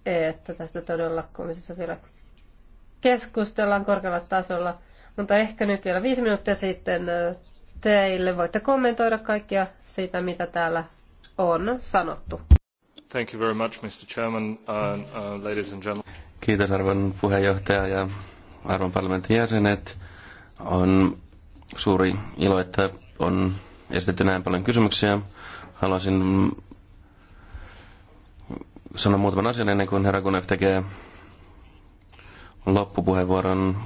S1: että tästä todella komissiossa vielä keskustellaan korkealla tasolla. Mutta ehkä nyt vielä viisi minuuttia sitten teille. Voitte kommentoida kaikkia siitä, mitä täällä on sanottu.
S3: Thank you very much, Mr. Chairman, uh,
S4: uh, ladies and gentlemen. Kiitos arvon puheenjohtaja ja arvon parlamentin jäsenet. On suuri ilo, että on esitetty näin paljon kysymyksiä. Haluaisin sanon muutaman asian ennen kuin herra Gunev tekee loppupuheenvuoron.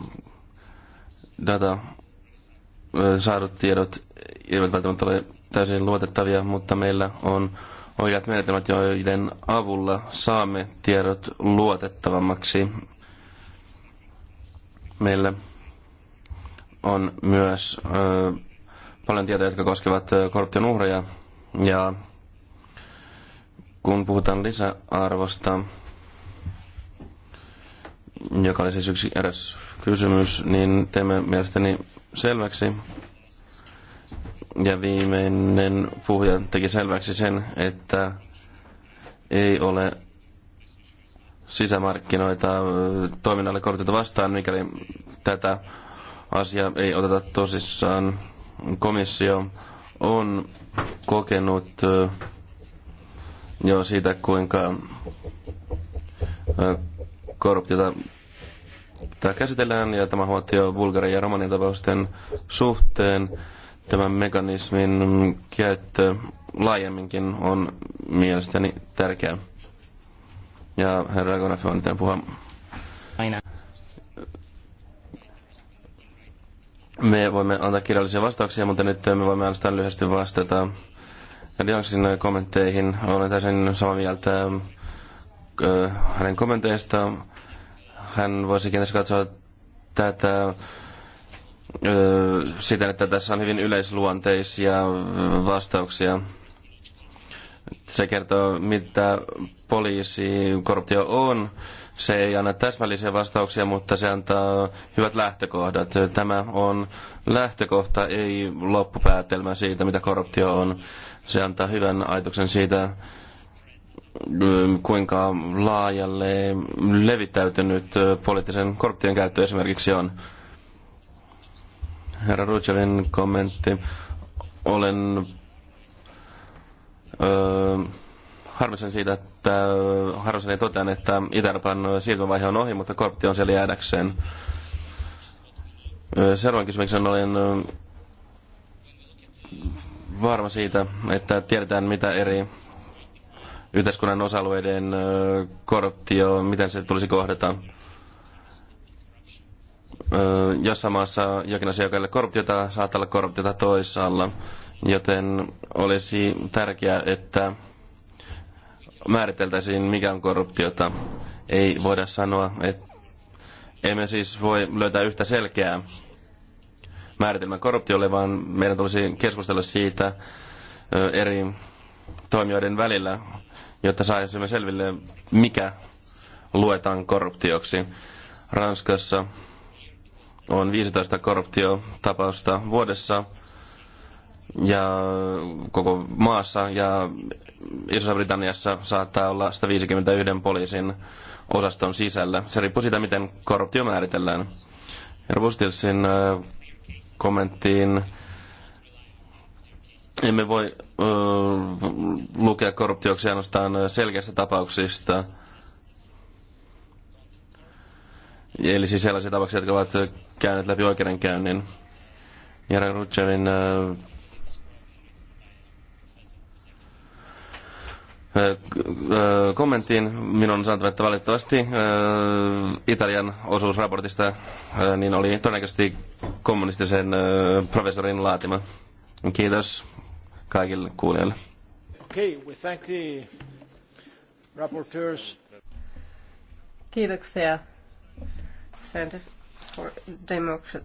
S4: Data, saadut tiedot eivät välttämättä ole täysin luotettavia, mutta meillä on oikeat menetelmät, joiden avulla saamme tiedot luotettavammaksi. Meillä on myös ö, paljon tietoja, jotka koskevat korruption uhreja ja kun puhutaan lisäarvosta, joka oli siis yksi eräs kysymys, niin teemme mielestäni selväksi, ja viimeinen puhuja teki selväksi sen, että ei ole sisämarkkinoita toiminnalle kortita vastaan, mikäli tätä asiaa ei oteta tosissaan. Komissio on kokenut Joo, siitä, kuinka äh, korruptiota tämä käsitellään, ja tämä huomattiin jo Bulgarian ja Romanian tapausten suhteen. Tämän mekanismin käyttö laajemminkin on mielestäni tärkeä. Ja herra Gonafi on nyt puhua. Aina. Me voimme antaa kirjallisia vastauksia, mutta nyt me voimme ainoastaan lyhyesti vastata Diaksin kommentteihin olen täysin samaa mieltä hänen kommenteista. Hän voisi kenties katsoa tätä siten, että tässä on hyvin yleisluonteisia vastauksia. Se kertoo, mitä poliisi korruptio on se ei anna täsmällisiä vastauksia, mutta se antaa hyvät lähtökohdat. Tämä on lähtökohta, ei loppupäätelmä siitä, mitä korruptio on. Se antaa hyvän ajatuksen siitä, kuinka laajalle levittäytynyt poliittisen korruption käyttö esimerkiksi on. Herra Rutsevin kommentti. Olen öö, harmisen siitä, että että äh, ei totean, että itärpan siirtovaihe on ohi, mutta korpti on siellä jäädäkseen. Seuraavan kysymyksen olen varma siitä, että tiedetään mitä eri yhteiskunnan osa-alueiden korruptio, miten se tulisi kohdata. Jossain maassa jokin asia, joka ei ole korruptiota, saattaa olla korruptiota toisaalla, joten olisi tärkeää, että määriteltäisiin, mikä on korruptiota. Ei voida sanoa, että emme siis voi löytää yhtä selkeää määritelmää korruptiolle, vaan meidän tulisi keskustella siitä eri toimijoiden välillä, jotta saisimme selville, mikä luetaan korruptioksi. Ranskassa on 15 korruptiotapausta vuodessa ja koko maassa ja Iso-Britanniassa saattaa olla 151 poliisin osaston sisällä. Se riippuu siitä, miten korruptio määritellään. Rustilsin kommenttiin emme voi ö, lukea korruptioksi ainoastaan selkeistä tapauksista. Eli siis sellaisia tapauksia, jotka ovat käyneet läpi oikeudenkäynnin. Jara Rutschevin kommenttiin. Minun on sanottava, että valitettavasti Italian osuus raportista niin oli todennäköisesti kommunistisen professorin laatima. Kiitos kaikille kuulijoille.
S3: Okay, we thank the rapporteurs.
S1: Kiitoksia. Center for Democracy.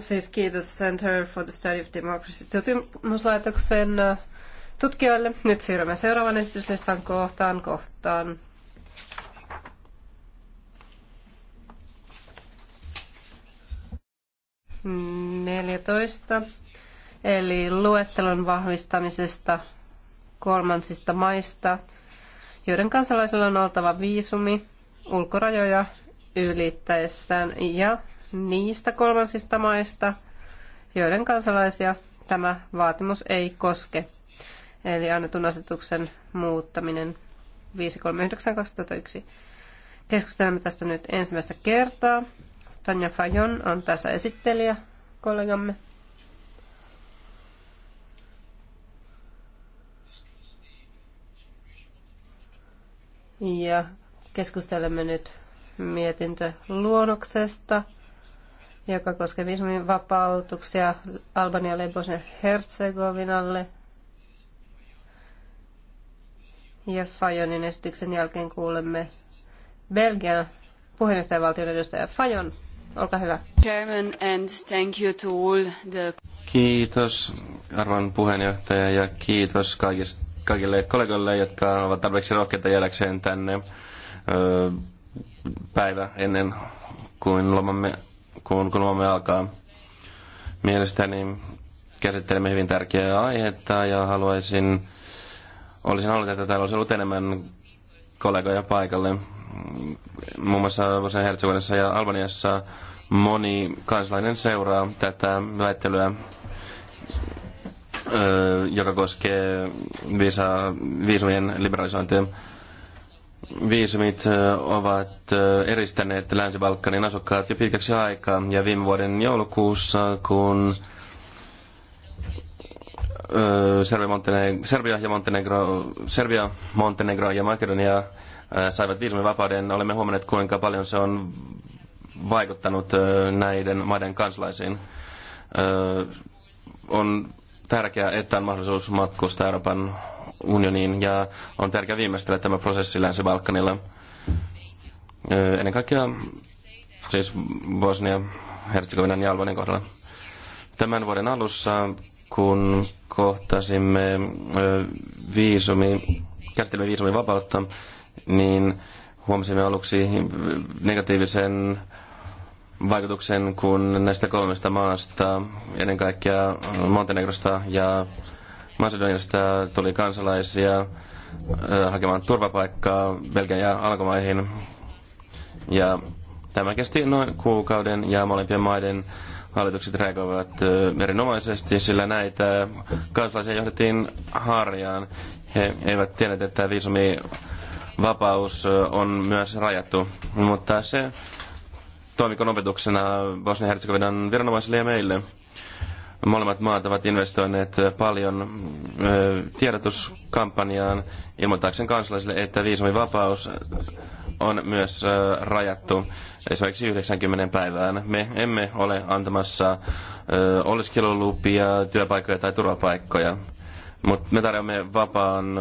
S1: siis kiitos Center for the Study of Democracy tutkimuslaitoksen äh, tutkijoille. Nyt siirrymme seuraavan esityslistan kohtaan kohtaan. Neljätoista. Eli luettelon vahvistamisesta kolmansista maista, joiden kansalaisilla on oltava viisumi ulkorajoja ylittäessään ja niistä kolmansista maista, joiden kansalaisia tämä vaatimus ei koske. Eli annetun asetuksen muuttaminen 539-2001. Keskustelemme tästä nyt ensimmäistä kertaa. Tanja Fajon on tässä esittelijä, kollegamme. Ja keskustelemme nyt mietintöluonnoksesta. luonnoksesta joka koskee viisumin vapautuksia Albanialle ja Bosnia-Herzegovinalle. Ja Fajonin esityksen jälkeen kuulemme Belgian puheenjohtajavaltion edustaja Fajon. Olkaa hyvä. Chairman and thank you to all the...
S4: Kiitos arvon puheenjohtaja ja kiitos kaikista, kaikille kollegoille, jotka ovat tarpeeksi rohkeita jäädäkseen tänne öö, päivä ennen kuin lomamme kun, kun alkaa. Mielestäni käsittelemme hyvin tärkeää aihetta ja haluaisin, olisin halunnut, että täällä olisi ollut enemmän kollegoja paikalle. Muun muassa Bosnian Herzegovinassa ja Albaniassa moni kansalainen seuraa tätä väittelyä, joka koskee visa, viisujen liberalisointia viisumit ovat eristäneet Länsi-Balkanin asukkaat jo pitkäksi aikaa. Ja viime vuoden joulukuussa, kun Serbia, Montenegro, Serbia, ja Montenegro, Serbia, Montenegro ja Makedonia saivat viisumivapauden, olemme huomanneet, kuinka paljon se on vaikuttanut näiden maiden kansalaisiin. On tärkeää, että on mahdollisuus matkustaa Euroopan unioniin ja on tärkeää viimeistellä tämä prosessi Länsi-Balkanilla. Ennen kaikkea siis Bosnia, Herzegovinan ja Albanian kohdalla. Tämän vuoden alussa, kun kohtasimme viisumi, käsittelemme viisumin vapautta, niin huomasimme aluksi negatiivisen vaikutuksen, kun näistä kolmesta maasta, ennen kaikkea Montenegrosta ja Macedoniasta tuli kansalaisia äh, hakemaan turvapaikkaa Belgian ja Alkomaihin. Ja tämä kesti noin kuukauden ja molempien maiden hallitukset reagoivat äh, erinomaisesti, sillä näitä kansalaisia johdettiin harjaan. He eivät tienneet, että viisumi vapaus äh, on myös rajattu, mutta se toimikon opetuksena Bosnia-Herzegovinan viranomaisille ja meille. Molemmat maat ovat investoineet paljon tiedotuskampanjaan ilmoittaakseen kansalaisille, että viisumivapaus on myös rajattu esimerkiksi 90 päivään. Me emme ole antamassa oleskelulupia, työpaikkoja tai turvapaikkoja, mutta me tarjoamme vapaan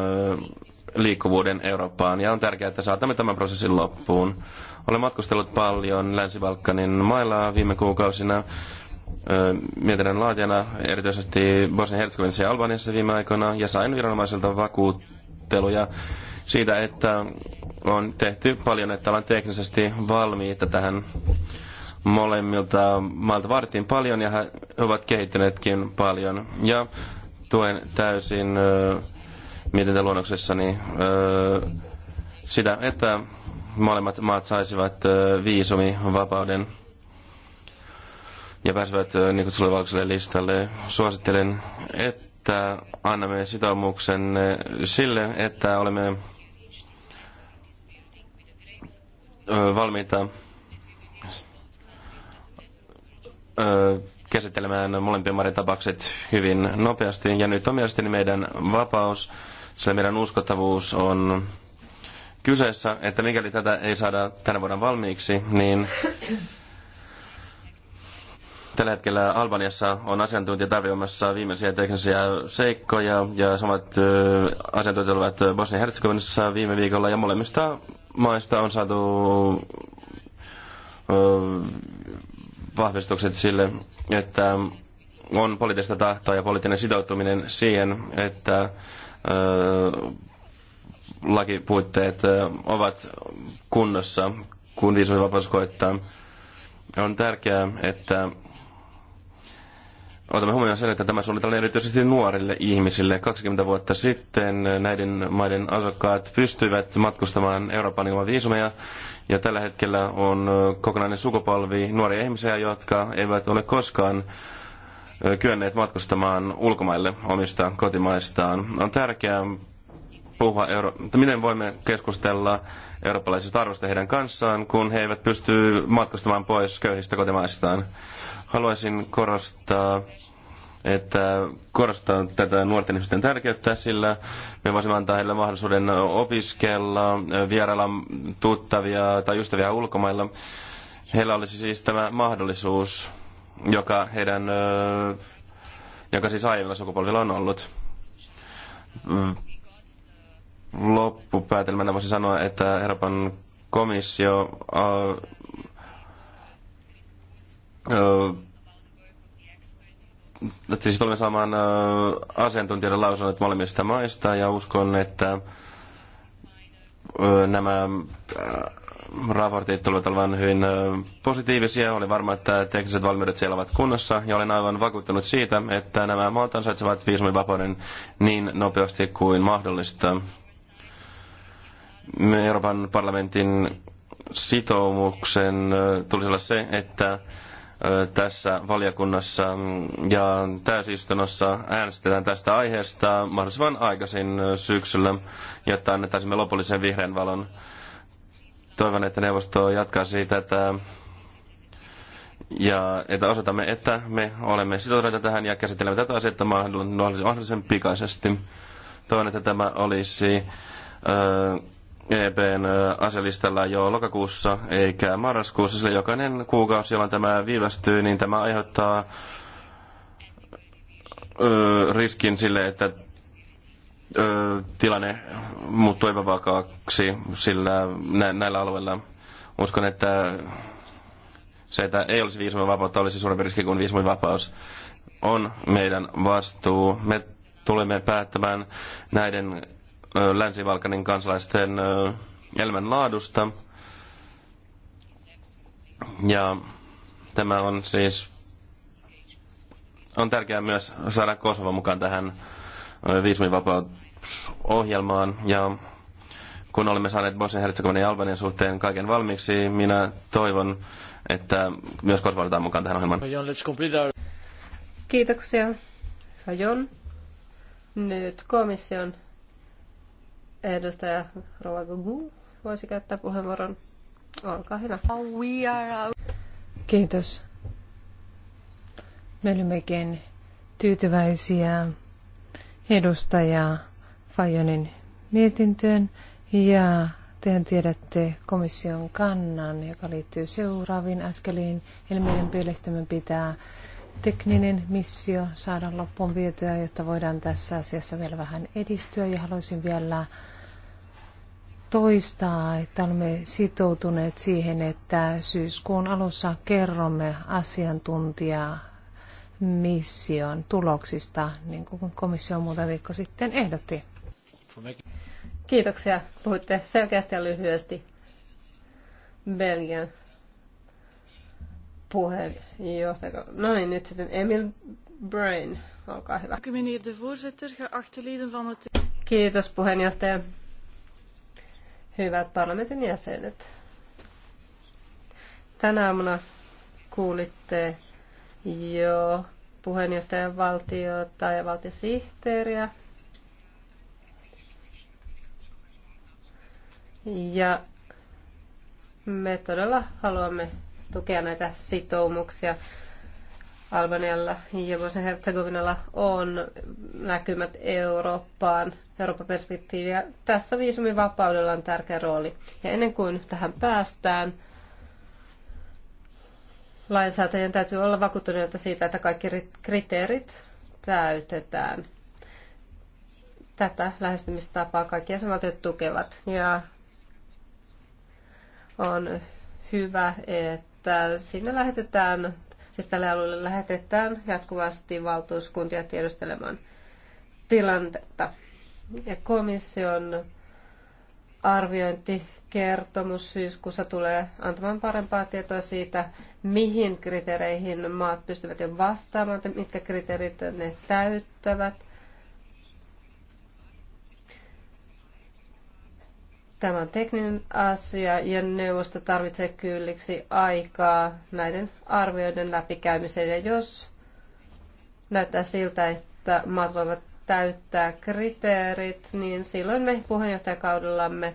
S4: liikkuvuuden Eurooppaan ja on tärkeää, että saatamme tämän prosessin loppuun. Olen matkustellut paljon Länsi-Balkanin mailla viime kuukausina mietinnän laatijana erityisesti Bosnia-Herzegovinassa ja Albaniassa viime aikoina ja sain viranomaiselta vakuutteluja siitä, että on tehty paljon, että ollaan teknisesti valmiita tähän molemmilta maalta vartin paljon ja he ovat kehittyneetkin paljon. Ja tuen täysin mietintä luonnoksessani sitä, että molemmat maat saisivat öö, viisumivapauden ja pääsevät niin kutsulle valkoiselle listalle. Suosittelen, että annamme sitoumuksen sille, että olemme valmiita käsittelemään molempien maiden tapaukset hyvin nopeasti. Ja nyt on mielestäni meidän vapaus, sillä meidän uskottavuus on kyseessä, että mikäli tätä ei saada tänä vuonna valmiiksi, niin Tällä hetkellä Albaniassa on asiantuntijat arvioimassa viimeisiä teknisiä seikkoja ja samat ö, asiantuntijat ovat Bosnia-Herzegovinassa viime viikolla ja molemmista maista on saatu ö, vahvistukset sille, että on poliittista tahtoa ja poliittinen sitoutuminen siihen, että ö, lakipuitteet ovat kunnossa, kun viisumivapaus koittaa. On tärkeää, että Otamme huomioon sen, että tämä suunnitelma erityisesti nuorille ihmisille. 20 vuotta sitten näiden maiden asukkaat pystyivät matkustamaan Euroopan ilman viisumeja, ja tällä hetkellä on kokonainen sukupolvi nuoria ihmisiä, jotka eivät ole koskaan kyenneet matkustamaan ulkomaille omista kotimaistaan. On tärkeää puhua, euro- että miten voimme keskustella eurooppalaisista arvosta heidän kanssaan, kun he eivät pysty matkustamaan pois köyhistä kotimaistaan. Haluaisin korostaa että korostaa tätä nuorten ihmisten tärkeyttä, sillä me voisimme antaa heille mahdollisuuden opiskella, vierailla tuttavia tai ystäviä ulkomailla. Heillä olisi siis tämä mahdollisuus, joka heidän, joka siis aiemmilla sukupolvilla on ollut. Loppupäätelmänä voisi sanoa, että Euroopan komissio että siis tulemme saamaan asiantuntijoiden lausunnot molemmista maista ja uskon, että nämä raportit tulevat olemaan hyvin positiivisia. Olen varma, että tekniset valmiudet siellä ovat kunnossa ja olen aivan vakuuttunut siitä, että nämä maat ansaitsevat viisumivapauden niin nopeasti kuin mahdollista. Me Euroopan parlamentin sitoumuksen tulisi olla se, että tässä valiokunnassa mm, ja täysistunnossa äänestetään tästä aiheesta mahdollisimman aikaisin syksyllä, jotta annettaisimme lopullisen vihreän valon. Toivon, että neuvosto jatkaisi tätä ja että osoitamme, että me olemme sitoutuneita tähän ja käsittelemme tätä asiaa mahdollisimman pikaisesti. Toivon, että tämä olisi EPn aselistalla jo lokakuussa eikä marraskuussa, sillä jokainen kuukausi, jolloin tämä viivästyy, niin tämä aiheuttaa ö, riskin sille, että ö, tilanne muuttuu epävakaaksi, sillä nä- näillä alueilla uskon, että se, että ei olisi viisumivapautta, olisi suurempi riski kuin viisumivapaus, on meidän vastuu. Me tulemme päättämään näiden Länsi-Balkanin kansalaisten elämänlaadusta. Ja tämä on siis on tärkeää myös saada Kosovo mukaan tähän viisumivapausohjelmaan. Ja kun olemme saaneet Bosnian-Herzegovinan ja Albanian suhteen kaiken valmiiksi, minä toivon, että myös Kosovo otetaan mukaan tähän ohjelmaan.
S1: Kiitoksia, Fajon. Nyt komission Edustaja Rova Gugu voisi käyttää puheenvuoron. Olkaa hyvä. We are out.
S2: Kiitos. Me olimmekin tyytyväisiä edustaja Fajonin mietintöön ja tehän tiedätte komission kannan, joka liittyy seuraaviin askeliin. Eli meidän mielestämme pitää tekninen missio saada loppuun vietyä, jotta voidaan tässä asiassa vielä vähän edistyä. Ja haluaisin vielä toistaa, että olemme sitoutuneet siihen, että syyskuun alussa kerromme asiantuntijaa mission tuloksista, niin kuin komissio muutama viikko sitten ehdotti.
S1: Kiitoksia. Puhutte selkeästi ja lyhyesti Belgian puheenjohtaja. No niin, nyt sitten Emil Brain. Olkaa hyvä. Kiitos puheenjohtaja. Hyvät parlamentin jäsenet, tänä aamuna kuulitte jo puheenjohtajan valtiota ja valtiosihteeriä. Ja me todella haluamme tukea näitä sitoumuksia. Albanialla ja Bosnia-Herzegovinalla on näkymät Eurooppaan, Euroopan perspektiiviä. Tässä viisumivapaudella on tärkeä rooli. Ja ennen kuin tähän päästään, lainsäätäjien täytyy olla vakuuttuneita siitä, että kaikki kriteerit täytetään. Tätä lähestymistapaa kaikki jäsenvaltiot tukevat. Ja on hyvä, että sinne lähetetään Siis tälle alueelle lähetetään jatkuvasti valtuuskuntia tiedustelemaan tilannetta. Ja komission arviointikertomus syyskuussa tulee antamaan parempaa tietoa siitä, mihin kriteereihin maat pystyvät jo vastaamaan, mitkä kriteerit ne täyttävät Tämä on tekninen asia ja neuvosto tarvitsee kylliksi aikaa näiden arvioiden läpikäymiseen. Ja jos näyttää siltä, että maat voivat täyttää kriteerit, niin silloin me puheenjohtajakaudellamme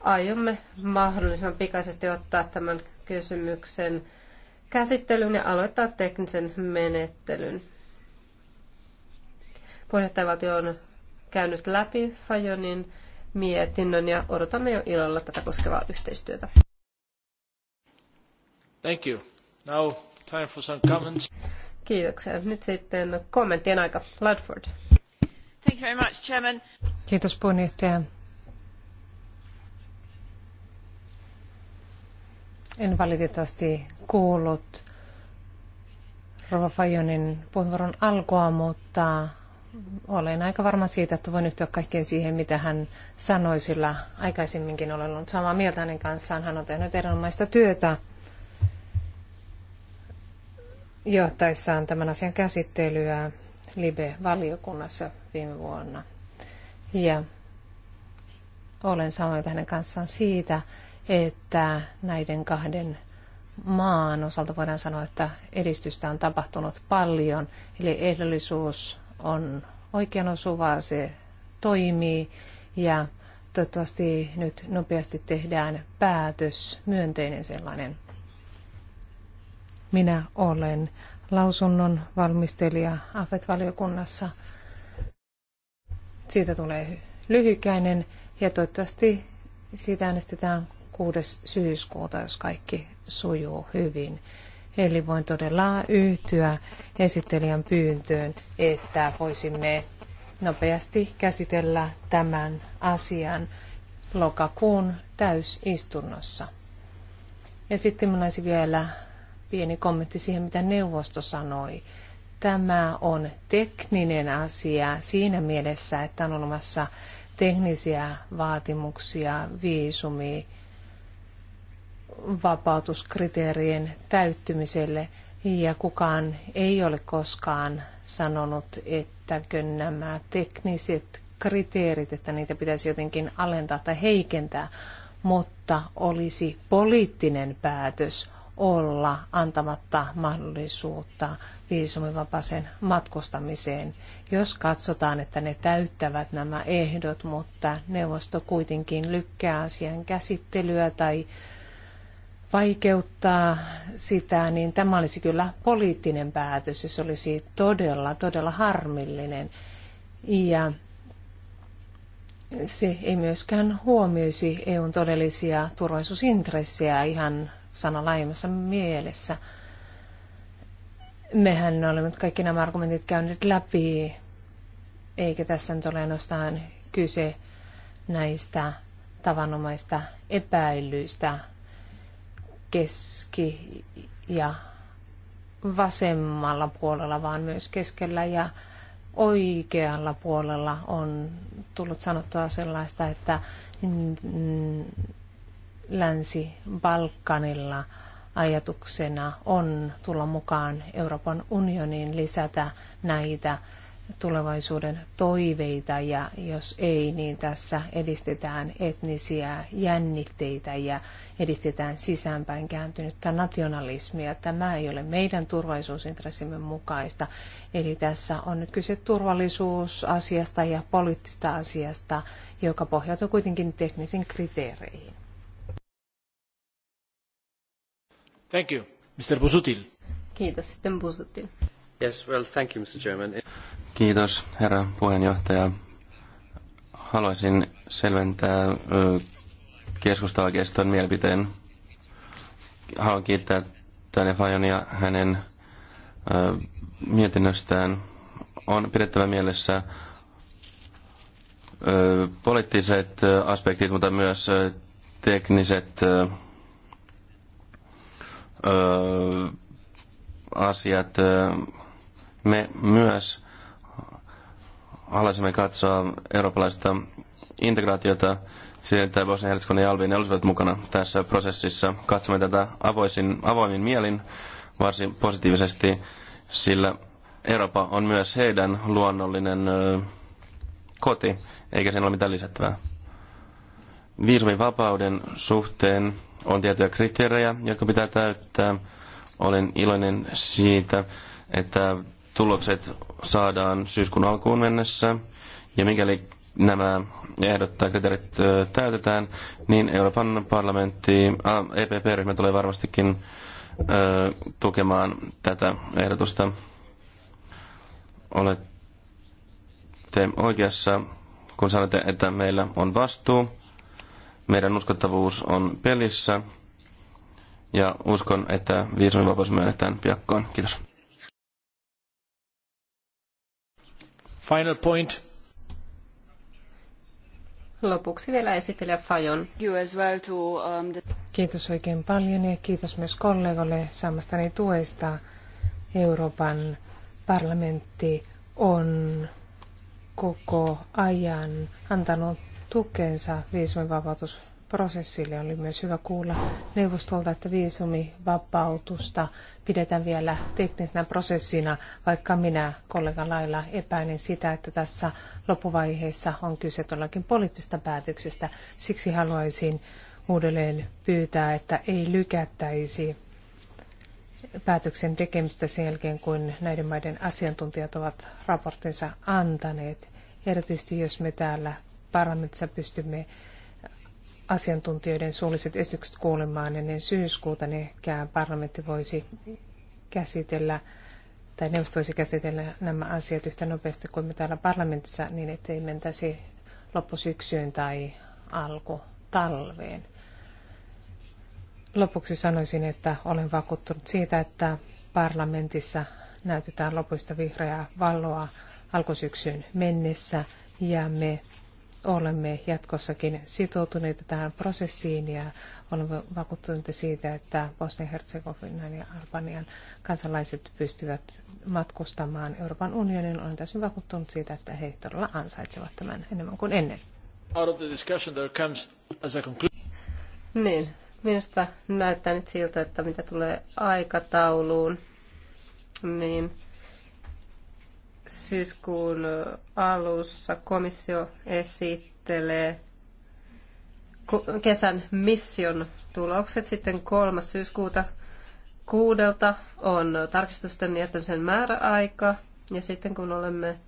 S1: aiomme mahdollisimman pikaisesti ottaa tämän kysymyksen käsittelyn ja aloittaa teknisen menettelyn. Puheenjohtajavaltio on käynyt läpi Fajonin mietinnön ja odotamme jo ilolla tätä koskevaa yhteistyötä.
S3: Thank you. Now time for some comments.
S1: Kiitoksia. Nyt sitten kommenttien aika. Ludford. Thank you very much, Chairman.
S2: Kiitos puheenjohtaja. En valitettavasti kuullut Rova Fajonin puheenvuoron alkua, mutta olen aika varma siitä, että voin yhtyä kaikkeen siihen, mitä hän sanoi, sillä aikaisemminkin olen ollut samaa mieltä hänen kanssaan. Hän on tehnyt erinomaista työtä johtaessaan tämän asian käsittelyä Libe-valiokunnassa viime vuonna. Ja olen samaa mieltä hänen kanssaan siitä, että näiden kahden maan osalta voidaan sanoa, että edistystä on tapahtunut paljon, eli ehdollisuus on oikean osuvaa, se toimii ja toivottavasti nyt nopeasti tehdään päätös, myönteinen sellainen. Minä olen lausunnon valmistelija AFET-valiokunnassa. Siitä tulee lyhykäinen ja toivottavasti siitä äänestetään 6. syyskuuta, jos kaikki sujuu hyvin. Eli voin todella yhtyä esittelijän pyyntöön, että voisimme nopeasti käsitellä tämän asian lokakuun täysistunnossa. Ja sitten minulla olisi vielä pieni kommentti siihen, mitä neuvosto sanoi. Tämä on tekninen asia siinä mielessä, että on olemassa teknisiä vaatimuksia viisumiin vapautuskriteerien täyttymiselle ja kukaan ei ole koskaan sanonut, että nämä tekniset kriteerit, että niitä pitäisi jotenkin alentaa tai heikentää, mutta olisi poliittinen päätös olla antamatta mahdollisuutta viisumivapaaseen matkustamiseen, jos katsotaan, että ne täyttävät nämä ehdot, mutta neuvosto kuitenkin lykkää asian käsittelyä tai vaikeuttaa sitä, niin tämä olisi kyllä poliittinen päätös ja se olisi todella, todella harmillinen. Ja se ei myöskään huomioisi EUn todellisia turvallisuusintressejä ihan sanan laajemmassa mielessä. Mehän olemme kaikki nämä argumentit käyneet läpi, eikä tässä nyt ole ainoastaan kyse näistä tavanomaista epäilyistä keski- ja vasemmalla puolella, vaan myös keskellä ja oikealla puolella on tullut sanottua sellaista, että Länsi-Balkanilla ajatuksena on tulla mukaan Euroopan unioniin lisätä näitä tulevaisuuden toiveita ja jos ei, niin tässä edistetään etnisiä jännitteitä ja edistetään sisäänpäin kääntynyttä nationalismia. Tämä ei ole meidän turvallisuusintressimme mukaista. Eli tässä on nyt kyse turvallisuusasiasta ja poliittista asiasta, joka pohjautuu kuitenkin teknisiin kriteereihin.
S3: Thank you. Mr. Busutil.
S1: Kiitos. Sitten Busutil.
S3: Yes, well, thank you, Mr.
S4: Chairman. Kiitos, herra puheenjohtaja. Haluaisin selventää keskustaoikeiston mielipiteen. Haluan kiittää tänne Fajonia hänen mietinnöstään. On pidettävä mielessä poliittiset aspektit, mutta myös tekniset asiat. Me myös haluaisimme katsoa eurooppalaista integraatiota sillä, että Bosnia-Herzegovina ja Albania olisivat mukana tässä prosessissa. Katsomme tätä avoisin, avoimin mielin varsin positiivisesti, sillä Eurooppa on myös heidän luonnollinen ö, koti, eikä sen ole mitään lisättävää. Viisumivapauden suhteen on tiettyjä kriteerejä, jotka pitää täyttää. Olen iloinen siitä, että tulokset saadaan syyskuun alkuun mennessä. Ja mikäli nämä ehdot tai kriteerit täytetään, niin Euroopan parlamentti, EPP-ryhmä tulee varmastikin tukemaan tätä ehdotusta. Olette oikeassa, kun sanotte, että meillä on vastuu. Meidän uskottavuus on pelissä. Ja uskon, että viisumivapaus myönnetään piakkoon. Kiitos.
S3: Final point.
S2: Lopuksi
S1: vielä esittelijä Fajon. Um,
S2: kiitos oikein paljon ja kiitos myös kollegoille saamastani tuesta. Euroopan parlamentti on koko ajan antanut tukensa viisumivapautus prosessille. Oli myös hyvä kuulla neuvostolta, että viisumivapautusta pidetään vielä teknisenä prosessina, vaikka minä kollegan lailla epäilen sitä, että tässä loppuvaiheessa on kyse todellakin poliittisesta päätöksestä. Siksi haluaisin uudelleen pyytää, että ei lykättäisi päätöksen tekemistä sen jälkeen, kun näiden maiden asiantuntijat ovat raporttinsa antaneet. Erityisesti jos me täällä parlamentissa pystymme asiantuntijoiden suulliset esitykset kuulemaan ennen syyskuuta, niin ehkä parlamentti voisi käsitellä tai neuvosto voisi käsitellä nämä asiat yhtä nopeasti kuin me täällä parlamentissa, niin ettei mentäisi loppusyksyyn tai alku talveen. Lopuksi sanoisin, että olen vakuuttunut siitä, että parlamentissa näytetään lopuista vihreää valoa alkusyksyyn mennessä ja me olemme jatkossakin sitoutuneita tähän prosessiin ja olemme vakuuttuneita siitä, että Bosnia-Herzegovinan ja Albanian kansalaiset pystyvät matkustamaan Euroopan unionin. Olen täysin vakuuttunut siitä, että he todella ansaitsevat tämän enemmän kuin ennen.
S1: Niin, minusta näyttää nyt siltä, että mitä tulee aikatauluun, niin syyskuun alussa komissio esittelee kesän mission tulokset. Sitten 3. syyskuuta kuudelta on tarkistusten jättämisen määräaika. Ja sitten kun olemme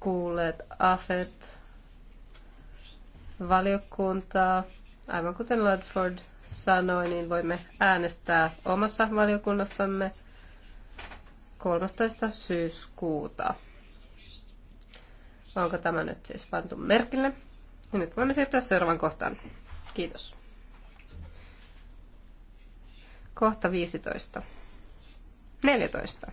S1: kuulleet AFET valiokuntaa, aivan kuten Ludford sanoi, niin voimme äänestää omassa valiokunnassamme – 13. syyskuuta. Onko tämä nyt siis pantu merkille? Ja nyt voimme siirtyä seuraavaan kohtaan. Kiitos. Kohta 15. 14.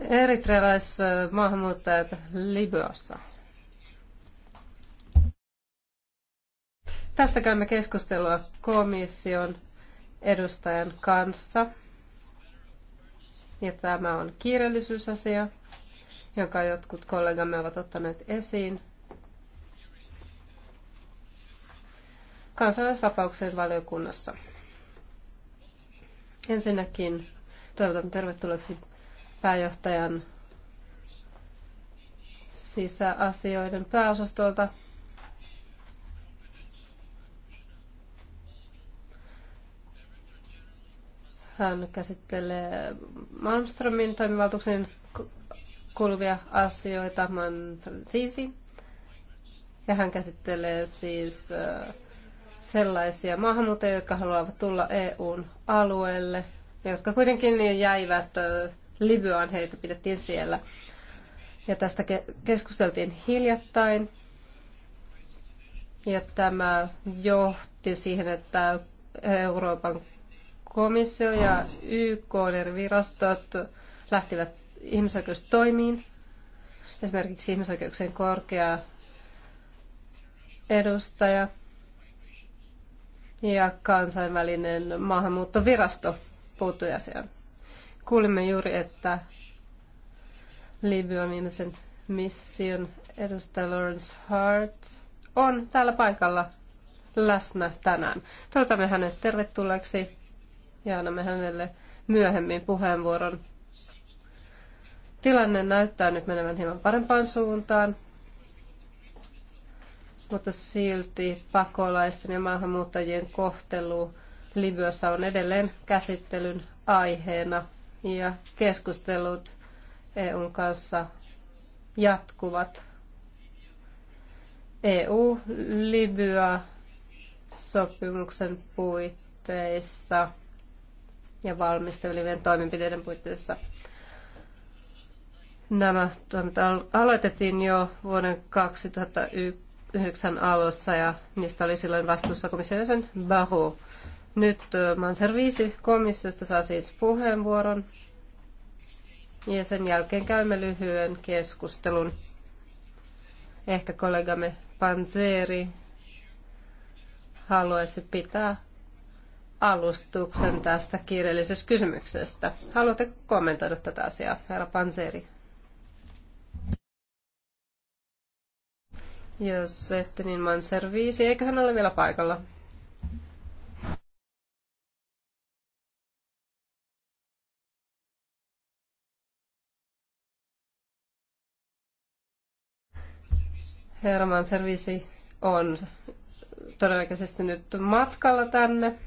S1: Eritrealaismaahanmuuttajat Libyassa. Tästä käymme keskustelua komission edustajan kanssa. Ja tämä on kiireellisyysasia, jonka jotkut kollegamme ovat ottaneet esiin. Kansalaisvapauksien valiokunnassa. Ensinnäkin toivotan tervetulleeksi pääjohtajan sisäasioiden pääosastolta. Hän käsittelee Malmströmin toimivaltuuksien kuuluvia asioita, Manfrensisi. Ja hän käsittelee siis äh, sellaisia maahanmuuttajia, jotka haluavat tulla EUn alueelle, jotka kuitenkin jäivät äh, Libyaan. Heitä pidettiin siellä. Ja tästä keskusteltiin hiljattain. Ja tämä johti siihen, että Euroopan komissio ja YK eri virastot lähtivät ihmisoikeustoimiin. Esimerkiksi ihmisoikeuksien korkea edustaja ja kansainvälinen maahanmuuttovirasto puuttui asiaan. Kuulimme juuri, että Libyan viimeisen mission edustaja Lawrence Hart on täällä paikalla läsnä tänään. Toivotamme hänet tervetulleeksi ja annamme hänelle myöhemmin puheenvuoron. Tilanne näyttää nyt menevän hieman parempaan suuntaan, mutta silti pakolaisten ja maahanmuuttajien kohtelu Libyassa on edelleen käsittelyn aiheena ja keskustelut EUn kanssa jatkuvat. EU-Libya-sopimuksen puitteissa ja valmistelivien toimenpiteiden puitteissa. Nämä toimet aloitettiin jo vuoden 2009 alussa ja niistä oli silloin vastuussa komission jäsen Barrault. Nyt Manserviisi komissiosta saa siis puheenvuoron ja sen jälkeen käymme lyhyen keskustelun. Ehkä kollegamme Panzeri haluaisi pitää alustuksen tästä kiireellisestä kysymyksestä. Haluatteko kommentoida tätä asiaa, herra Panzeri? Jos ette, niin Manserviisi, eiköhän ole vielä paikalla. Herman Servisi on todennäköisesti nyt matkalla tänne,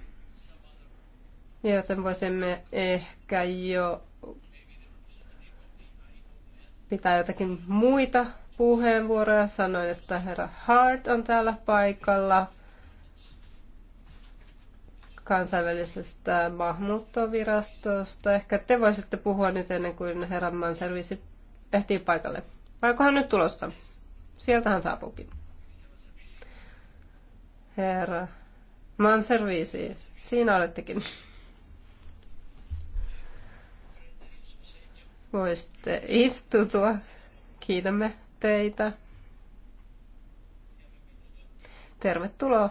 S1: joten voisimme ehkä jo pitää jotakin muita puheenvuoroja. Sanoin, että herra Hart on täällä paikalla kansainvälisestä maahanmuuttovirastosta. Ehkä te voisitte puhua nyt ennen kuin herra Manservisi ehtii paikalle. Vai onkohan nyt tulossa? Sieltä hän saapuukin. Herra. Manserviisi. Siinä olettekin. Voisitte istutua. Kiitämme teitä. Tervetuloa.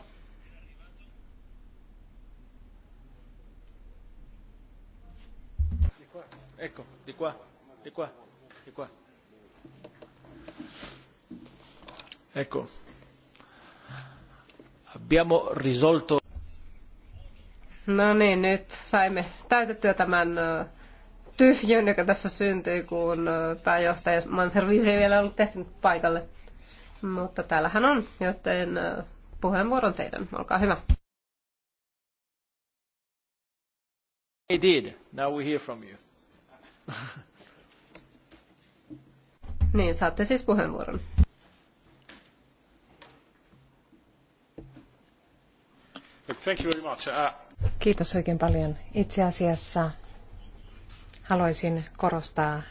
S3: Ecco, di qua, di qua. abbiamo risolto...
S1: No niin, nyt saimme täytettyä tämän tyhjön, joka tässä syntyi, kun pääjohtaja Manservisi ei vielä ollut tehnyt paikalle. Mutta täällähän on, joten puheenvuoron teidän. Olkaa hyvä.
S3: I did. Now we hear from you.
S1: niin, saatte siis puheenvuoron.
S3: Uh,
S2: Kiitos oikein paljon. Itse asiassa haluaisin korostaa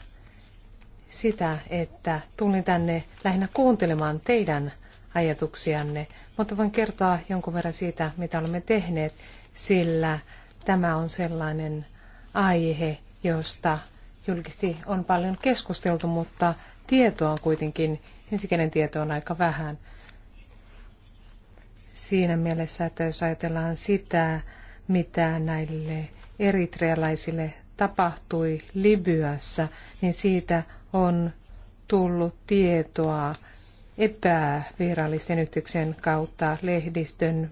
S2: sitä, että tulin tänne lähinnä kuuntelemaan teidän ajatuksianne, mutta voin kertoa jonkun verran siitä, mitä olemme tehneet, sillä tämä on sellainen aihe, josta julkisesti on paljon keskusteltu, mutta tietoa on kuitenkin, ensikäinen tietoa on aika vähän siinä mielessä, että jos ajatellaan sitä, mitä näille eritrealaisille tapahtui Libyassa, niin siitä on tullut tietoa epävirallisten yhteyksien kautta, lehdistön,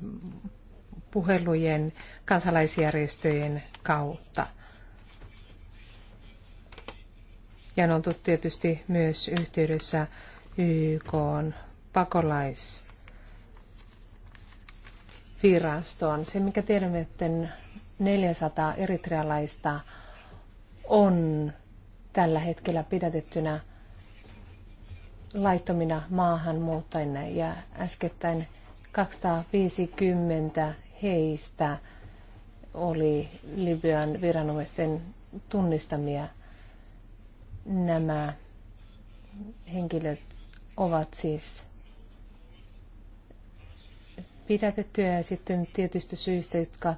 S2: puhelujen, kansalaisjärjestöjen kautta. Ja on oltu tietysti myös yhteydessä YK pakolaisjärjestöön virastoon. Se, mikä tiedämme, että 400 eritrealaista on tällä hetkellä pidätettynä laittomina maahanmuuttajina ja äskettäin 250 heistä oli Libyan viranomaisten tunnistamia. Nämä henkilöt ovat siis pidätettyjä ja sitten tietystä syistä, jotka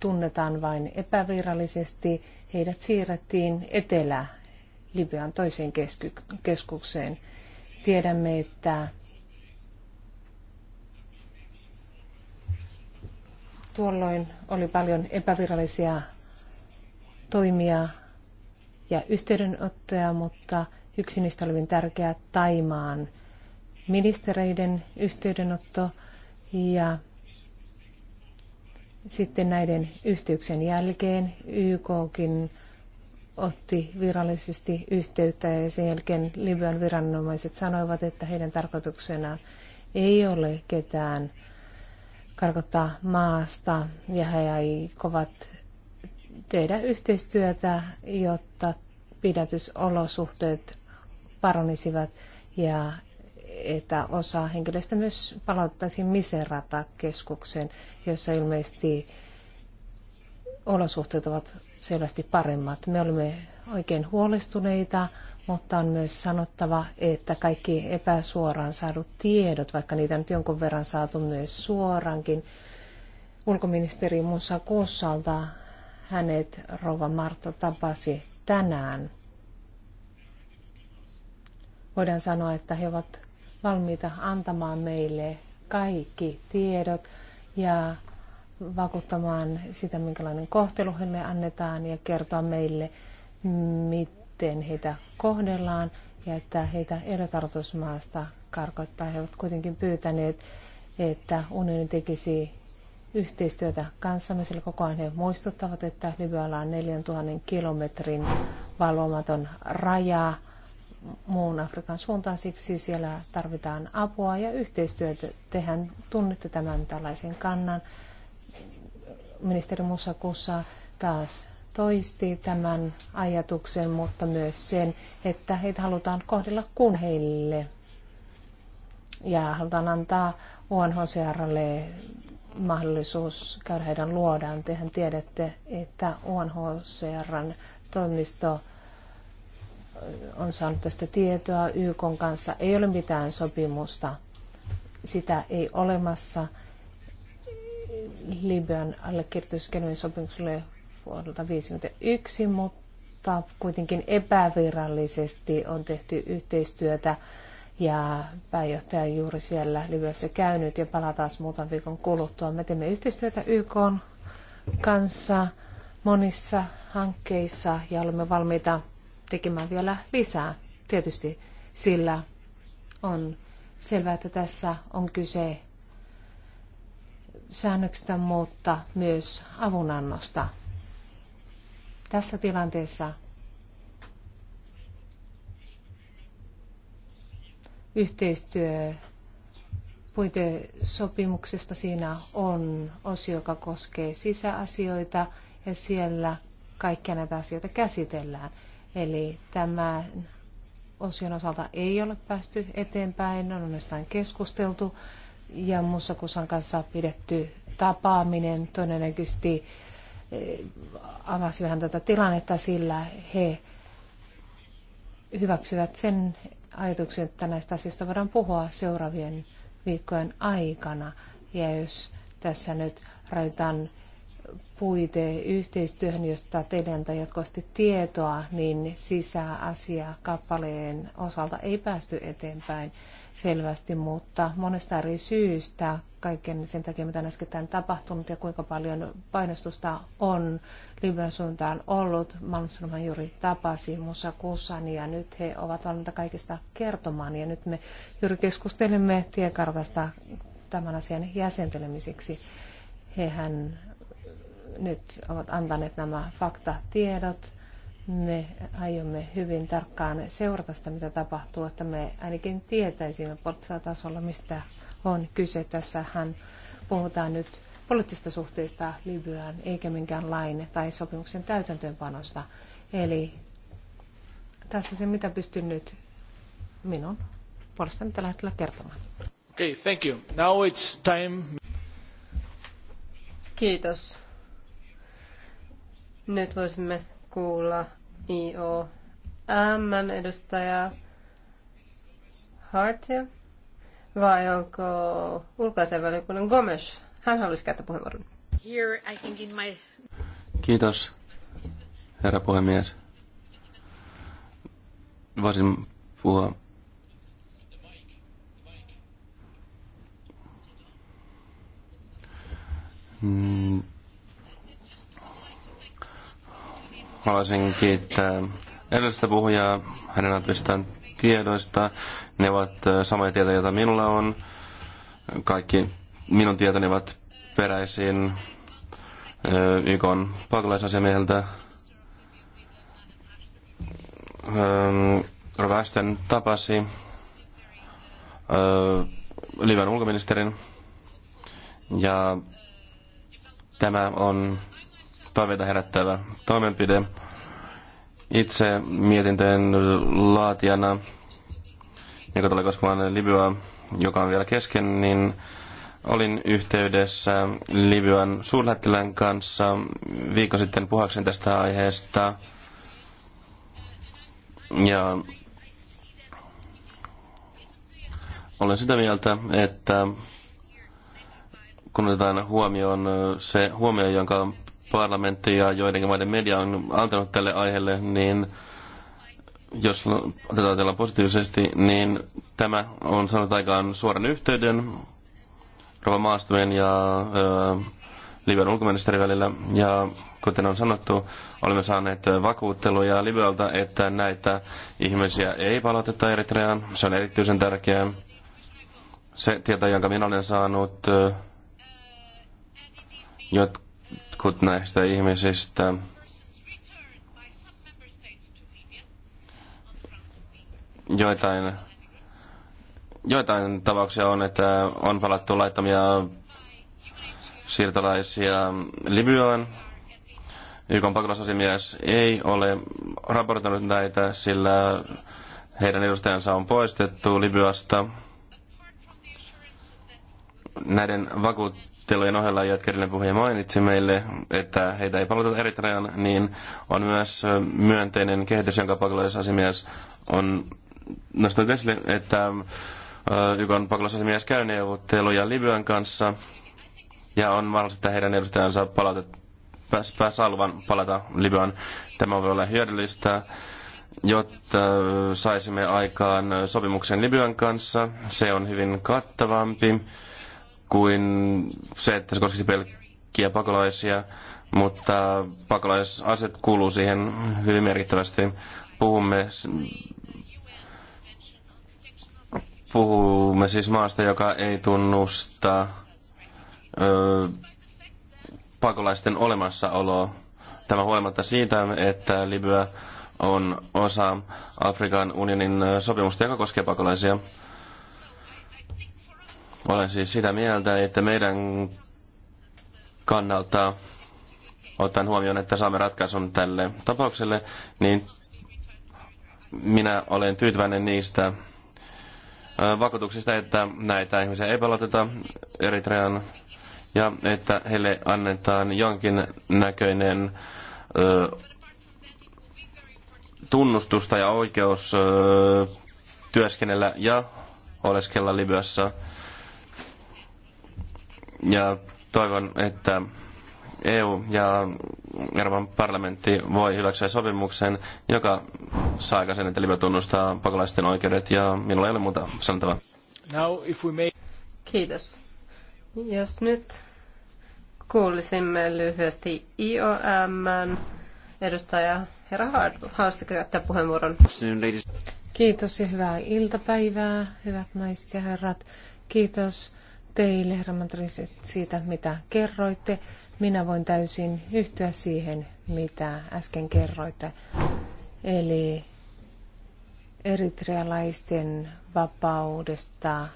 S2: tunnetaan vain epävirallisesti, heidät siirrettiin Etelä-Libyan toiseen keskukseen. Tiedämme, että tuolloin oli paljon epävirallisia toimia ja yhteydenottoja, mutta yksi niistä oli hyvin tärkeä Taimaan ministereiden yhteydenotto – ja sitten näiden yhteyksien jälkeen YKkin otti virallisesti yhteyttä ja sen jälkeen Libyan viranomaiset sanoivat, että heidän tarkoituksena ei ole ketään karkottaa maasta ja he aikovat tehdä yhteistyötä, jotta pidätysolosuhteet paranisivat ja että osa henkilöistä myös palauttaisiin miserata keskuksen, jossa ilmeisesti olosuhteet ovat selvästi paremmat. Me olemme oikein huolestuneita, mutta on myös sanottava, että kaikki epäsuoraan saadut tiedot, vaikka niitä nyt jonkun verran saatu myös suorankin, ulkoministeri Musa Kossalta hänet Rova Marta tapasi tänään. Voidaan sanoa, että he ovat valmiita antamaan meille kaikki tiedot ja vakuuttamaan sitä, minkälainen kohtelu heille annetaan ja kertoa meille, miten heitä kohdellaan ja että heitä erotartusmaasta karkottaa. He ovat kuitenkin pyytäneet, että unioni tekisi yhteistyötä kanssamme, sillä koko ajan he muistuttavat, että Libyalla on 4000 kilometrin valvomaton raja muun Afrikan suuntaan. Siksi siellä tarvitaan apua ja yhteistyötä. Tehän tunnette tämän tällaisen kannan. Ministeri Musakussa taas toisti tämän ajatuksen, mutta myös sen, että heitä halutaan kohdella kun heille. Ja halutaan antaa UNHCRlle mahdollisuus käydä heidän luodaan. Tehän tiedätte, että UNHCRn toimisto on saanut tästä tietoa YK kanssa. Ei ole mitään sopimusta. Sitä ei olemassa. Libyan allekirjoitus Geneven sopimukselle vuodelta 1951, mutta kuitenkin epävirallisesti on tehty yhteistyötä ja pääjohtaja juuri siellä Libyassa käynyt ja palataan muutaman viikon kuluttua. Me teemme yhteistyötä YK kanssa monissa hankkeissa ja olemme valmiita tekemään vielä lisää, tietysti, sillä on selvää, että tässä on kyse säännöksistä, mutta myös avunannosta. Tässä tilanteessa yhteistyö puitesopimuksesta siinä on osio, joka koskee sisäasioita ja siellä kaikkia näitä asioita käsitellään. Eli tämä osion osalta ei ole päästy eteenpäin, on onnistaan keskusteltu ja Mussakusan kanssa pidetty tapaaminen todennäköisesti eh, avasi vähän tätä tilannetta, sillä he hyväksyvät sen ajatuksen, että näistä asioista voidaan puhua seuraavien viikkojen aikana. Ja jos tässä nyt rajoitetaan puite-yhteistyöhön, josta teille antaa jatkuvasti tietoa, niin sisäasia kappaleen osalta ei päästy eteenpäin selvästi, mutta monesta eri syystä, kaiken sen takia, mitä on äskettäin tapahtunut ja kuinka paljon painostusta on Libyan suuntaan ollut. Malmströmhän juuri tapasi Musa Kussan ja nyt he ovat valmiita kaikista kertomaan ja nyt me juuri keskustelemme tiekartasta tämän asian jäsentelemiseksi. Hehän nyt ovat antaneet nämä faktatiedot. Me aiomme hyvin tarkkaan seurata sitä, mitä tapahtuu, että me ainakin tietäisimme poliittisella tasolla, mistä on kyse. Tässähän puhutaan nyt poliittisista suhteista Libyaan, eikä minkään lain tai sopimuksen täytäntöönpanosta. Eli tässä se, mitä pystyn nyt minun
S1: puolestani tällä hetkellä kertomaan.
S3: Okay, thank you. Now it's time.
S1: Kiitos. Nyt voisimme kuulla IOM edustaja Hartia vai onko ulkoasianvaliokunnan Gomes? Hän haluaisi käyttää puheenvuoron.
S2: Here, I think in my...
S4: Kiitos, herra puhemies. Voisin puhua Mm, Haluaisin kiittää edellistä puhujaa hänen antamistaan tiedoista. Ne ovat äh, samoja tietoja, joita minulla on. Kaikki minun tietoni ovat peräisin äh, YK pakolaisasiamieheltä. Ähm, Rovashten tapasi äh, Livan ulkoministerin ja tämä on toiveita herättävä toimenpide. Itse mietintöjen laatijana, joka tulee koskemaan Libyaa, joka on vielä kesken, niin olin yhteydessä Libyan suurlähettilän kanssa viikko sitten puhaksen tästä aiheesta. Ja olen sitä mieltä, että kun otetaan huomioon se huomio, jonka parlamentti ja joidenkin maiden media on antanut tälle aiheelle, niin jos otetaan tällä positiivisesti, niin tämä on saanut aikaan suoran yhteyden Rova Maastuen ja ö, Libyan ulkoministerin välillä. Ja kuten on sanottu, olemme saaneet vakuutteluja Libyalta, että näitä ihmisiä ei palauteta Eritreaan. Se on erityisen tärkeää. Se tieto, jonka minä olen saanut, jotka jotkut näistä ihmisistä joitain, joitain tapauksia on, että on palattu laittomia siirtolaisia Libyaan. YK pakolaisasimies ei ole raportoinut näitä, sillä heidän edustajansa on poistettu Libyasta. Näiden vakuut neuvottelujen ohella, jotka edellinen puhuja mainitsi meille, että heitä ei palauta Eritrean, niin on myös myönteinen kehitys, jonka pakolaisasimies on nostanut esille, että YKn pakolaisasimies käy neuvotteluja Libyan kanssa ja on mahdollista, että heidän edustajansa palautet, pääs, pääs alvan palata Libyan. Tämä voi olla hyödyllistä jotta saisimme aikaan sopimuksen Libyan kanssa. Se on hyvin kattavampi kuin se, että se koskisi pelkkiä pakolaisia, mutta pakolaisaset kuuluu siihen hyvin merkittävästi. Puhumme puhumme siis maasta, joka ei tunnusta ö, pakolaisten olemassaoloa. Tämä huolimatta siitä, että Libya on osa Afrikan unionin sopimusta, joka koskee pakolaisia. Olen siis sitä mieltä, että meidän kannalta, ottaen huomioon, että saamme ratkaisun tälle tapaukselle, niin minä olen tyytyväinen niistä vakuutuksista, että näitä ihmisiä ei palauteta Eritrean ja että heille annetaan jonkin näköinen ö, tunnustusta ja oikeus ö, työskennellä ja oleskella Libyassa – ja toivon, että EU ja Euroopan parlamentti voi hyväksyä sopimuksen, joka saa aikaisen, että Libya tunnustaa pakolaisten oikeudet ja minulla ei ole muuta sanottavaa.
S1: May... Kiitos. Jos nyt kuulisimme lyhyesti IOM edustaja Herra Haaste käyttää puheenvuoron. Kiitos ja hyvää iltapäivää,
S2: hyvät naiset ja herrat. Kiitos teille, herra Mantris, siitä, mitä kerroitte. Minä voin täysin yhtyä siihen, mitä äsken kerroitte. Eli eritrealaisten vapaudesta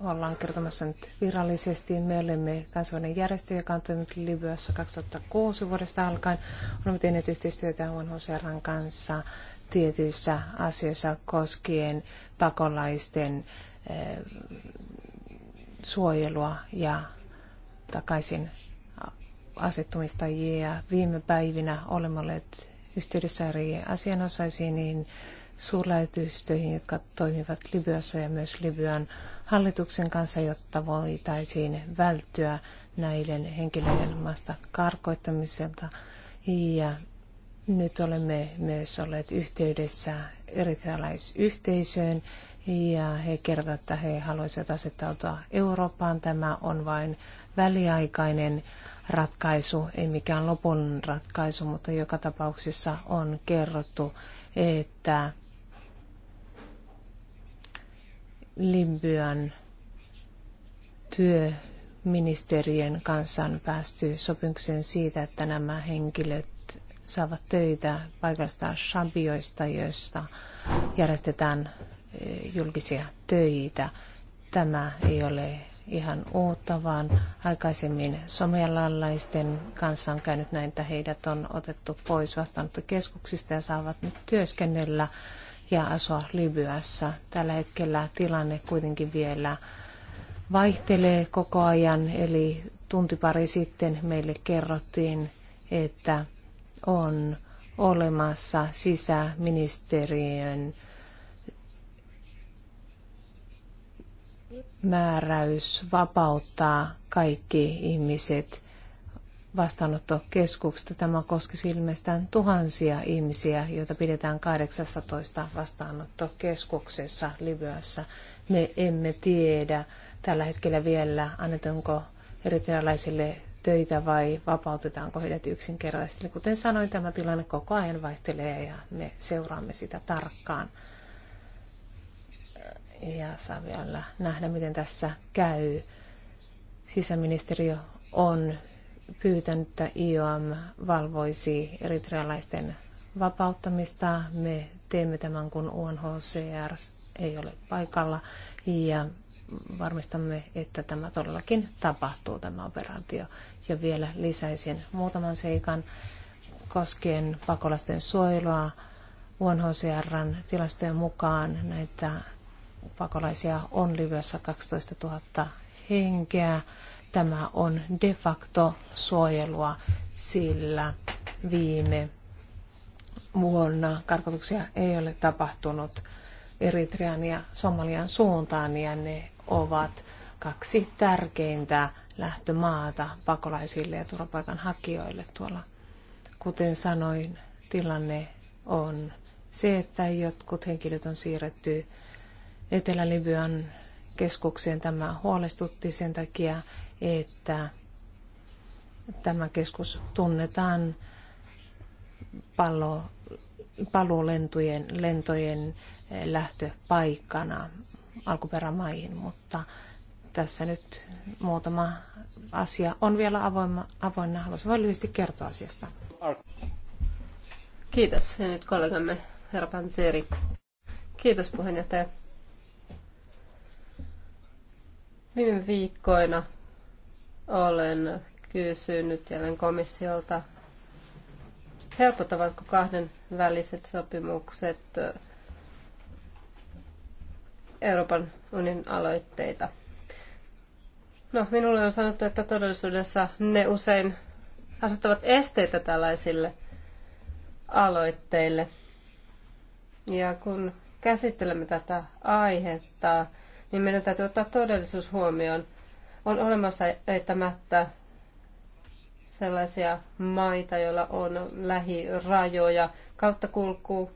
S2: ollaan kertomassa nyt virallisesti. Me olemme kansainvälinen järjestö, joka on toiminut Libyassa 2006 vuodesta alkaen. Olemme tehneet yhteistyötä UNHCRn kanssa tietyissä asioissa koskien pakolaisten eh, suojelua ja takaisin asettumista. Ja viime päivinä olemme olleet yhteydessä eri asianosaisiin niin suurlähetystöihin, jotka toimivat Libyassa ja myös Libyan hallituksen kanssa, jotta voitaisiin välttyä näiden henkilöiden maasta karkoittamiselta. Ja nyt olemme myös olleet yhteydessä eritrealaisyhteisöön ja he kertovat, että he haluaisivat asettautua Eurooppaan. Tämä on vain väliaikainen ratkaisu, ei mikään lopun ratkaisu, mutta joka tapauksessa on kerrottu, että Libyan työministerien kanssa on päästy sopimukseen siitä, että nämä henkilöt saavat töitä paikallisista shabioista, joista järjestetään e, julkisia töitä. Tämä ei ole ihan uutta, vaan aikaisemmin somialalaisten kanssa on käynyt näin, että heidät on otettu pois vastaanottokeskuksista ja saavat nyt työskennellä ja asua Libyassa. Tällä hetkellä tilanne kuitenkin vielä vaihtelee koko ajan, eli tunti pari sitten meille kerrottiin, että on olemassa sisäministeriön määräys vapauttaa kaikki ihmiset vastaanottokeskuksesta. Tämä koskisi ilmeisesti tuhansia ihmisiä, joita pidetään 18 vastaanottokeskuksessa Libyassa. Me emme tiedä tällä hetkellä vielä, annetaanko eritrealaisille töitä vai vapautetaanko heidät yksinkertaisesti. Kuten sanoin, tämä tilanne koko ajan vaihtelee ja me seuraamme sitä tarkkaan. Ja saa vielä nähdä, miten tässä käy. Sisäministeriö on pyytänyt, että IOM valvoisi eritrealaisten vapauttamista. Me teemme tämän, kun UNHCR ei ole paikalla ja varmistamme, että tämä todellakin tapahtuu, tämä operaatio. Ja vielä lisäisin muutaman seikan koskien pakolaisten suojelua. UNHCRn tilastojen mukaan näitä pakolaisia on Libyassa 12 000 henkeä. Tämä on de facto suojelua, sillä viime vuonna karkotuksia ei ole tapahtunut Eritrean ja Somalian suuntaan ja ne ovat kaksi tärkeintä lähtömaata pakolaisille ja turvapaikanhakijoille tuolla. Kuten sanoin, tilanne on se, että jotkut henkilöt on siirretty Etelä-Libyan keskukseen. Tämä huolestutti sen takia, että tämä keskus tunnetaan pallo, paluulentojen lentojen lähtöpaikkana alkuperämaihin, mutta tässä nyt muutama asia on vielä avoinna. avoinna. Haluaisin vain lyhyesti kertoa asiasta.
S1: Kiitos. Ja nyt kollegamme herra Panseri. Kiitos puheenjohtaja. Viime viikkoina olen kysynyt jälleen komissiolta, helpottavatko kahden väliset sopimukset Euroopan unionin aloitteita – No, minulle on sanottu, että todellisuudessa ne usein asettavat esteitä tällaisille aloitteille. Ja kun käsittelemme tätä aihetta, niin meidän täytyy ottaa todellisuus huomioon. On olemassa eittämättä sellaisia maita, joilla on lähirajoja kulkuu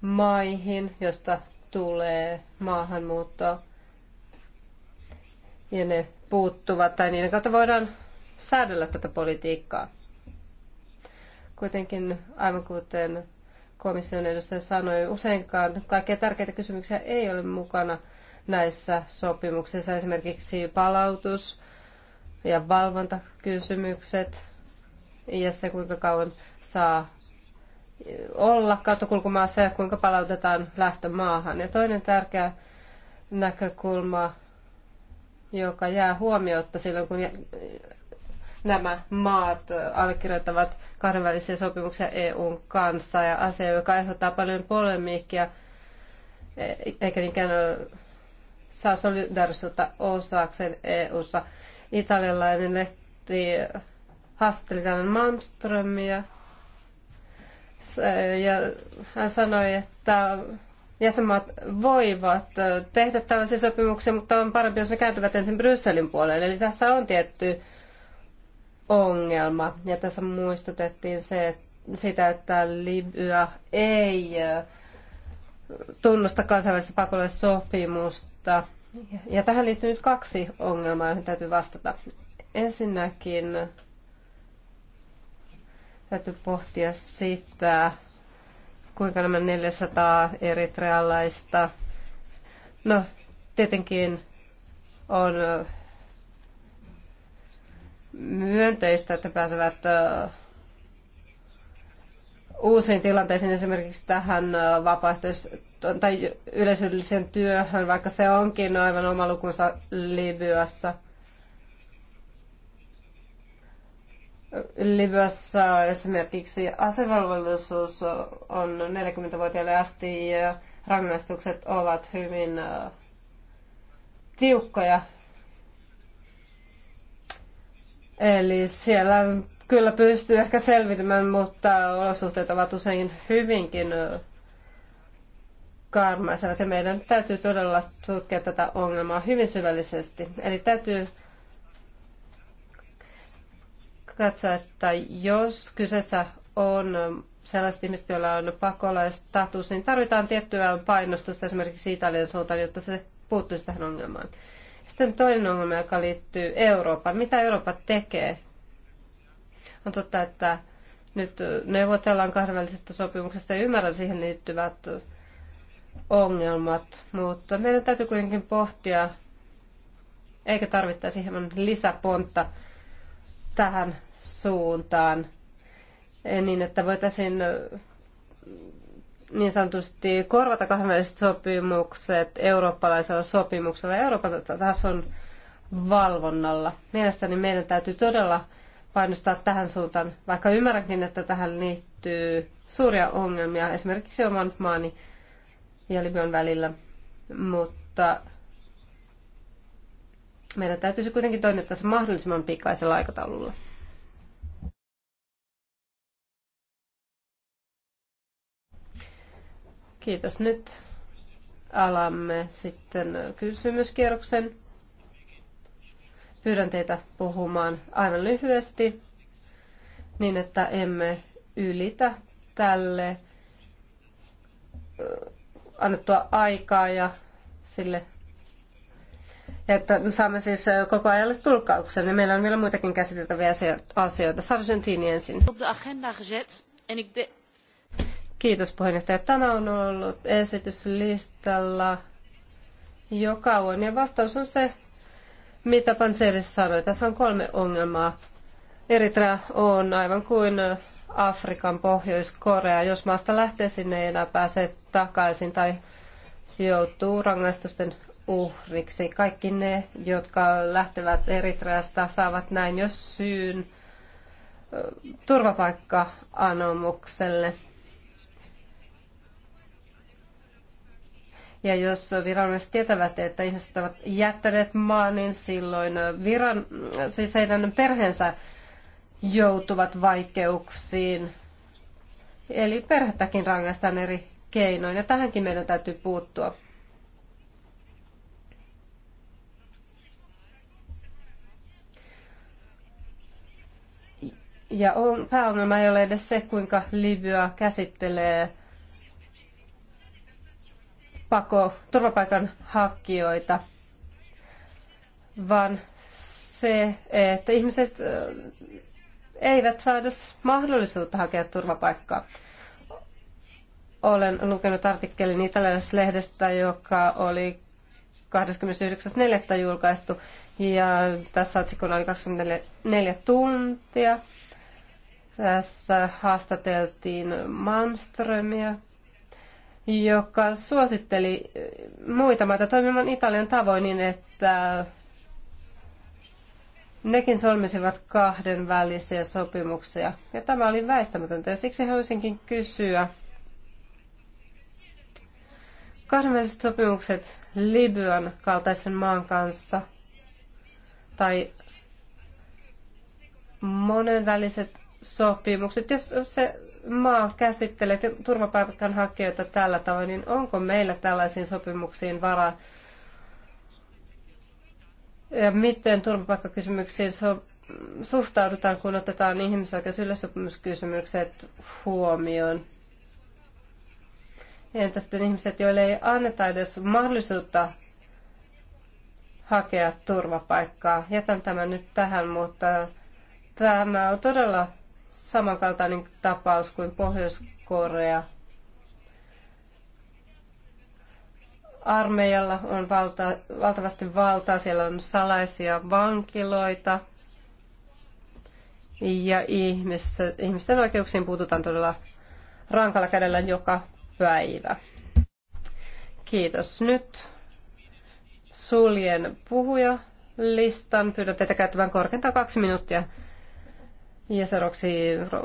S1: maihin, josta tulee maahanmuuttoa ja ne puuttuvat tai niiden kautta voidaan säädellä tätä politiikkaa. Kuitenkin aivan kuten komission edustaja sanoi, useinkaan kaikkia tärkeitä kysymyksiä ei ole mukana näissä sopimuksissa, esimerkiksi palautus ja valvontakysymykset ja se, kuinka kauan saa olla kauttakulkumaassa ja kuinka palautetaan lähtömaahan. Ja toinen tärkeä näkökulma joka jää huomiotta silloin, kun nämä maat allekirjoittavat kahdenvälisiä sopimuksia EUn kanssa ja asia, joka aiheuttaa paljon polemiikkia, eikä niinkään saa solidarisuutta osakseen EUssa. Italialainen lehti haastatteli tämän Malmströmiä ja hän sanoi, että jäsenmaat voivat tehdä tällaisia sopimuksia, mutta on parempi, jos ne kääntyvät ensin Brysselin puolelle. Eli tässä on tietty ongelma. Ja tässä muistutettiin se, että sitä, että Libya ei tunnusta kansainvälistä pakolaissopimusta. Ja tähän liittyy nyt kaksi ongelmaa, joihin täytyy vastata. Ensinnäkin täytyy pohtia sitä, kuinka nämä 400 eritrealaista, no tietenkin on myönteistä, että pääsevät uusiin tilanteisiin, esimerkiksi tähän vapaaehtois- tai yleisölliseen työhön, vaikka se onkin aivan oma lukunsa Libyassa – Libyassa esimerkiksi asevelvollisuus on 40-vuotiaille asti ja rangaistukset ovat hyvin äh, tiukkoja. Eli siellä kyllä pystyy ehkä selvitymään, mutta olosuhteet ovat usein hyvinkin äh, karmaisevat ja meidän täytyy todella tutkia tätä ongelmaa hyvin syvällisesti. Eli täytyy katsoa, että jos kyseessä on sellaiset ihmiset, joilla on pakolaistatus, niin tarvitaan tiettyä painostusta esimerkiksi Italian suuntaan, jotta se puuttuisi tähän ongelmaan. Sitten toinen ongelma, joka liittyy Euroopan. Mitä Eurooppa tekee? On totta, että nyt neuvotellaan kahdenvälisestä sopimuksesta ja ymmärrän siihen liittyvät ongelmat, mutta meidän täytyy kuitenkin pohtia, eikö tarvittaisi hieman lisäpontta tähän suuntaan, eh, niin että voitaisiin eh, niin sanotusti korvata kahdenväliset sopimukset eurooppalaisella sopimuksella ja Euroopan tason valvonnalla. Mielestäni meidän täytyy todella painostaa tähän suuntaan, vaikka ymmärränkin, että tähän liittyy suuria ongelmia esimerkiksi oman maani ja Libyan välillä, mutta meidän täytyisi kuitenkin toimia tässä mahdollisimman pikaisella aikataululla. Kiitos. Nyt alamme sitten kysymyskierroksen. Pyydän teitä puhumaan aivan lyhyesti niin, että emme ylitä tälle annettua aikaa ja sille että saamme siis koko ajan tulkkauksen. meillä on vielä muitakin käsiteltäviä asioita. Sargentini ensin. Kiitos puheenjohtaja. Tämä on ollut esityslistalla jo kauan. Ja vastaus on se, mitä Panseris sanoi. Tässä on kolme ongelmaa. Eritrea on aivan kuin Afrikan Pohjois-Korea. Jos maasta lähtee, sinne ei enää pääse takaisin tai joutuu rangaistusten uhriksi. Kaikki ne, jotka lähtevät Eritreasta, saavat näin jo syyn turvapaikka-anomukselle. Ja jos viranomaiset tietävät, että ihmiset ovat jättäneet maan, niin silloin viran, siis heidän perheensä joutuvat vaikeuksiin. Eli perhettäkin rangaistaan eri keinoin, ja tähänkin meidän täytyy puuttua. Ja on, pääongelma ei ole edes se, kuinka Libya käsittelee pako, turvapaikan hakijoita, vaan se, että ihmiset eivät saa edes mahdollisuutta hakea turvapaikkaa. Olen lukenut artikkelin italialaisesta lehdestä, joka oli 29.4. julkaistu, ja tässä otsikko oli 24 tuntia tässä haastateltiin Malmströmiä, joka suositteli muita maita toimimaan Italian tavoin niin, että nekin solmisivat kahden välisiä sopimuksia. Ja tämä oli väistämätöntä ja siksi haluaisinkin kysyä. Kahdenväliset sopimukset Libyan kaltaisen maan kanssa tai monenväliset sopimukset, jos se maa käsittelee turvapaikanhakijoita tällä tavoin, niin onko meillä tällaisiin sopimuksiin varaa? Ja miten turvapaikkakysymyksiin so- suhtaudutaan, kun otetaan ihmisoikeus- yleissopimuskysymykset huomioon? Entä sitten ihmiset, joille ei anneta edes mahdollisuutta hakea turvapaikkaa? Jätän tämän nyt tähän, mutta tämä on todella samankaltainen tapaus kuin Pohjois-Korea. Armeijalla on valta, valtavasti valtaa, siellä on salaisia vankiloita ja ihmis, ihmisten oikeuksiin puututaan todella rankalla kädellä joka päivä. Kiitos. Nyt suljen puhuja listan. Pyydän teitä käyttämään korkeintaan kaksi minuuttia ja seuraavaksi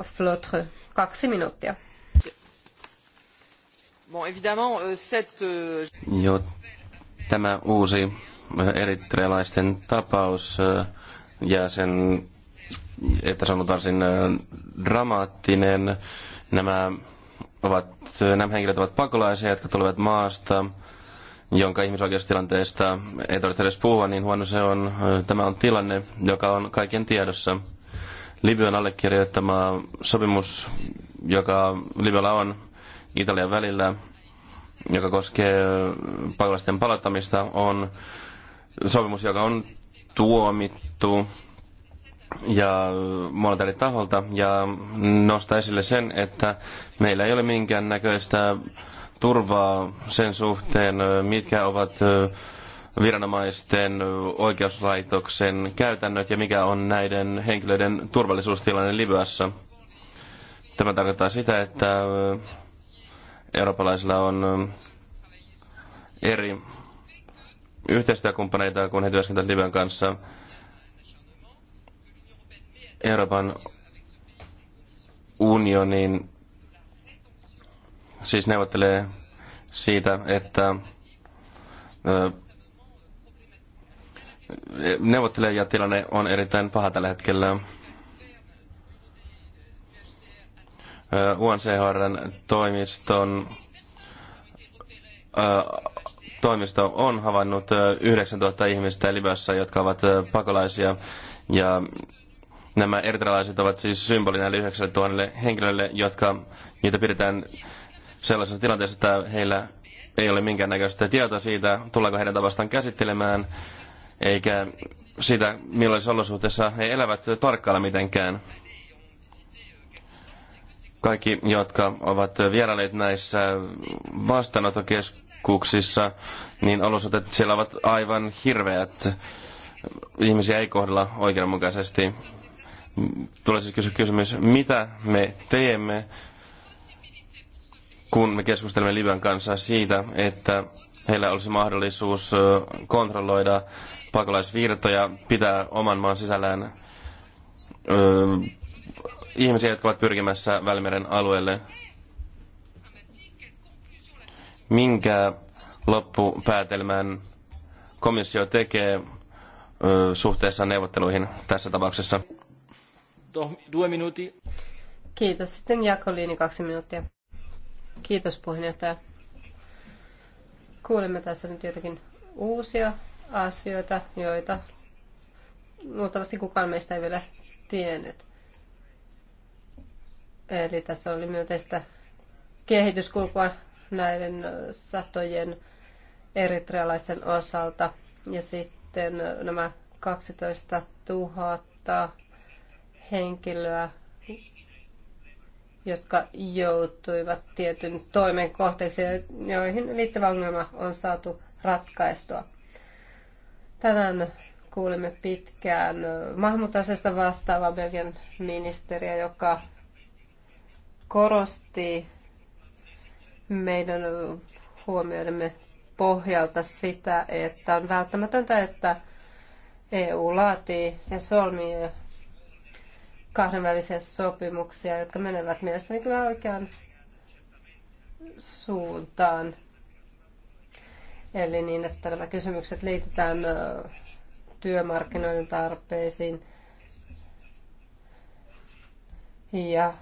S1: Flotre, kaksi minuuttia.
S4: Bon, évidemment, euh, cette... Euh, jo, tämä uusi äh, eritrealaisten tapaus äh, ja sen, että se on äh, dramaattinen. Nämä, ovat, nämä henkilöt ovat pakolaisia, jotka tulevat maasta, jonka ihmisoikeustilanteesta ei tarvitse edes puhua, niin huono se on. Tämä on tilanne, joka on kaiken tiedossa. Libyan allekirjoittama sopimus, joka Libyalla on Italian välillä, joka koskee pakolaisten palauttamista, on sopimus, joka on tuomittu ja monelta eri taholta ja nostaa esille sen, että meillä ei ole minkäännäköistä turvaa sen suhteen, mitkä ovat viranomaisten, oikeuslaitoksen käytännöt ja mikä on näiden henkilöiden turvallisuustilanne Libyassa. Tämä tarkoittaa sitä, että eurooppalaisilla on eri yhteistyökumppaneita, kun he työskentelevät Libyan kanssa. Euroopan unionin siis neuvottelee siitä, että neuvottelee tilanne on erittäin paha tällä hetkellä. UNCHRn toimiston toimisto on havainnut 9000 ihmistä Libyassa, jotka ovat pakolaisia. Ja nämä eritrealaiset ovat siis symboli näille 9000 henkilöille, jotka, niitä pidetään sellaisessa tilanteessa, että heillä ei ole minkäännäköistä tietoa siitä, tullaanko heidän tavastaan käsittelemään eikä sitä, millaisissa olosuhteissa he elävät tarkkailla mitenkään. Kaikki, jotka ovat vierailleet näissä vastaanottokeskuksissa, niin olosuhteet siellä ovat aivan hirveät. Ihmisiä ei kohdella oikeudenmukaisesti. Tulee siis kysymys, mitä me teemme, kun me keskustelemme Libyan kanssa siitä, että heillä olisi mahdollisuus kontrolloida pakolaisvirtoja, pitää oman maan sisällään öö, ihmisiä, jotka ovat pyrkimässä Välimeren alueelle. Minkä loppupäätelmän komissio tekee öö, suhteessa neuvotteluihin tässä tapauksessa?
S3: Due minuti.
S1: Kiitos. Sitten Jakoliini kaksi minuuttia. Kiitos puheenjohtaja. Kuulemme tässä nyt jotakin uusia asioita, joita luultavasti kukaan meistä ei vielä tiennyt. Eli tässä oli myönteistä kehityskulkua näiden satojen eritrealaisten osalta. Ja sitten nämä 12 000 henkilöä, jotka joutuivat tietyn toimen kohteeksi, joihin liittyvä ongelma on saatu ratkaistua. Tänään kuulemme pitkään Mahmutasesta vastaavaa Belgian ministeriä, joka korosti meidän huomioidemme pohjalta sitä, että on välttämätöntä, että EU laatii ja solmii kahdenvälisiä sopimuksia, jotka menevät mielestäni kyllä oikeaan suuntaan. Eli niin, että nämä kysymykset liitetään työmarkkinoiden tarpeisiin ja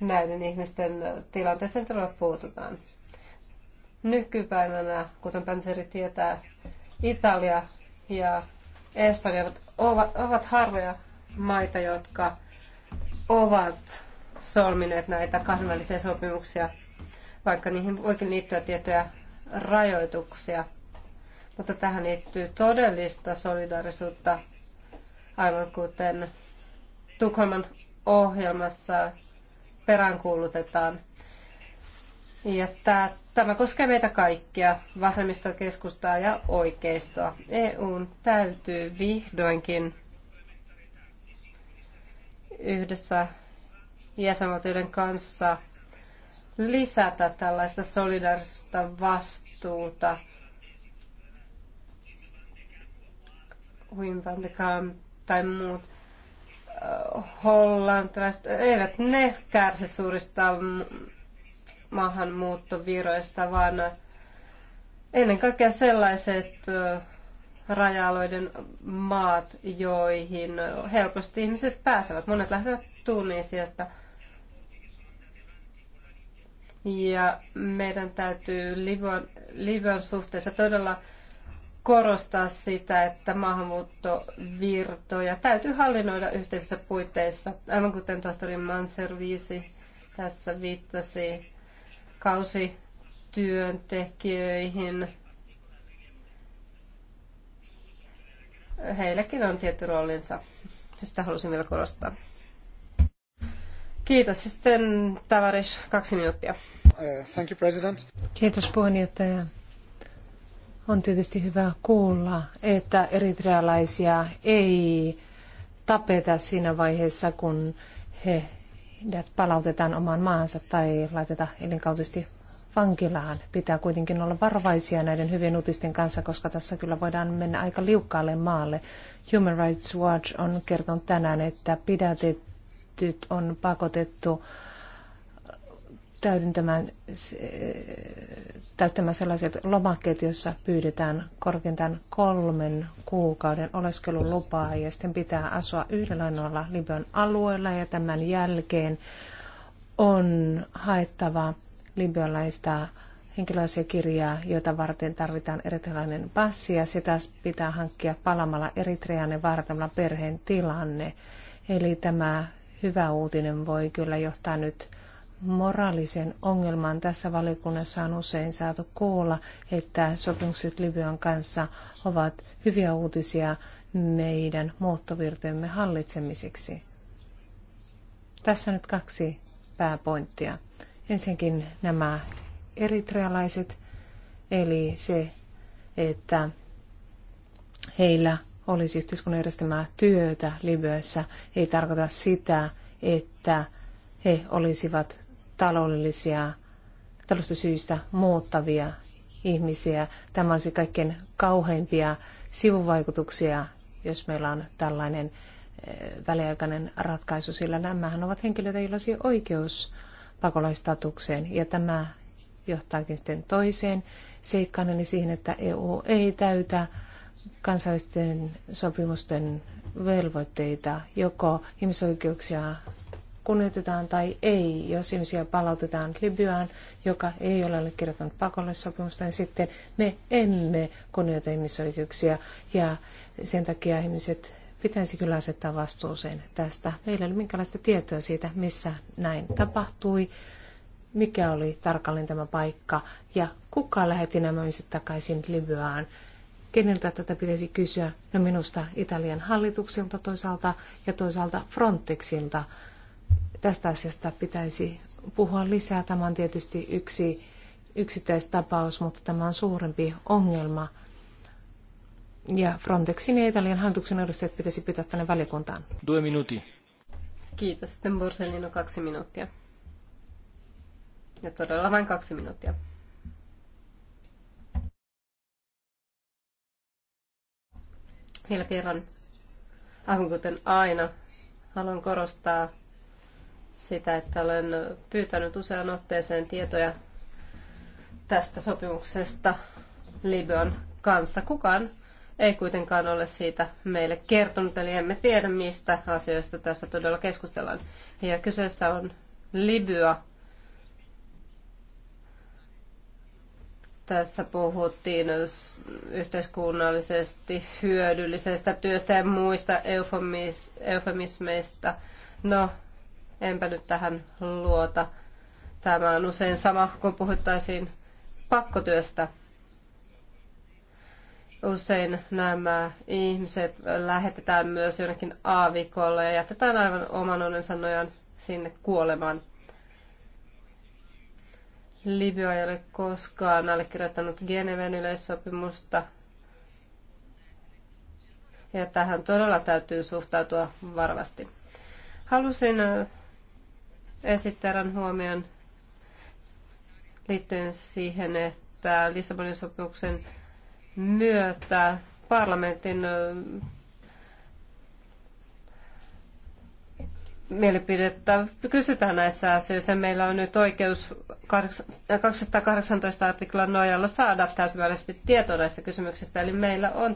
S1: näiden ihmisten tilanteeseen todella puututaan. Nykypäivänä, kuten Panseri tietää, Italia ja Espanja ovat, ovat harvoja maita, jotka ovat solmineet näitä kahdenvälisiä sopimuksia, vaikka niihin voikin liittyä tiettyjä rajoituksia. Mutta tähän liittyy todellista solidaarisuutta, aivan kuten Tukholman ohjelmassa peräänkuulutetaan. Ja tämä, tämä koskee meitä kaikkia, vasemmista keskustaa ja oikeistoa. EUn täytyy vihdoinkin yhdessä jäsenvaltioiden kanssa – lisätä tällaista solidarista vastuuta. Wim tai muut äh, hollantilaiset, eivät ne kärsi suurista maahanmuuttoviroista, vaan ennen kaikkea sellaiset äh, raja-alueiden maat, joihin helposti ihmiset pääsevät. Monet lähtevät Tunisiasta. Ja meidän täytyy Libyan, Libyan suhteessa todella korostaa sitä, että maahanmuuttovirtoja täytyy hallinnoida yhteisissä puitteissa. Aivan kuten tohtori Viisi tässä viittasi kausityöntekijöihin. Heilläkin on tietty roolinsa. Sitä halusin vielä korostaa. Kiitos. Sitten Tavares, kaksi minuuttia. Uh, thank you, President.
S2: Kiitos puheenjohtaja. On tietysti hyvä kuulla, että eritrealaisia ei tapeta siinä vaiheessa, kun he heidät palautetaan omaan maahansa tai laiteta elinkautisesti vankilaan. Pitää kuitenkin olla varovaisia näiden hyvien uutisten kanssa, koska tässä kyllä voidaan mennä aika liukkaalle maalle. Human Rights Watch on kertonut tänään, että pidätet tietyt on pakotettu täydentämään, täyttämään sellaiset lomakkeet, joissa pyydetään korkeintaan kolmen kuukauden oleskelulupaa ja sitten pitää asua yhdellä noilla Libyan alueella ja tämän jälkeen on haettava libyalaista henkilöasiakirjaa, jota varten tarvitaan erityinen passi ja sitä pitää hankkia palamalla ja vartamalla perheen tilanne. Eli tämä hyvä uutinen voi kyllä johtaa nyt moraalisen ongelman. Tässä valiokunnassa on usein saatu kuulla, että sopimukset Libyan kanssa ovat hyviä uutisia meidän muuttovirtojemme hallitsemiseksi. Tässä nyt kaksi pääpointtia. Ensinnäkin nämä eritrealaiset, eli se, että heillä olisi yhteiskunnan järjestämää työtä Libyassa, ei tarkoita sitä, että he olisivat taloudellisia, taloudellisista syistä muuttavia ihmisiä. Tämä olisi kaikkein kauheimpia sivuvaikutuksia, jos meillä on tällainen eh, väliaikainen ratkaisu, sillä nämähän ovat henkilöitä, joilla olisi oikeus pakolaistatukseen. Ja tämä johtaakin sitten toiseen seikkaan, eli siihen, että EU ei täytä kansainvälisten sopimusten velvoitteita, joko ihmisoikeuksia kunnioitetaan tai ei, jos ihmisiä palautetaan Libyaan, joka ei ole allekirjoittanut pakolaissopimusta, niin sitten me emme kunnioita ihmisoikeuksia ja sen takia ihmiset pitäisi kyllä asettaa vastuuseen tästä. Meillä ei ole minkälaista tietoa siitä, missä näin tapahtui, mikä oli tarkalleen tämä paikka ja kuka lähetti nämä ihmiset takaisin Libyaan Keneltä tätä pitäisi kysyä? No minusta Italian hallitukselta toisaalta ja toisaalta Frontexilta. Tästä asiasta pitäisi puhua lisää. Tämä on tietysti yksi yksittäistapaus, mutta tämä on suurempi ongelma. Ja Frontexin ja Italian hallituksen edustajat pitäisi pyytää tänne valiokuntaan.
S3: Due minuti.
S1: Kiitos. Sitten Borsellino kaksi minuuttia. Ja todella vain kaksi minuuttia. Vielä kerran, aivan kuten aina, haluan korostaa sitä, että olen pyytänyt usean otteeseen tietoja tästä sopimuksesta Libyan kanssa. Kukaan ei kuitenkaan ole siitä meille kertonut, eli emme tiedä mistä asioista tässä todella keskustellaan. Ja kyseessä on Libya, Tässä puhuttiin yhteiskunnallisesti hyödyllisestä työstä ja muista eufemis, eufemismeista. No, enpä nyt tähän luota. Tämä on usein sama, kun puhuttaisiin pakkotyöstä. Usein nämä ihmiset lähetetään myös jonnekin aavikolle ja jätetään aivan oman onnensa nojan sinne kuolemaan. Libya ei ole koskaan allekirjoittanut Geneven yleissopimusta. Ja tähän todella täytyy suhtautua varovasti. Halusin esittää huomion liittyen siihen, että Lissabonin sopimuksen myötä parlamentin mielipidettä kysytään näissä asioissa. Meillä on nyt oikeus 218 äh, artiklan nojalla saada täysimääräisesti tieto näistä kysymyksistä, eli meillä on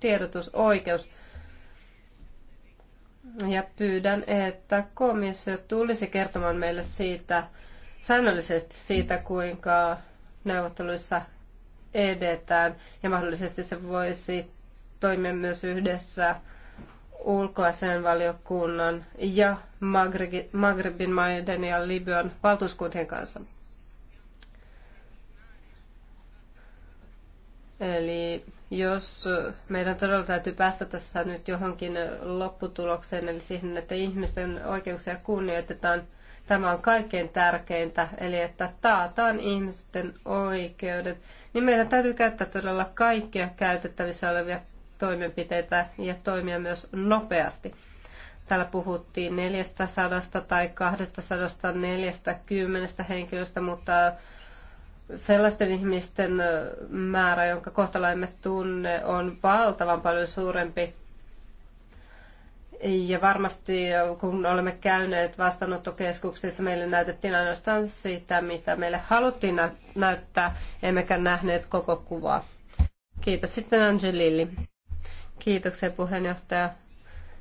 S1: tiedotusoikeus. Ja pyydän, että komissio tulisi kertomaan meille siitä säännöllisesti siitä, kuinka neuvotteluissa edetään, ja mahdollisesti se voisi toimia myös yhdessä ulkoasianvaliokunnan ja Magrebin maiden ja Libyan valtuuskuntien kanssa. Eli jos meidän todella täytyy päästä tässä nyt johonkin lopputulokseen, eli siihen, että ihmisten oikeuksia kunnioitetaan, tämä on kaikkein tärkeintä, eli että taataan ihmisten oikeudet, niin meidän täytyy käyttää todella kaikkia käytettävissä olevia toimenpiteitä ja toimia myös nopeasti. Täällä puhuttiin 400 tai 240 henkilöstä, mutta sellaisten ihmisten määrä, jonka kohtalo emme tunne, on valtavan paljon suurempi. Ja varmasti, kun olemme käyneet vastaanottokeskuksissa, meille näytettiin ainoastaan sitä, mitä meille haluttiin näyttää, emmekä nähneet koko kuvaa. Kiitos sitten Angelilli. Kiitoksia puheenjohtaja.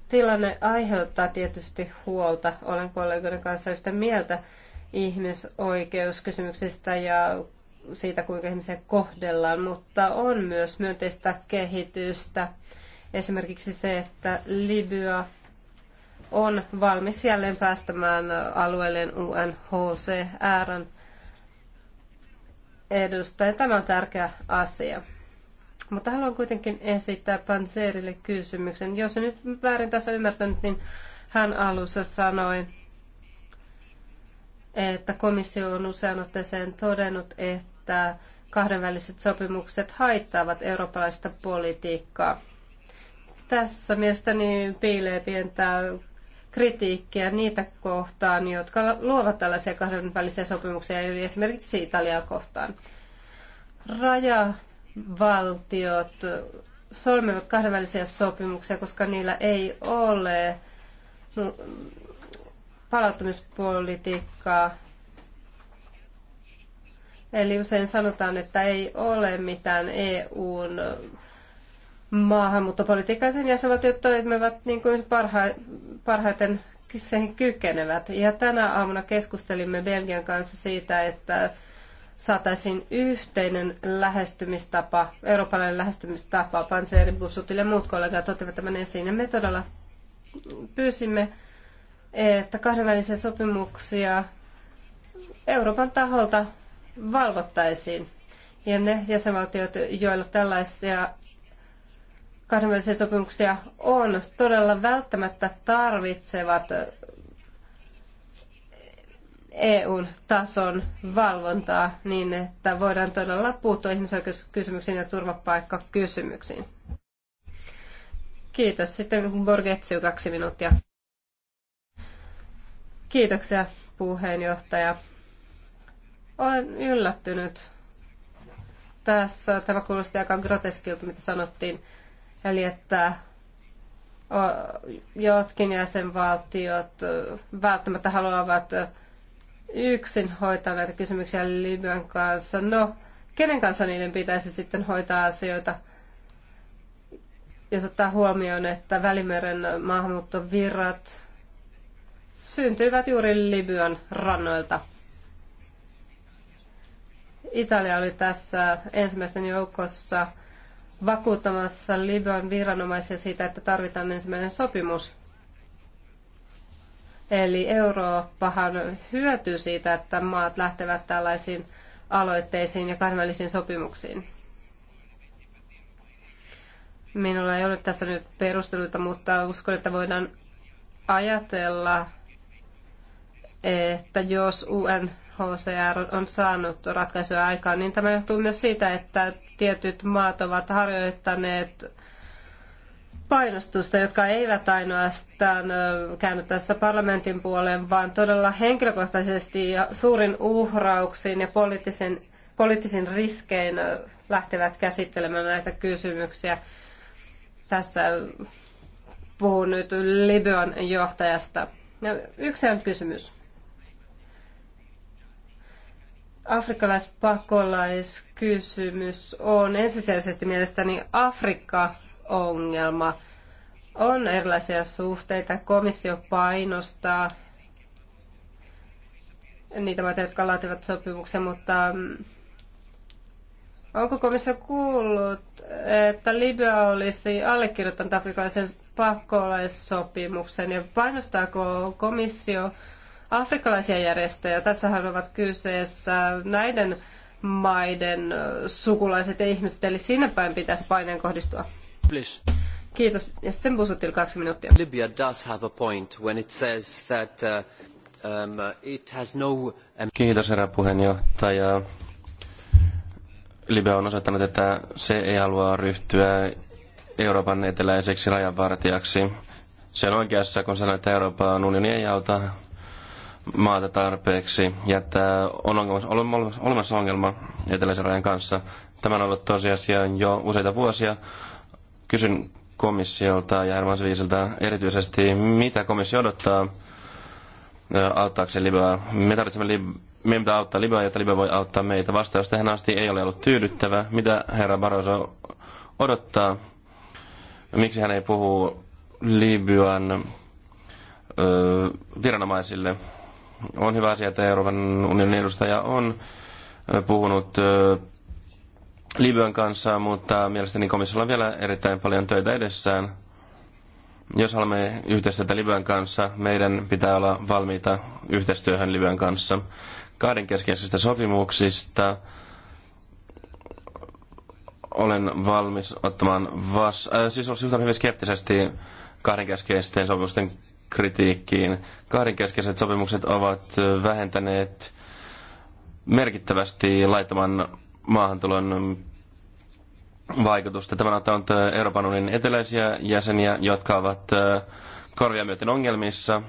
S1: Tilanne aiheuttaa tietysti huolta. Olen kollegoiden kanssa yhtä mieltä ihmisoikeuskysymyksistä ja siitä, kuinka ihmisiä kohdellaan, mutta on myös myönteistä kehitystä. Esimerkiksi se, että Libya on valmis jälleen päästämään alueelleen UNHCRn edustajan. Tämä on tärkeä asia. Mutta haluan kuitenkin esittää Panzerille kysymyksen. Jos en nyt väärin tässä ymmärtänyt, niin hän alussa sanoi, että komissio on usean otteeseen todennut, että kahdenväliset sopimukset haittaavat eurooppalaista politiikkaa. Tässä mielestäni piilee pientä kritiikkiä niitä kohtaan, jotka luovat tällaisia kahdenvälisiä sopimuksia, eli esimerkiksi Italiaa kohtaan. Raja valtiot solmivat kahdenvälisiä sopimuksia, koska niillä ei ole palauttamispolitiikkaa. Eli usein sanotaan, että ei ole mitään EUn maahanmuuttopolitiikkaa. Sen jäsenvaltiot toimivat niin kuin parhaiten siihen kykenevät. Ja tänä aamuna keskustelimme Belgian kanssa siitä, että saataisiin yhteinen lähestymistapa, eurooppalainen lähestymistapa, panseeribussutille ja muut kollegat ottivat tämän esiin. Ja me todella pyysimme, että kahdenvälisiä sopimuksia Euroopan taholta valvottaisiin. Ja ne jäsenvaltiot, joilla tällaisia kahdenvälisiä sopimuksia on, todella välttämättä tarvitsevat EU-tason valvontaa niin, että voidaan todella puuttua ihmisoikeuskysymyksiin ja turvapaikkakysymyksiin. Kiitos. Sitten Borgetsiu kaksi minuuttia. Kiitoksia puheenjohtaja. Olen yllättynyt tässä. Tämä kuulosti aika groteskilta, mitä sanottiin. Eli että jotkin jäsenvaltiot välttämättä haluavat yksin hoitaa näitä kysymyksiä Libyan kanssa. No, kenen kanssa niiden pitäisi sitten hoitaa asioita, jos ottaa huomioon, että Välimeren maahanmuuttovirrat syntyivät juuri Libyan rannoilta. Italia oli tässä ensimmäisten joukossa vakuuttamassa Libyan viranomaisia siitä, että tarvitaan ensimmäinen sopimus. Eli Eurooppahan hyötyy siitä, että maat lähtevät tällaisiin aloitteisiin ja kansainvälisiin sopimuksiin. Minulla ei ole tässä nyt perusteluita, mutta uskon, että voidaan ajatella, että jos UNHCR on saanut ratkaisuja aikaan, niin tämä johtuu myös siitä, että tietyt maat ovat harjoittaneet painostusta, jotka eivät ainoastaan käynyt tässä parlamentin puoleen, vaan todella henkilökohtaisesti ja suurin uhrauksiin ja poliittisen, poliittisin riskein lähtevät käsittelemään näitä kysymyksiä. Tässä puhun nyt Libyan johtajasta. Ja yksi on kysymys. Afrikkalaispakolaiskysymys on ensisijaisesti mielestäni Afrikka ongelma. On erilaisia suhteita, komissio painostaa niitä maita, jotka laativat sopimuksen, mutta mm, onko komissio kuullut, että Libya olisi allekirjoittanut afrikkalaisen pakolaissopimuksen ja painostaako komissio afrikkalaisia järjestöjä? Tässähän ovat kyseessä näiden maiden sukulaiset ja ihmiset, eli sinne päin pitäisi paineen kohdistua. Please. Kiitos. Ja sitten Busutil kaksi minuuttia.
S4: Libya does have a point when it
S1: says that uh, um, uh, it has no...
S4: Kiitos herra puheenjohtaja. Libya on osoittanut, että se ei halua ryhtyä Euroopan eteläiseksi rajanvartijaksi. Se on oikeassa, kun sanoo, että Euroopan unioni ei auta maata tarpeeksi ja että on olemassa ongelma eteläisen rajan kanssa. Tämä on ollut tosiasia jo useita vuosia Kysyn komissiolta ja Herman Sviiseltä erityisesti, mitä komissio odottaa auttaakseen Libyaa. Me tarvitsemme Lib- meidän pitää auttaa Libyaa, jotta Libya voi auttaa meitä. Vastaus tähän asti ei ole ollut tyydyttävä. Mitä herra Barroso odottaa? Miksi hän ei puhu Libyan viranomaisille? On hyvä asia, että Euroopan unionin edustaja on puhunut Libyan kanssa, mutta mielestäni komissiolla on vielä erittäin paljon töitä edessään. Jos haluamme yhteistyötä Libyan kanssa, meidän pitää olla valmiita yhteistyöhön Libyan kanssa. Kahdenkeskeisistä sopimuksista olen valmis ottamaan vas... Äh, siis suhtaudun hyvin skeptisesti kahdenkeskeisten sopimusten kritiikkiin. Kahdenkeskeiset sopimukset ovat vähentäneet merkittävästi laittoman maahantulon vaikutusta. Tämä on ottanut Euroopan unionin eteläisiä jäseniä, jotka ovat korvia myöten ongelmissa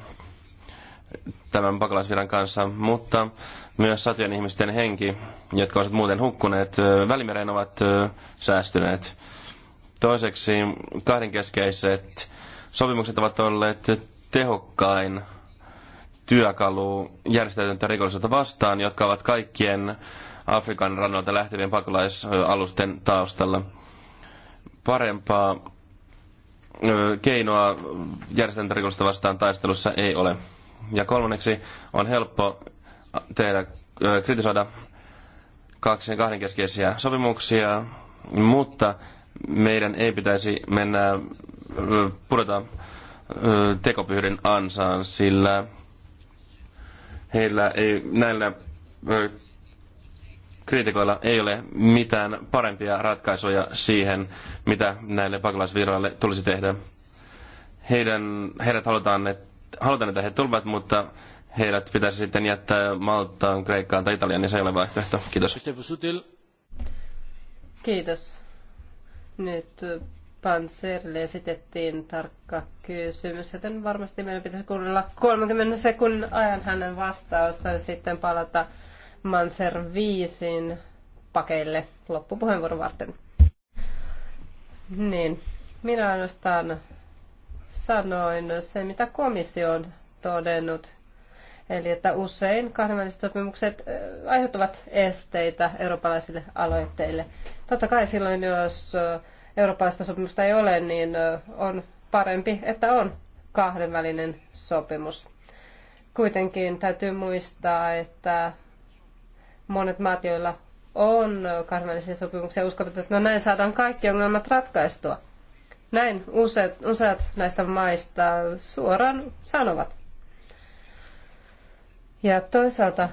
S4: tämän pakolaisviran kanssa, mutta myös satojen ihmisten henki, jotka ovat muuten hukkuneet, välimereen ovat säästyneet. Toiseksi kahdenkeskeiset sopimukset ovat olleet tehokkain työkalu järjestäytyntä rikollisuutta vastaan, jotka ovat kaikkien Afrikan rannoilta lähtevien pakolaisalusten taustalla. Parempaa keinoa järjestäytyntä vastaan taistelussa ei ole. Ja kolmanneksi on helppo tehdä, kritisoida kaksi kahdenkeskeisiä sopimuksia, mutta meidän ei pitäisi mennä pudota tekopyhden ansaan, sillä heillä ei, näillä kriitikoilla ei ole mitään parempia ratkaisuja siihen, mitä näille pakolaisvirroille tulisi tehdä. Heidän, heidät halutaan, että, halutaan, että he tulevat, mutta heidät pitäisi sitten jättää Maltaan, Kreikkaan tai Italiaan, niin se ei ole vaihtoehto. Kiitos.
S1: Kiitos. Nyt Panserille esitettiin tarkka kysymys, joten varmasti meidän pitäisi kuunnella 30 sekunnin ajan hänen vastaustaan ja sitten palata Manser 5 pakeille loppupuheenvuoron varten. Niin, minä ainoastaan sanoin se, mitä komissio on todennut. Eli että usein kahdenväliset sopimukset aiheuttavat esteitä eurooppalaisille aloitteille. Totta kai silloin, jos eurooppalaista sopimusta ei ole, niin on parempi, että on kahdenvälinen sopimus. Kuitenkin täytyy muistaa, että monet maat, joilla on kansainvälisiä sopimuksia, uskovat, että no näin saadaan kaikki ongelmat ratkaistua. Näin useat, useat näistä maista suoraan sanovat. Ja toisaalta,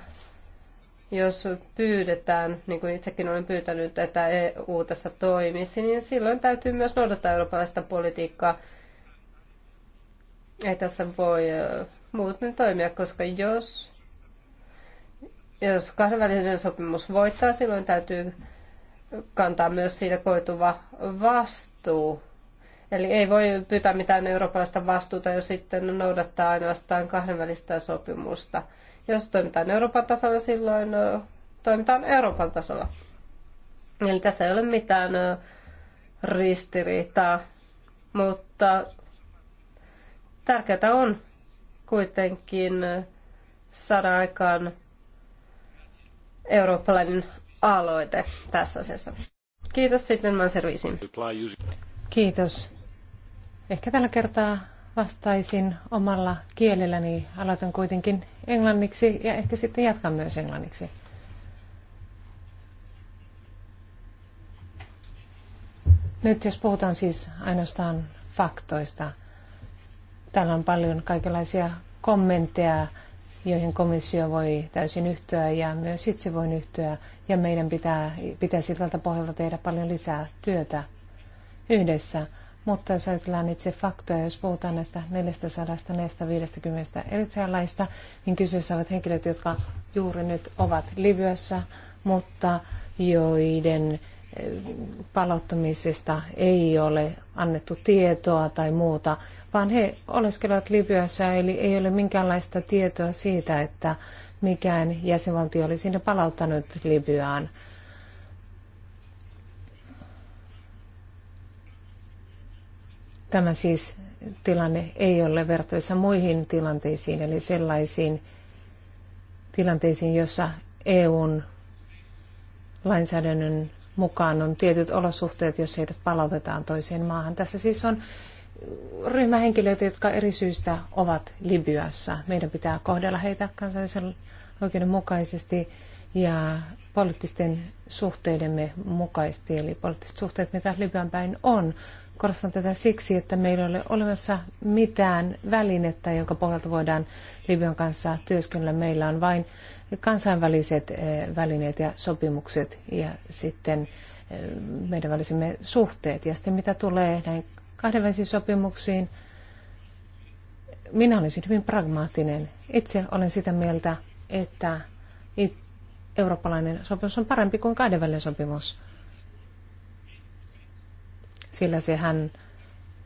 S1: jos pyydetään, niin kuin itsekin olen pyytänyt, että EU tässä toimisi, niin silloin täytyy myös noudattaa eurooppalaista politiikkaa. Ei tässä voi muuten toimia, koska jos jos kahdenvälinen sopimus voittaa, silloin täytyy kantaa myös siitä koituva vastuu. Eli ei voi pyytää mitään eurooppalaista vastuuta, jos sitten noudattaa ainoastaan kahdenvälistä sopimusta. Jos toimitaan Euroopan tasolla, silloin toimitaan Euroopan tasolla. Eli tässä ei ole mitään ristiriitaa, mutta tärkeää on kuitenkin saada aikaan eurooppalainen aloite tässä asiassa. Kiitos sitten Manserviisiin.
S2: Kiitos. Ehkä tällä kertaa vastaisin omalla kielelläni. Aloitan kuitenkin englanniksi ja ehkä sitten jatkan myös englanniksi. Nyt jos puhutaan siis ainoastaan faktoista, täällä on paljon kaikenlaisia kommentteja joihin komissio voi täysin yhtyä ja myös itse voin yhtyä. Ja meidän pitää, pitäisi tältä pohjalta tehdä paljon lisää työtä yhdessä. Mutta jos ajatellaan itse faktoja, jos puhutaan näistä 450 eritrealaista, niin kyseessä ovat henkilöt, jotka juuri nyt ovat Libyassa, mutta joiden eh, palauttamisesta ei ole annettu tietoa tai muuta vaan he oleskelevat Libyassa, eli ei ole minkäänlaista tietoa siitä, että mikään jäsenvaltio oli sinne palauttanut Libyaan. Tämä siis tilanne ei ole vertaissa muihin tilanteisiin, eli sellaisiin tilanteisiin, jossa EUn lainsäädännön mukaan on tietyt olosuhteet, jos heitä palautetaan toiseen maahan. Tässä siis on ryhmähenkilöitä, jotka eri syistä ovat Libyassa. Meidän pitää kohdella heitä kansallisen oikeudenmukaisesti mukaisesti ja poliittisten suhteidemme mukaisesti, eli poliittiset suhteet, mitä Libyan päin on. Korostan tätä siksi, että meillä ei ole olemassa mitään välinettä, jonka pohjalta voidaan Libyan kanssa työskennellä. Meillä on vain kansainväliset eh, välineet ja sopimukset ja sitten eh, meidän välisemme suhteet. Ja sitten mitä tulee näin kahdenvälisiin sopimuksiin. Minä olisin hyvin pragmaattinen. Itse olen sitä mieltä, että eurooppalainen sopimus on parempi kuin kahdenvälinen sopimus. Sillä sehän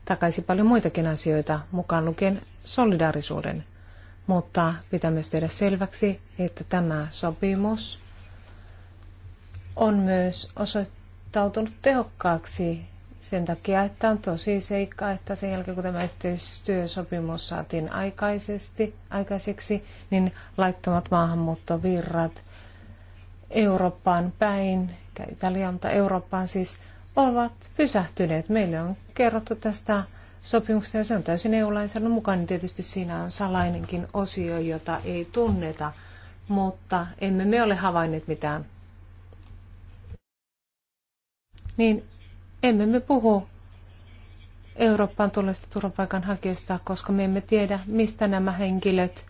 S2: takaisi paljon muitakin asioita, mukaan lukien solidaarisuuden. Mutta pitää myös tehdä selväksi, että tämä sopimus on myös osoittautunut tehokkaaksi sen takia, että on tosi seikka, että sen jälkeen kun tämä yhteistyösopimus saatiin aikaisesti, aikaiseksi, niin laittomat maahanmuuttovirrat Eurooppaan päin, Italiaan mutta Eurooppaan siis, ovat pysähtyneet. Meille on kerrottu tästä sopimuksesta ja se on täysin EU-lainsäädännön mukainen. Niin tietysti siinä on salainenkin osio, jota ei tunneta, mutta emme me ole havainneet mitään. Niin emme me puhu Eurooppaan tulleista turvapaikanhakijoista, koska me emme tiedä, mistä nämä henkilöt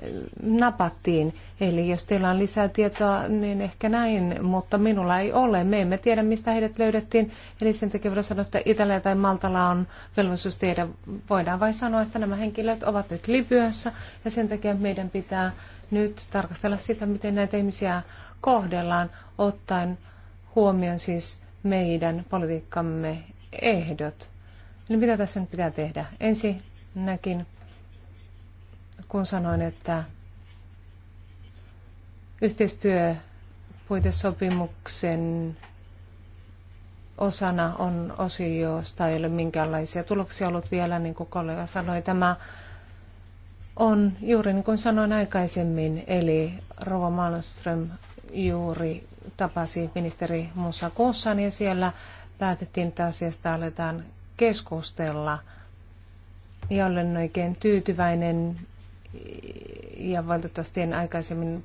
S2: eh, napattiin. Eli jos teillä on lisää tietoa, niin ehkä näin, mutta minulla ei ole. Me emme tiedä, mistä heidät löydettiin. Eli sen takia voidaan sanoa, että Italia tai Maltalla on velvollisuus tiedä. Voidaan vain sanoa, että nämä henkilöt ovat nyt Libyassa ja sen takia meidän pitää nyt tarkastella sitä, miten näitä ihmisiä kohdellaan, ottaen huomioon siis meidän politiikkamme ehdot. Eli mitä tässä nyt pitää tehdä? Ensinnäkin, kun sanoin, että yhteistyö puitesopimuksen osana on osio, josta ei ole minkäänlaisia tuloksia ollut vielä, niin kuin kollega sanoi. Tämä on juuri niin kuin sanoin aikaisemmin, eli Rova Malmström juuri tapasi ministeri Musa Kossa, ja siellä päätettiin, että asiasta aletaan keskustella. Ja olen oikein tyytyväinen ja valitettavasti en aikaisemmin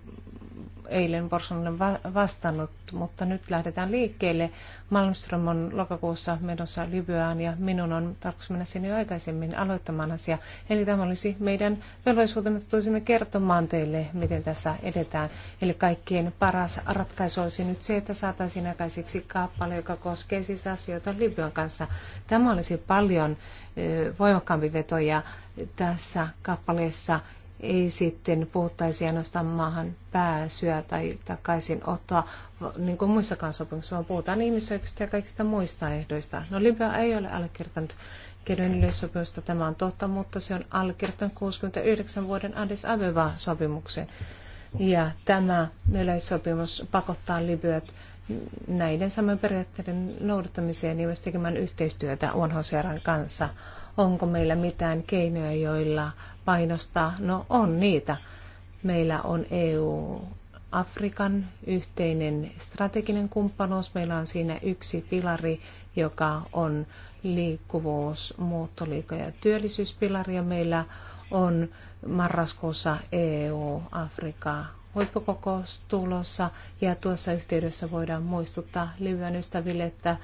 S2: eilen Borsonen vastannut, mutta nyt lähdetään liikkeelle. Malmström on lokakuussa menossa Libyaan ja minun on tarkoitus mennä sinne jo aikaisemmin aloittamaan asia. Eli tämä olisi meidän velvollisuutemme, että tulisimme kertomaan teille, miten tässä edetään. Eli kaikkien paras ratkaisu olisi nyt se, että saataisiin aikaiseksi kappale, joka koskee siis asioita Libyan kanssa. Tämä olisi paljon voimakkaampi veto ja tässä kappaleessa ei sitten puhuttaisi ainoastaan maahan pääsyä tai takaisin ottaa. niin kuin muissakaan sopimuksissa, vaan puhutaan ihmisoikeuksista ja kaikista muista ehdoista. No Libya ei ole allekirjoittanut Kedon yleissopimusta, tämä on totta, mutta se on allekirjoittanut 69 vuoden Addis Abeba-sopimuksen. Ja tämä yleissopimus pakottaa Libyat näiden samojen periaatteiden noudattamiseen ja myös tekemään yhteistyötä UNHCRn kanssa – Onko meillä mitään keinoja, joilla painostaa? No on niitä. Meillä on EU Afrikan yhteinen strateginen kumppanuus. Meillä on siinä yksi pilari, joka on liikkuvuus, muuttoliike ja työllisyyspilari. Ja meillä on marraskuussa EU-Afrika huippukokous tulossa. Ja tuossa yhteydessä voidaan muistuttaa Libyan ystäville, että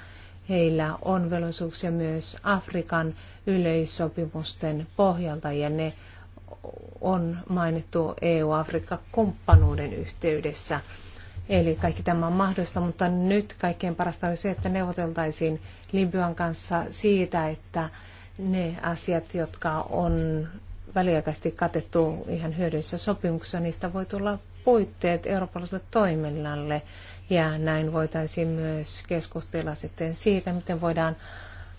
S2: heillä on velvollisuuksia myös Afrikan yleissopimusten pohjalta ja ne on mainittu EU-Afrikka-kumppanuuden yhteydessä. Eli kaikki tämä on mahdollista, mutta nyt kaikkein parasta oli se, että neuvoteltaisiin Libyan kanssa siitä, että ne asiat, jotka on väliaikaisesti katettu ihan hyödyissä sopimuksissa, niistä voi tulla puitteet eurooppalaiselle toiminnalle ja näin voitaisiin myös keskustella sitten siitä, miten voidaan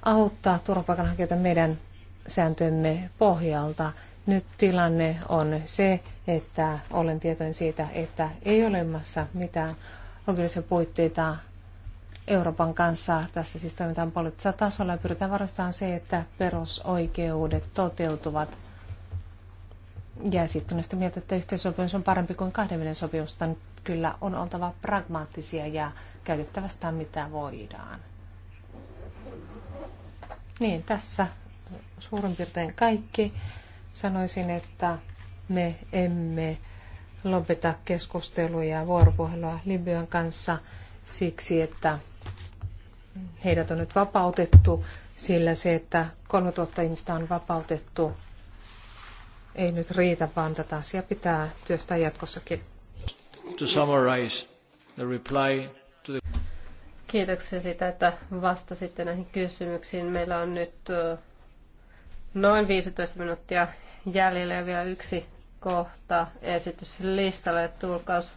S2: auttaa turvapaikanhakijoita meidän sääntömme pohjalta. Nyt tilanne on se, että olen tietoinen siitä, että ei ole olemassa mitään oikeudellisia puitteita Euroopan kanssa. Tässä siis toimitaan poliittisella tasolla ja pyritään varmistamaan se, että perusoikeudet toteutuvat – ja sitten on sitä mieltä, että yhteisopimus on parempi kuin kahdenvälinen sopimus, mutta kyllä on oltava pragmaattisia ja käytettävästä mitä voidaan. Niin, tässä suurin piirtein kaikki. Sanoisin, että me emme lopeta keskusteluja ja vuoropuhelua Libyan kanssa siksi, että heidät on nyt vapautettu, sillä se, että 3000 ihmistä on vapautettu ei nyt riitä,
S1: vaan tätä asiaa pitää työstää jatkossakin. To
S3: summarize the reply to the...
S1: Kiitoksia siitä, että vastasitte näihin kysymyksiin. Meillä on nyt noin 15 minuuttia jäljellä ja vielä yksi kohta esityslistalle. Tulkaus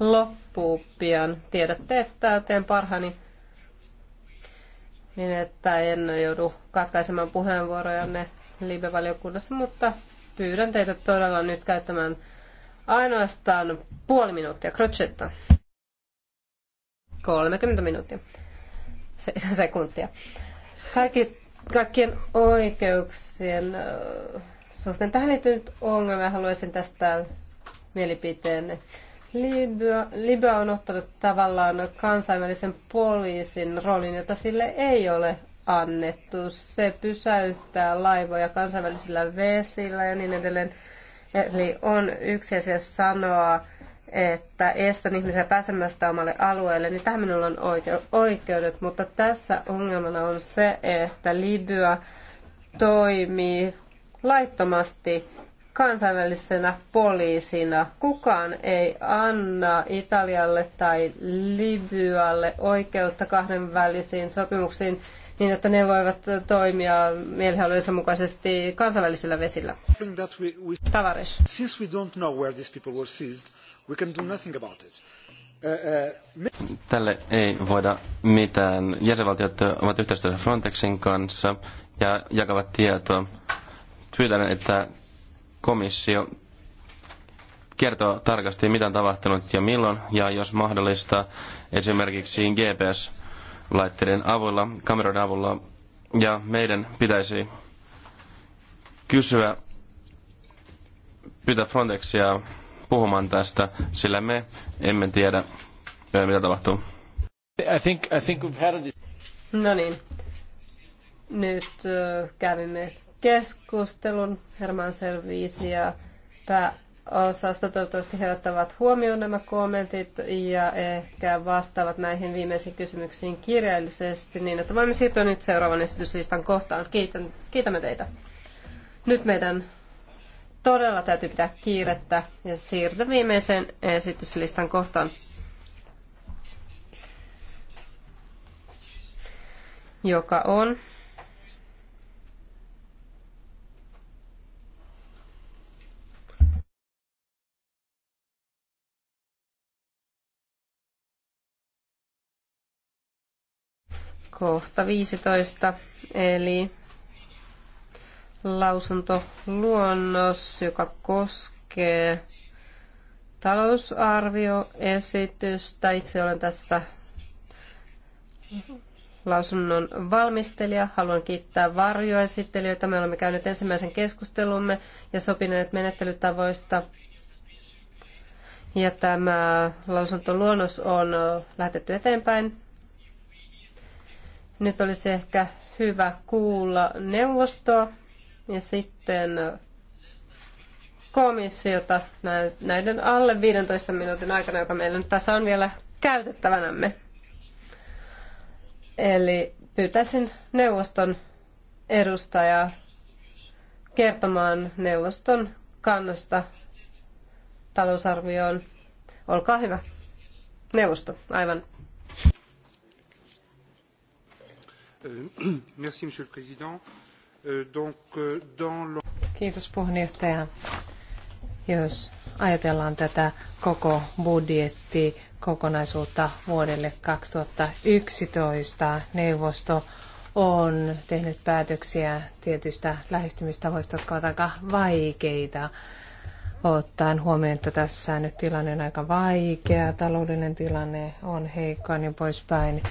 S1: loppuu pian. Tiedätte, että teen parhaani niin, että en joudu katkaisemaan puheenvuorojanne live-valiokunnassa, mutta Pyydän teitä todella nyt käyttämään ainoastaan puoli minuuttia. Crocetta. 30 minuuttia. Se, sekuntia. Kaikki, kaikkien oikeuksien suhteen tähän liittyy nyt ongelma. Haluaisin tästä mielipiteenne. Libya, Libya on ottanut tavallaan kansainvälisen poliisin roolin, jota sille ei ole annettu. Se pysäyttää laivoja kansainvälisillä vesillä ja niin edelleen. Eli on yksi asia sanoa, että estän ihmisiä pääsemästä omalle alueelle, niin tähän minulla on oikeudet, mutta tässä ongelmana on se, että Libya toimii laittomasti kansainvälisenä poliisina. Kukaan ei anna Italialle tai Libyalle oikeutta kahdenvälisiin sopimuksiin, niin että ne voivat toimia mielihalujensa mukaisesti kansainvälisillä vesillä. Tavares.
S4: Tälle ei voida mitään. Jäsenvaltiot ovat yhteistyössä Frontexin kanssa ja jakavat tietoa. Pyydän, että komissio kertoo tarkasti, mitä on tapahtunut ja milloin, ja jos mahdollista, esimerkiksi GPS laitteiden avulla, kameroiden avulla. Ja meidän pitäisi kysyä, pyytää Frontexia puhumaan tästä, sillä me emme tiedä, mitä tapahtuu.
S3: I think, I think we've had a...
S1: No niin. Nyt kävimme keskustelun Herman Selvisi ja pää osasta. Toivottavasti he ottavat huomioon nämä kommentit ja ehkä vastaavat näihin viimeisiin kysymyksiin kirjallisesti niin, että voimme siirtyä nyt seuraavan esityslistan kohtaan. Kiitän, kiitämme teitä. Nyt meidän todella täytyy pitää kiirettä ja siirtyä viimeiseen esityslistan kohtaan. joka on kohta 15, eli lausuntoluonnos, joka koskee talousarvioesitystä. Itse olen tässä lausunnon valmistelija. Haluan kiittää varjoesittelijöitä. Me olemme käyneet ensimmäisen keskustelumme ja sopineet menettelytavoista. Ja tämä lausuntoluonnos on lähetetty eteenpäin nyt olisi ehkä hyvä kuulla neuvostoa ja sitten komissiota näiden alle 15 minuutin aikana, joka meillä nyt tässä on vielä käytettävänämme. Eli pyytäisin neuvoston edustajaa kertomaan neuvoston kannasta talousarvioon. Olkaa hyvä. Neuvosto, aivan. Euh, euh, euh,
S2: Kiitos puheenjohtaja. Jos ajatellaan tätä koko budjetti kokonaisuutta vuodelle 2011, neuvosto on tehnyt päätöksiä tietyistä lähestymistavoista, jotka ovat aika vaikeita ottaen huomioon, että tässä nyt tilanne on aika vaikea, taloudellinen tilanne on heikko ja niin poispäin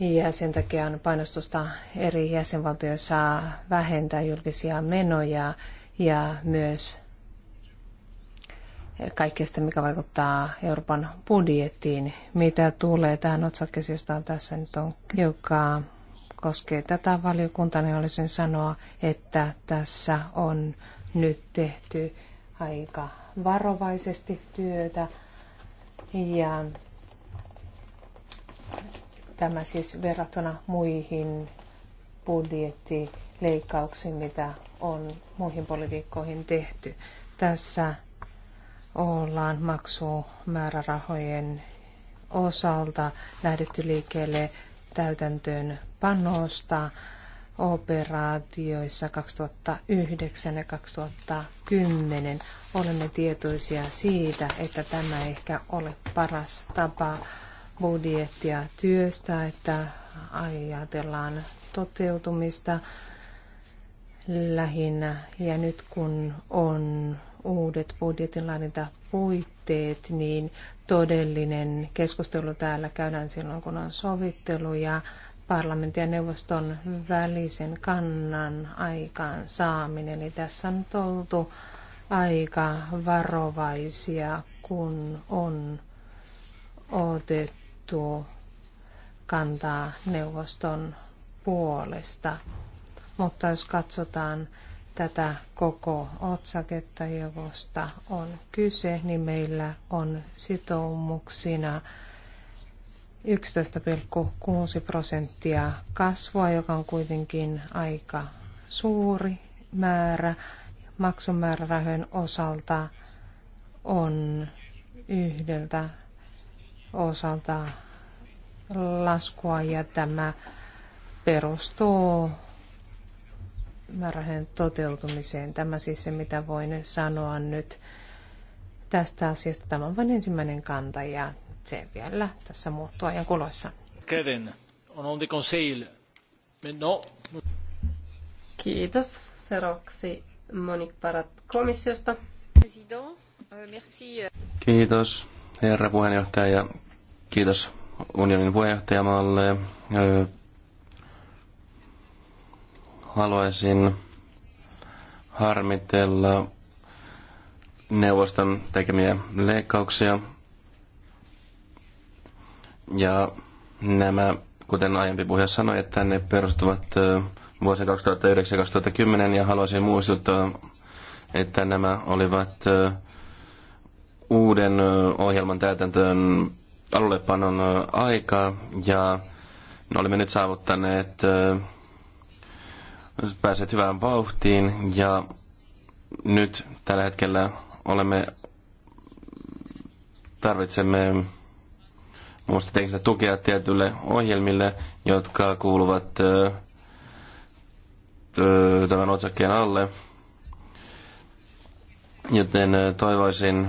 S2: ja sen takia on painostusta eri jäsenvaltioissa vähentää julkisia menoja ja myös kaikkea sitä, mikä vaikuttaa Euroopan budjettiin. Mitä tulee tähän otsakkeeseen, josta tässä nyt on, joka koskee tätä valiokuntaa, niin olisin sanoa, että tässä on nyt tehty aika varovaisesti työtä ja Tämä siis verrattuna muihin budjettileikkauksiin, mitä on muihin politiikkoihin tehty. Tässä ollaan maksumäärärahojen osalta lähdetty liikkeelle täytäntöön panosta operaatioissa 2009 ja 2010. Olemme tietoisia siitä, että tämä ehkä ole paras tapa budjettia työstä, että ajatellaan toteutumista lähinnä. Ja nyt kun on uudet budjetin puitteet, niin todellinen keskustelu täällä käydään silloin, kun on sovittelu ja parlamentin ja neuvoston välisen kannan aikaan saaminen. Eli tässä on oltu aika varovaisia, kun on otettu tuo kantaa neuvoston puolesta. Mutta jos katsotaan tätä koko otsaketta, josta on kyse, niin meillä on sitoumuksina 11,6 prosenttia kasvua, joka on kuitenkin aika suuri määrä. Maksumäärärahojen osalta on yhdeltä osalta laskua ja tämä perustuu määrärahojen toteutumiseen. Tämä siis se, mitä voin sanoa nyt tästä asiasta. Tämä on vain ensimmäinen kanta ja se
S1: vielä tässä muuttuu ajan kuluessa.
S3: Kevin, on on conseil.
S1: No. Kiitos. Seuraavaksi Monique Parat komissiosta. Euh, euh.
S4: Kiitos herra puheenjohtaja, ja kiitos unionin puheenjohtajamaalle. Haluaisin harmitella neuvoston tekemiä leikkauksia. Ja nämä, kuten aiempi puhuja sanoi, että ne perustuvat vuosien 2009-2010 ja haluaisin muistuttaa, että nämä olivat uuden ohjelman täytäntöön alullepanon aika ja olemme nyt saavuttaneet pääset hyvään vauhtiin ja nyt tällä hetkellä olemme tarvitsemme muista teknistä tukea tietyille ohjelmille, jotka kuuluvat tämän otsakkeen alle. Joten toivoisin,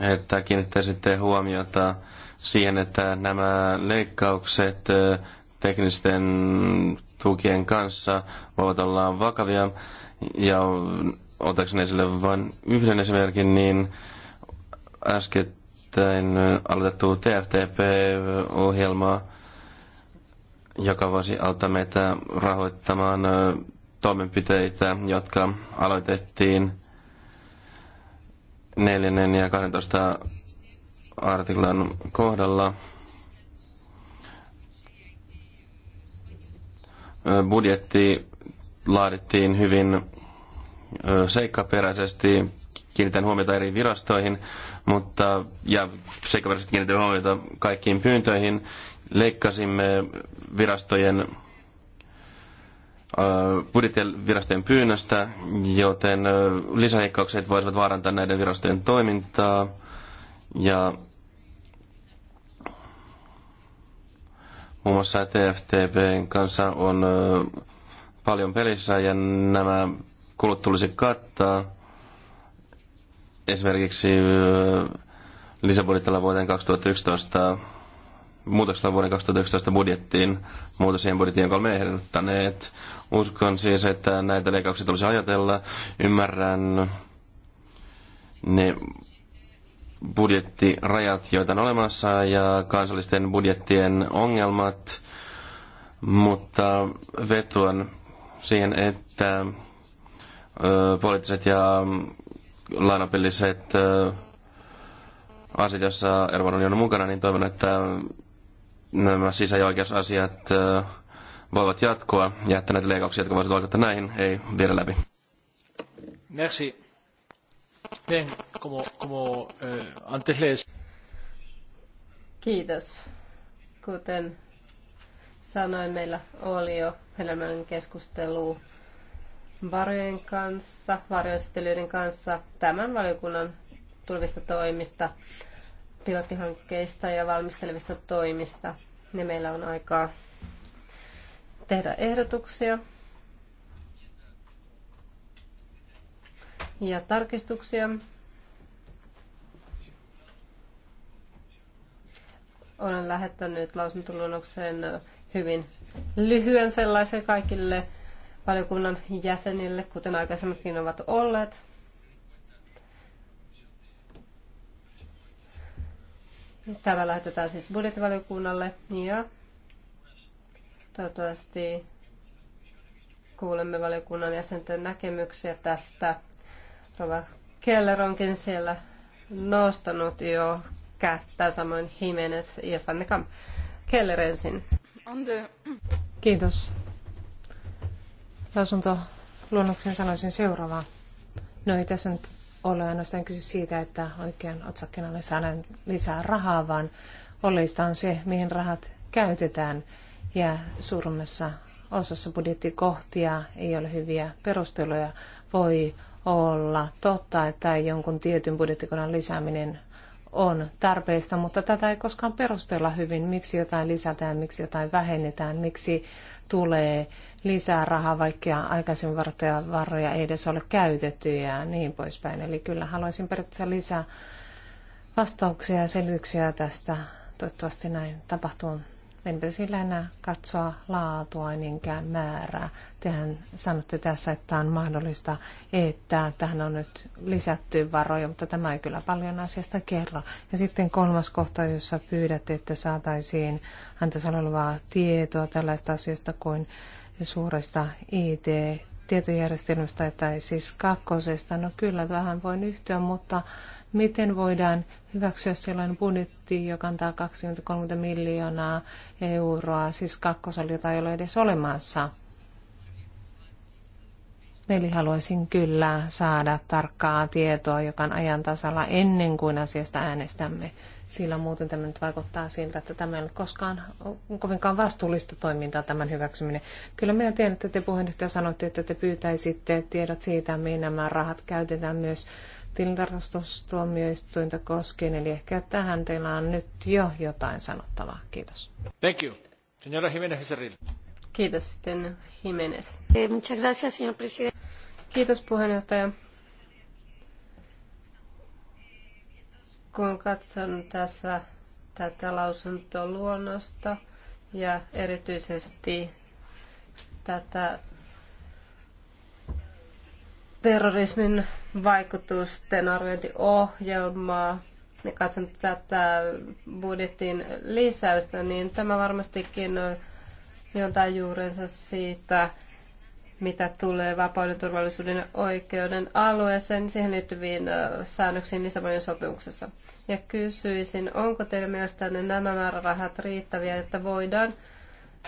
S4: että kiinnittäisitte huomiota siihen, että nämä leikkaukset teknisten tukien kanssa voivat olla vakavia. Ja otaksen esille vain yhden esimerkin, niin äskettäin aloitettu TFTP-ohjelma, joka voisi auttaa meitä rahoittamaan toimenpiteitä, jotka aloitettiin – neljännen ja 12 artiklan kohdalla budjetti laadittiin hyvin seikkaperäisesti, kiinnitän huomiota eri virastoihin, mutta, ja seikkaperäisesti kiinnitän huomiota kaikkiin pyyntöihin. Leikkasimme virastojen budjettivirastojen pyynnöstä, joten lisäleikkaukset voisivat vaarantaa näiden virastojen toimintaa. Ja muun muassa TFTPn kanssa on paljon pelissä ja nämä kulut tulisi kattaa. Esimerkiksi lisäbudjetilla vuoteen 2011 muutoksena vuoden 2019 budjettiin. Muutosien budjettiin, jonka olemme ehdottaneet. Uskon siis, että näitä leikkauksia tulisi ajatella. Ymmärrän ne budjettirajat, joita on olemassa, ja kansallisten budjettien ongelmat, mutta vetuan siihen, että poliittiset ja lainapilliset asiat, joissa Euroopan unioni on mukana, niin toivon, että nämä sisä- ja oikeusasiat voivat jatkoa, ja että näitä leikauksia, jotka voisivat vaikuttaa näihin, ei viedä läpi.
S3: Merci. Bien, como, como eh, antes les...
S1: Kiitos. Kuten sanoin, meillä oli jo hedelmällinen keskustelu varojen kanssa, varjoesittelyiden kanssa tämän valiokunnan tulevista toimista pilottihankkeista ja valmistelevista toimista. Ne meillä on aikaa tehdä ehdotuksia ja tarkistuksia. Olen lähettänyt lausuntoluonnoksen hyvin lyhyen sellaisen kaikille valiokunnan jäsenille, kuten aikaisemminkin ovat olleet. Tämä lähetetään siis budjettivaliokunnalle ja toivottavasti kuulemme valiokunnan jäsenten näkemyksiä tästä. Rova Keller onkin siellä nostanut jo kättä, samoin Jimenez ja Fannekam. Keller ensin.
S2: Kiitos. Lausunto luonnoksen sanoisin seuraavaa. No ei tässä nyt ole ainoastaan kyse siitä, että oikean otsakkeen alle saadaan lisää rahaa, vaan oleista on se, mihin rahat käytetään. Ja suurimmassa osassa budjettikohtia ei ole hyviä perusteluja. Voi olla totta, että jonkun tietyn budjettikohdan lisääminen on tarpeista, mutta tätä ei koskaan perustella hyvin, miksi jotain lisätään, miksi jotain vähennetään, miksi tulee lisää rahaa, vaikka aikaisemmin varattuja varoja ei edes ole käytetty ja niin poispäin. Eli kyllä haluaisin periaatteessa lisää vastauksia ja selityksiä tästä. Toivottavasti näin tapahtuu. Meidän pitäisi lähinnä katsoa laatua enkä määrää. Tehän sanotte tässä, että on mahdollista, että tähän on nyt lisätty varoja, mutta tämä ei kyllä paljon asiasta kerro. Ja sitten kolmas kohta, jossa pyydätte, että saataisiin häntä olevaa tietoa tällaista asiasta kuin suuresta IT tietojärjestelmästä tai siis kakkosesta. No kyllä, tähän voin yhtyä, mutta miten voidaan hyväksyä sellainen budjetti, joka antaa 20-30 miljoonaa euroa, siis kakkosali, jota ei ole edes olemassa? Eli haluaisin kyllä saada tarkkaa tietoa, joka on ajan tasalla ennen kuin asiasta äänestämme sillä muuten tämä nyt vaikuttaa siltä, että tämä ei ole koskaan kovinkaan vastuullista toimintaa tämän hyväksyminen. Kyllä minä tiedän, että te puheenjohtaja sanoitte, että te pyytäisitte tiedot siitä, mihin nämä rahat käytetään myös tilintarkastustuomioistuinta koskien, eli ehkä tähän teillä on nyt jo jotain
S1: sanottavaa. Kiitos.
S3: Thank you. Señora Jiménez Becerril.
S1: Kiitos sitten Jiménez. Eh, muchas gracias, señor presidente. Kiitos puheenjohtaja. Kun katsonut tässä tätä lausuntoluonnosta ja erityisesti tätä terrorismin vaikutusten arviointiohjelmaa ja niin katson tätä budjetin lisäystä, niin tämä varmastikin on jotain juurensa siitä, mitä tulee vapauden, turvallisuuden ja oikeuden alueeseen, siihen liittyviin säännöksiin Lisabonin sopimuksessa. Ja kysyisin, onko teidän mielestänne nämä määrärahat riittäviä, että voidaan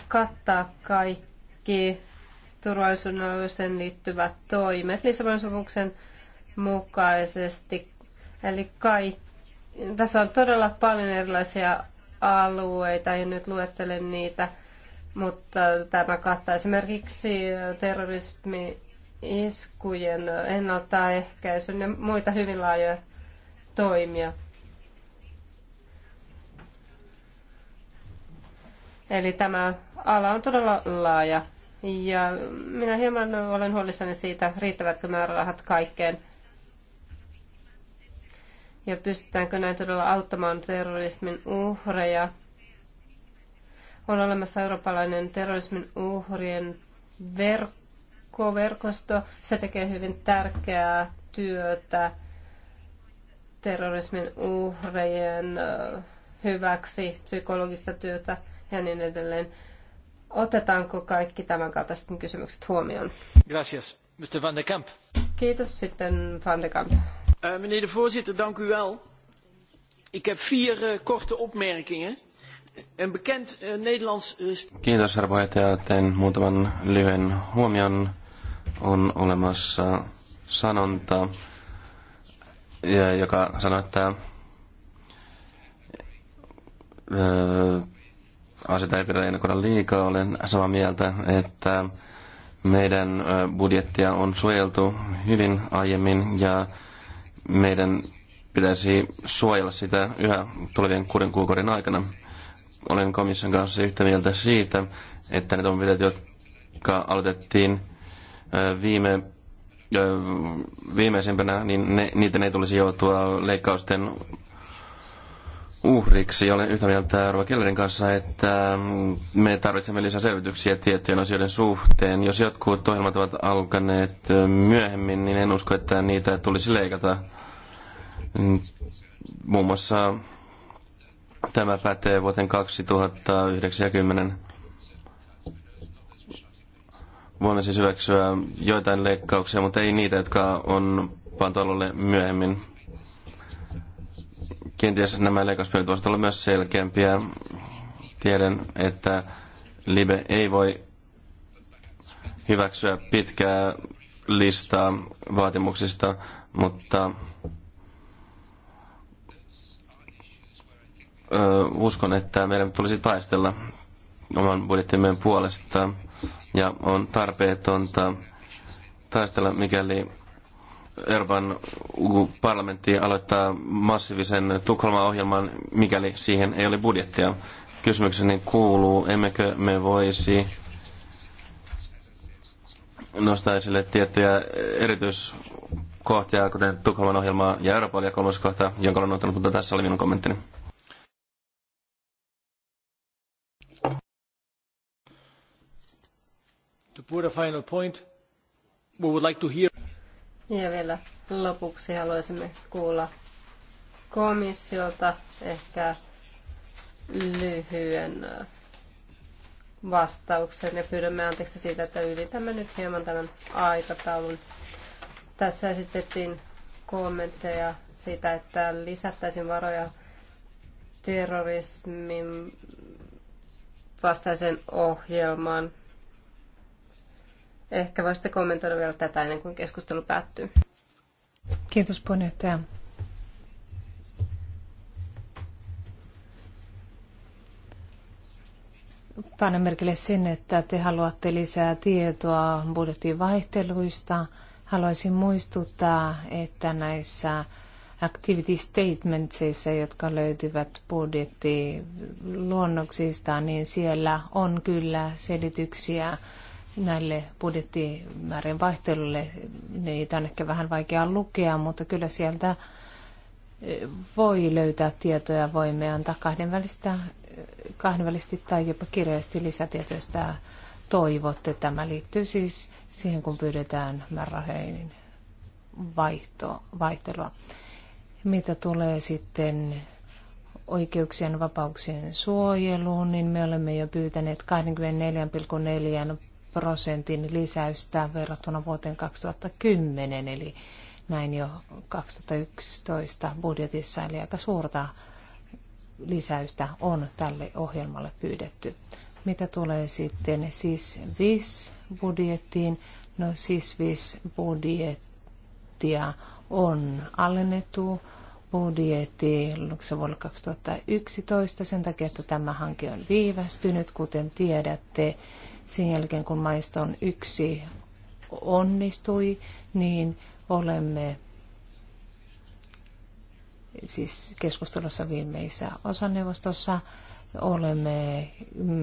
S1: kattaa kaikki turvallisuuden alueeseen liittyvät toimet Lisabonin sopimuksen mukaisesti. Eli kaikki, tässä on todella paljon erilaisia alueita ja nyt luettelen niitä – mutta tämä kattaa esimerkiksi terrorismi-iskujen ennaltaehkäisyn ja muita hyvin laajoja toimia. Eli tämä ala on todella laaja. Ja minä hieman olen huolissani siitä, riittävätkö määrärahat kaikkeen. Ja pystytäänkö näin todella auttamaan terrorismin uhreja. On olemassa eurooppalainen terrorismin uhrien verkko, verkosto. Se tekee hyvin tärkeää työtä terrorismin uhrejen hyväksi, psykologista työtä ja niin edelleen. Otetaanko kaikki tämän kaltaiset kysymykset huomioon?
S3: Gracias. Mr. Van de Kamp.
S1: Kiitos sitten Van de Kamp. Uh, meneer de voorzitter, dank u wel. Ik heb vier uh, korte opmerkingen.
S3: Een bekend eh, Nederlands... Eh,
S4: Kiitos, herra Teen muutaman lyhyen huomion. On olemassa sanonta, joka sanoo, että eh, asioita ei pidä ennakoida liikaa. Olen samaa mieltä, että meidän budjettia on suojeltu hyvin aiemmin ja meidän pitäisi suojella sitä yhä tulevien kuuden kuukauden aikana. Olen komission kanssa yhtä mieltä siitä, että ne toimenpiteet, jotka aloitettiin viime viimeisimpänä, niin ne, niiden ei tulisi joutua leikkausten uhriksi. Olen yhtä mieltä Rova Kellerin kanssa, että me tarvitsemme lisää selvityksiä tiettyjen asioiden suhteen. Jos jotkut ohjelmat ovat alkaneet myöhemmin, niin en usko, että niitä tulisi leikata. Muun muassa Tämä pätee vuoteen 2090. Voimme siis hyväksyä joitain leikkauksia, mutta ei niitä, jotka on pantu alulle myöhemmin. Kenties nämä leikkauspyynnöt voisivat olla myös selkeämpiä. Tiedän, että Libe ei voi hyväksyä pitkää listaa vaatimuksista, mutta uskon, että meidän tulisi taistella oman budjettimme puolesta ja on tarpeetonta taistella, mikäli Euroopan parlamentti aloittaa massiivisen Tukholman ohjelman, mikäli siihen ei ole budjettia. Kysymykseni kuuluu, emmekö me voisi nostaa esille tiettyjä erityiskohtia, kuten Tukholman ohjelmaa ja ja kolmas kohta, jonka olen ottanut, mutta tässä oli minun kommenttini.
S3: What a final point. We would like to hear...
S1: Ja vielä lopuksi haluaisimme kuulla komissiolta ehkä lyhyen vastauksen ja pyydämme anteeksi siitä, että ylitämme nyt hieman tämän aikataulun. Tässä esitettiin kommentteja siitä, että lisättäisiin varoja terrorismin vastaisen ohjelman Ehkä voisitte kommentoida vielä tätä ennen kuin keskustelu päättyy.
S2: Kiitos puheenjohtaja. Panen merkille sen, että te haluatte lisää tietoa budjetin vaihteluista. Haluaisin muistuttaa, että näissä activity statementsissa, jotka löytyvät budjettiluonnoksista, niin siellä on kyllä selityksiä näille budjettimäärien vaihtelulle. Niin niitä on ehkä vähän vaikea lukea, mutta kyllä sieltä e, voi löytää tietoja. Voimme antaa kahdenvälistä, e, kahdenvälisesti tai jopa kirjallisesti lisätietoista toivotte. Tämä liittyy siis siihen, kun pyydetään määrärahojen vaihto, vaihtelua. Mitä tulee sitten oikeuksien vapauksien suojeluun, niin me olemme jo pyytäneet 24,4 prosentin lisäystä verrattuna vuoteen 2010, eli näin jo 2011 budjetissa, eli aika suurta lisäystä on tälle ohjelmalle pyydetty. Mitä tulee sitten siis vis budjettiin? No siis vis budjettia on alennettu budjetti se vuonna 2011 sen takia, että tämä hanke on viivästynyt, kuten tiedätte sen jälkeen, kun maiston yksi onnistui, niin olemme siis keskustelussa viimeisessä osaneuvostossa olemme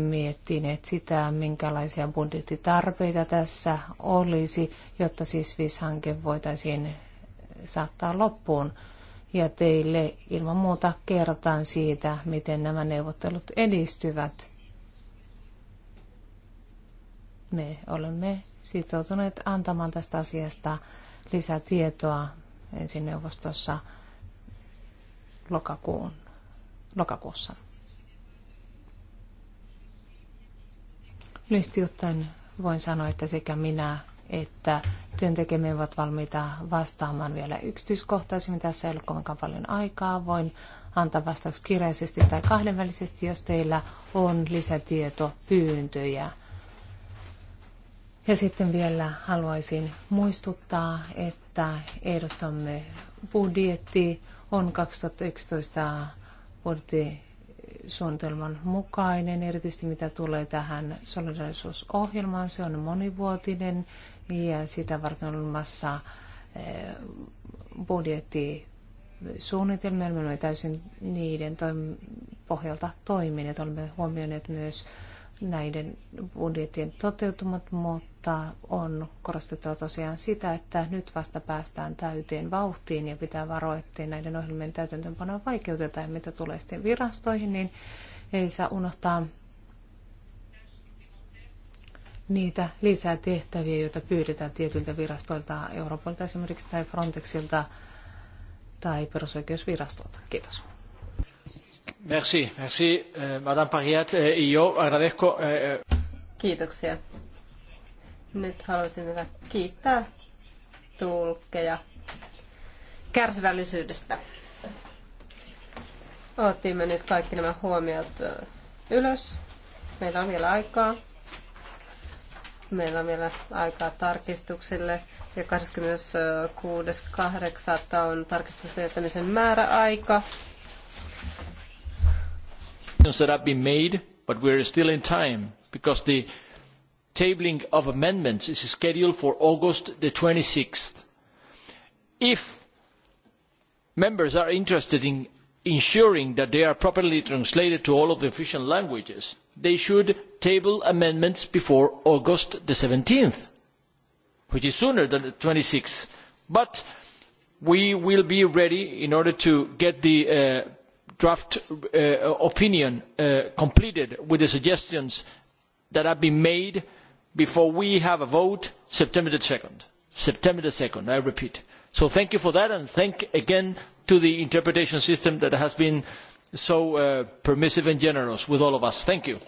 S2: miettineet sitä, minkälaisia budjettitarpeita tässä olisi, jotta siis VIS-hanke voitaisiin saattaa loppuun. Ja teille ilman muuta kertaan siitä, miten nämä neuvottelut edistyvät. Me olemme sitoutuneet antamaan tästä asiasta lisätietoa ensin neuvostossa lokakuun, lokakuussa. Lyhyesti ottaen voin sanoa, että sekä minä että työntekijämme ovat valmiita vastaamaan vielä yksityiskohtaisemmin. Tässä ei ole kovinkaan paljon aikaa. Voin antaa vastaukset kirjaisesti tai kahdenvälisesti, jos teillä on lisätietopyyntöjä ja sitten vielä haluaisin muistuttaa, että ehdottamme budjetti on 2011 budjettisuunnitelman mukainen, erityisesti mitä tulee tähän solidarisuusohjelmaan. Se on monivuotinen ja sitä varten on olemassa eh, budjetti suunnitelmia, me olemme täysin niiden pohjalta toimineet. Olemme huomioineet myös näiden budjettien toteutumat, mutta mutta on korostettava tosiaan sitä, että nyt vasta päästään täyteen vauhtiin ja pitää varoa, ettei näiden ohjelmien täytäntöönpanoa vaikeuteta ja mitä tulee sitten virastoihin, niin ei saa unohtaa niitä lisää tehtäviä, joita pyydetään tietyiltä virastoilta, Euroopalta esimerkiksi tai Frontexilta
S1: tai perusoikeusvirastolta. Kiitos.
S3: Merci, merci, eh, Madame Pariat. Eh, Io agradezco... Eh,
S1: Kiitoksia. Nyt haluaisin vielä kiittää tulkkeja kärsivällisyydestä. Otimme nyt kaikki nämä huomiot ylös. Meillä on vielä aikaa. Meillä on vielä aikaa tarkistuksille. Ja 26.8. on tarkistusten jättämisen määräaika.
S3: That have been made, but we're still in time because the tabling of amendments is scheduled for August the 26 If members are interested in ensuring that they are properly translated to all of the official languages, they should table amendments before August the which is sooner than the twenty sixth. But we will be ready in order to get the uh, draft uh, opinion uh, completed with the suggestions that have been made before we have a vote September two 2 September two I repeat. So thank you for that and thank you again to the interpretation system that has been so uh, permissive and generous with all of us. Thank you.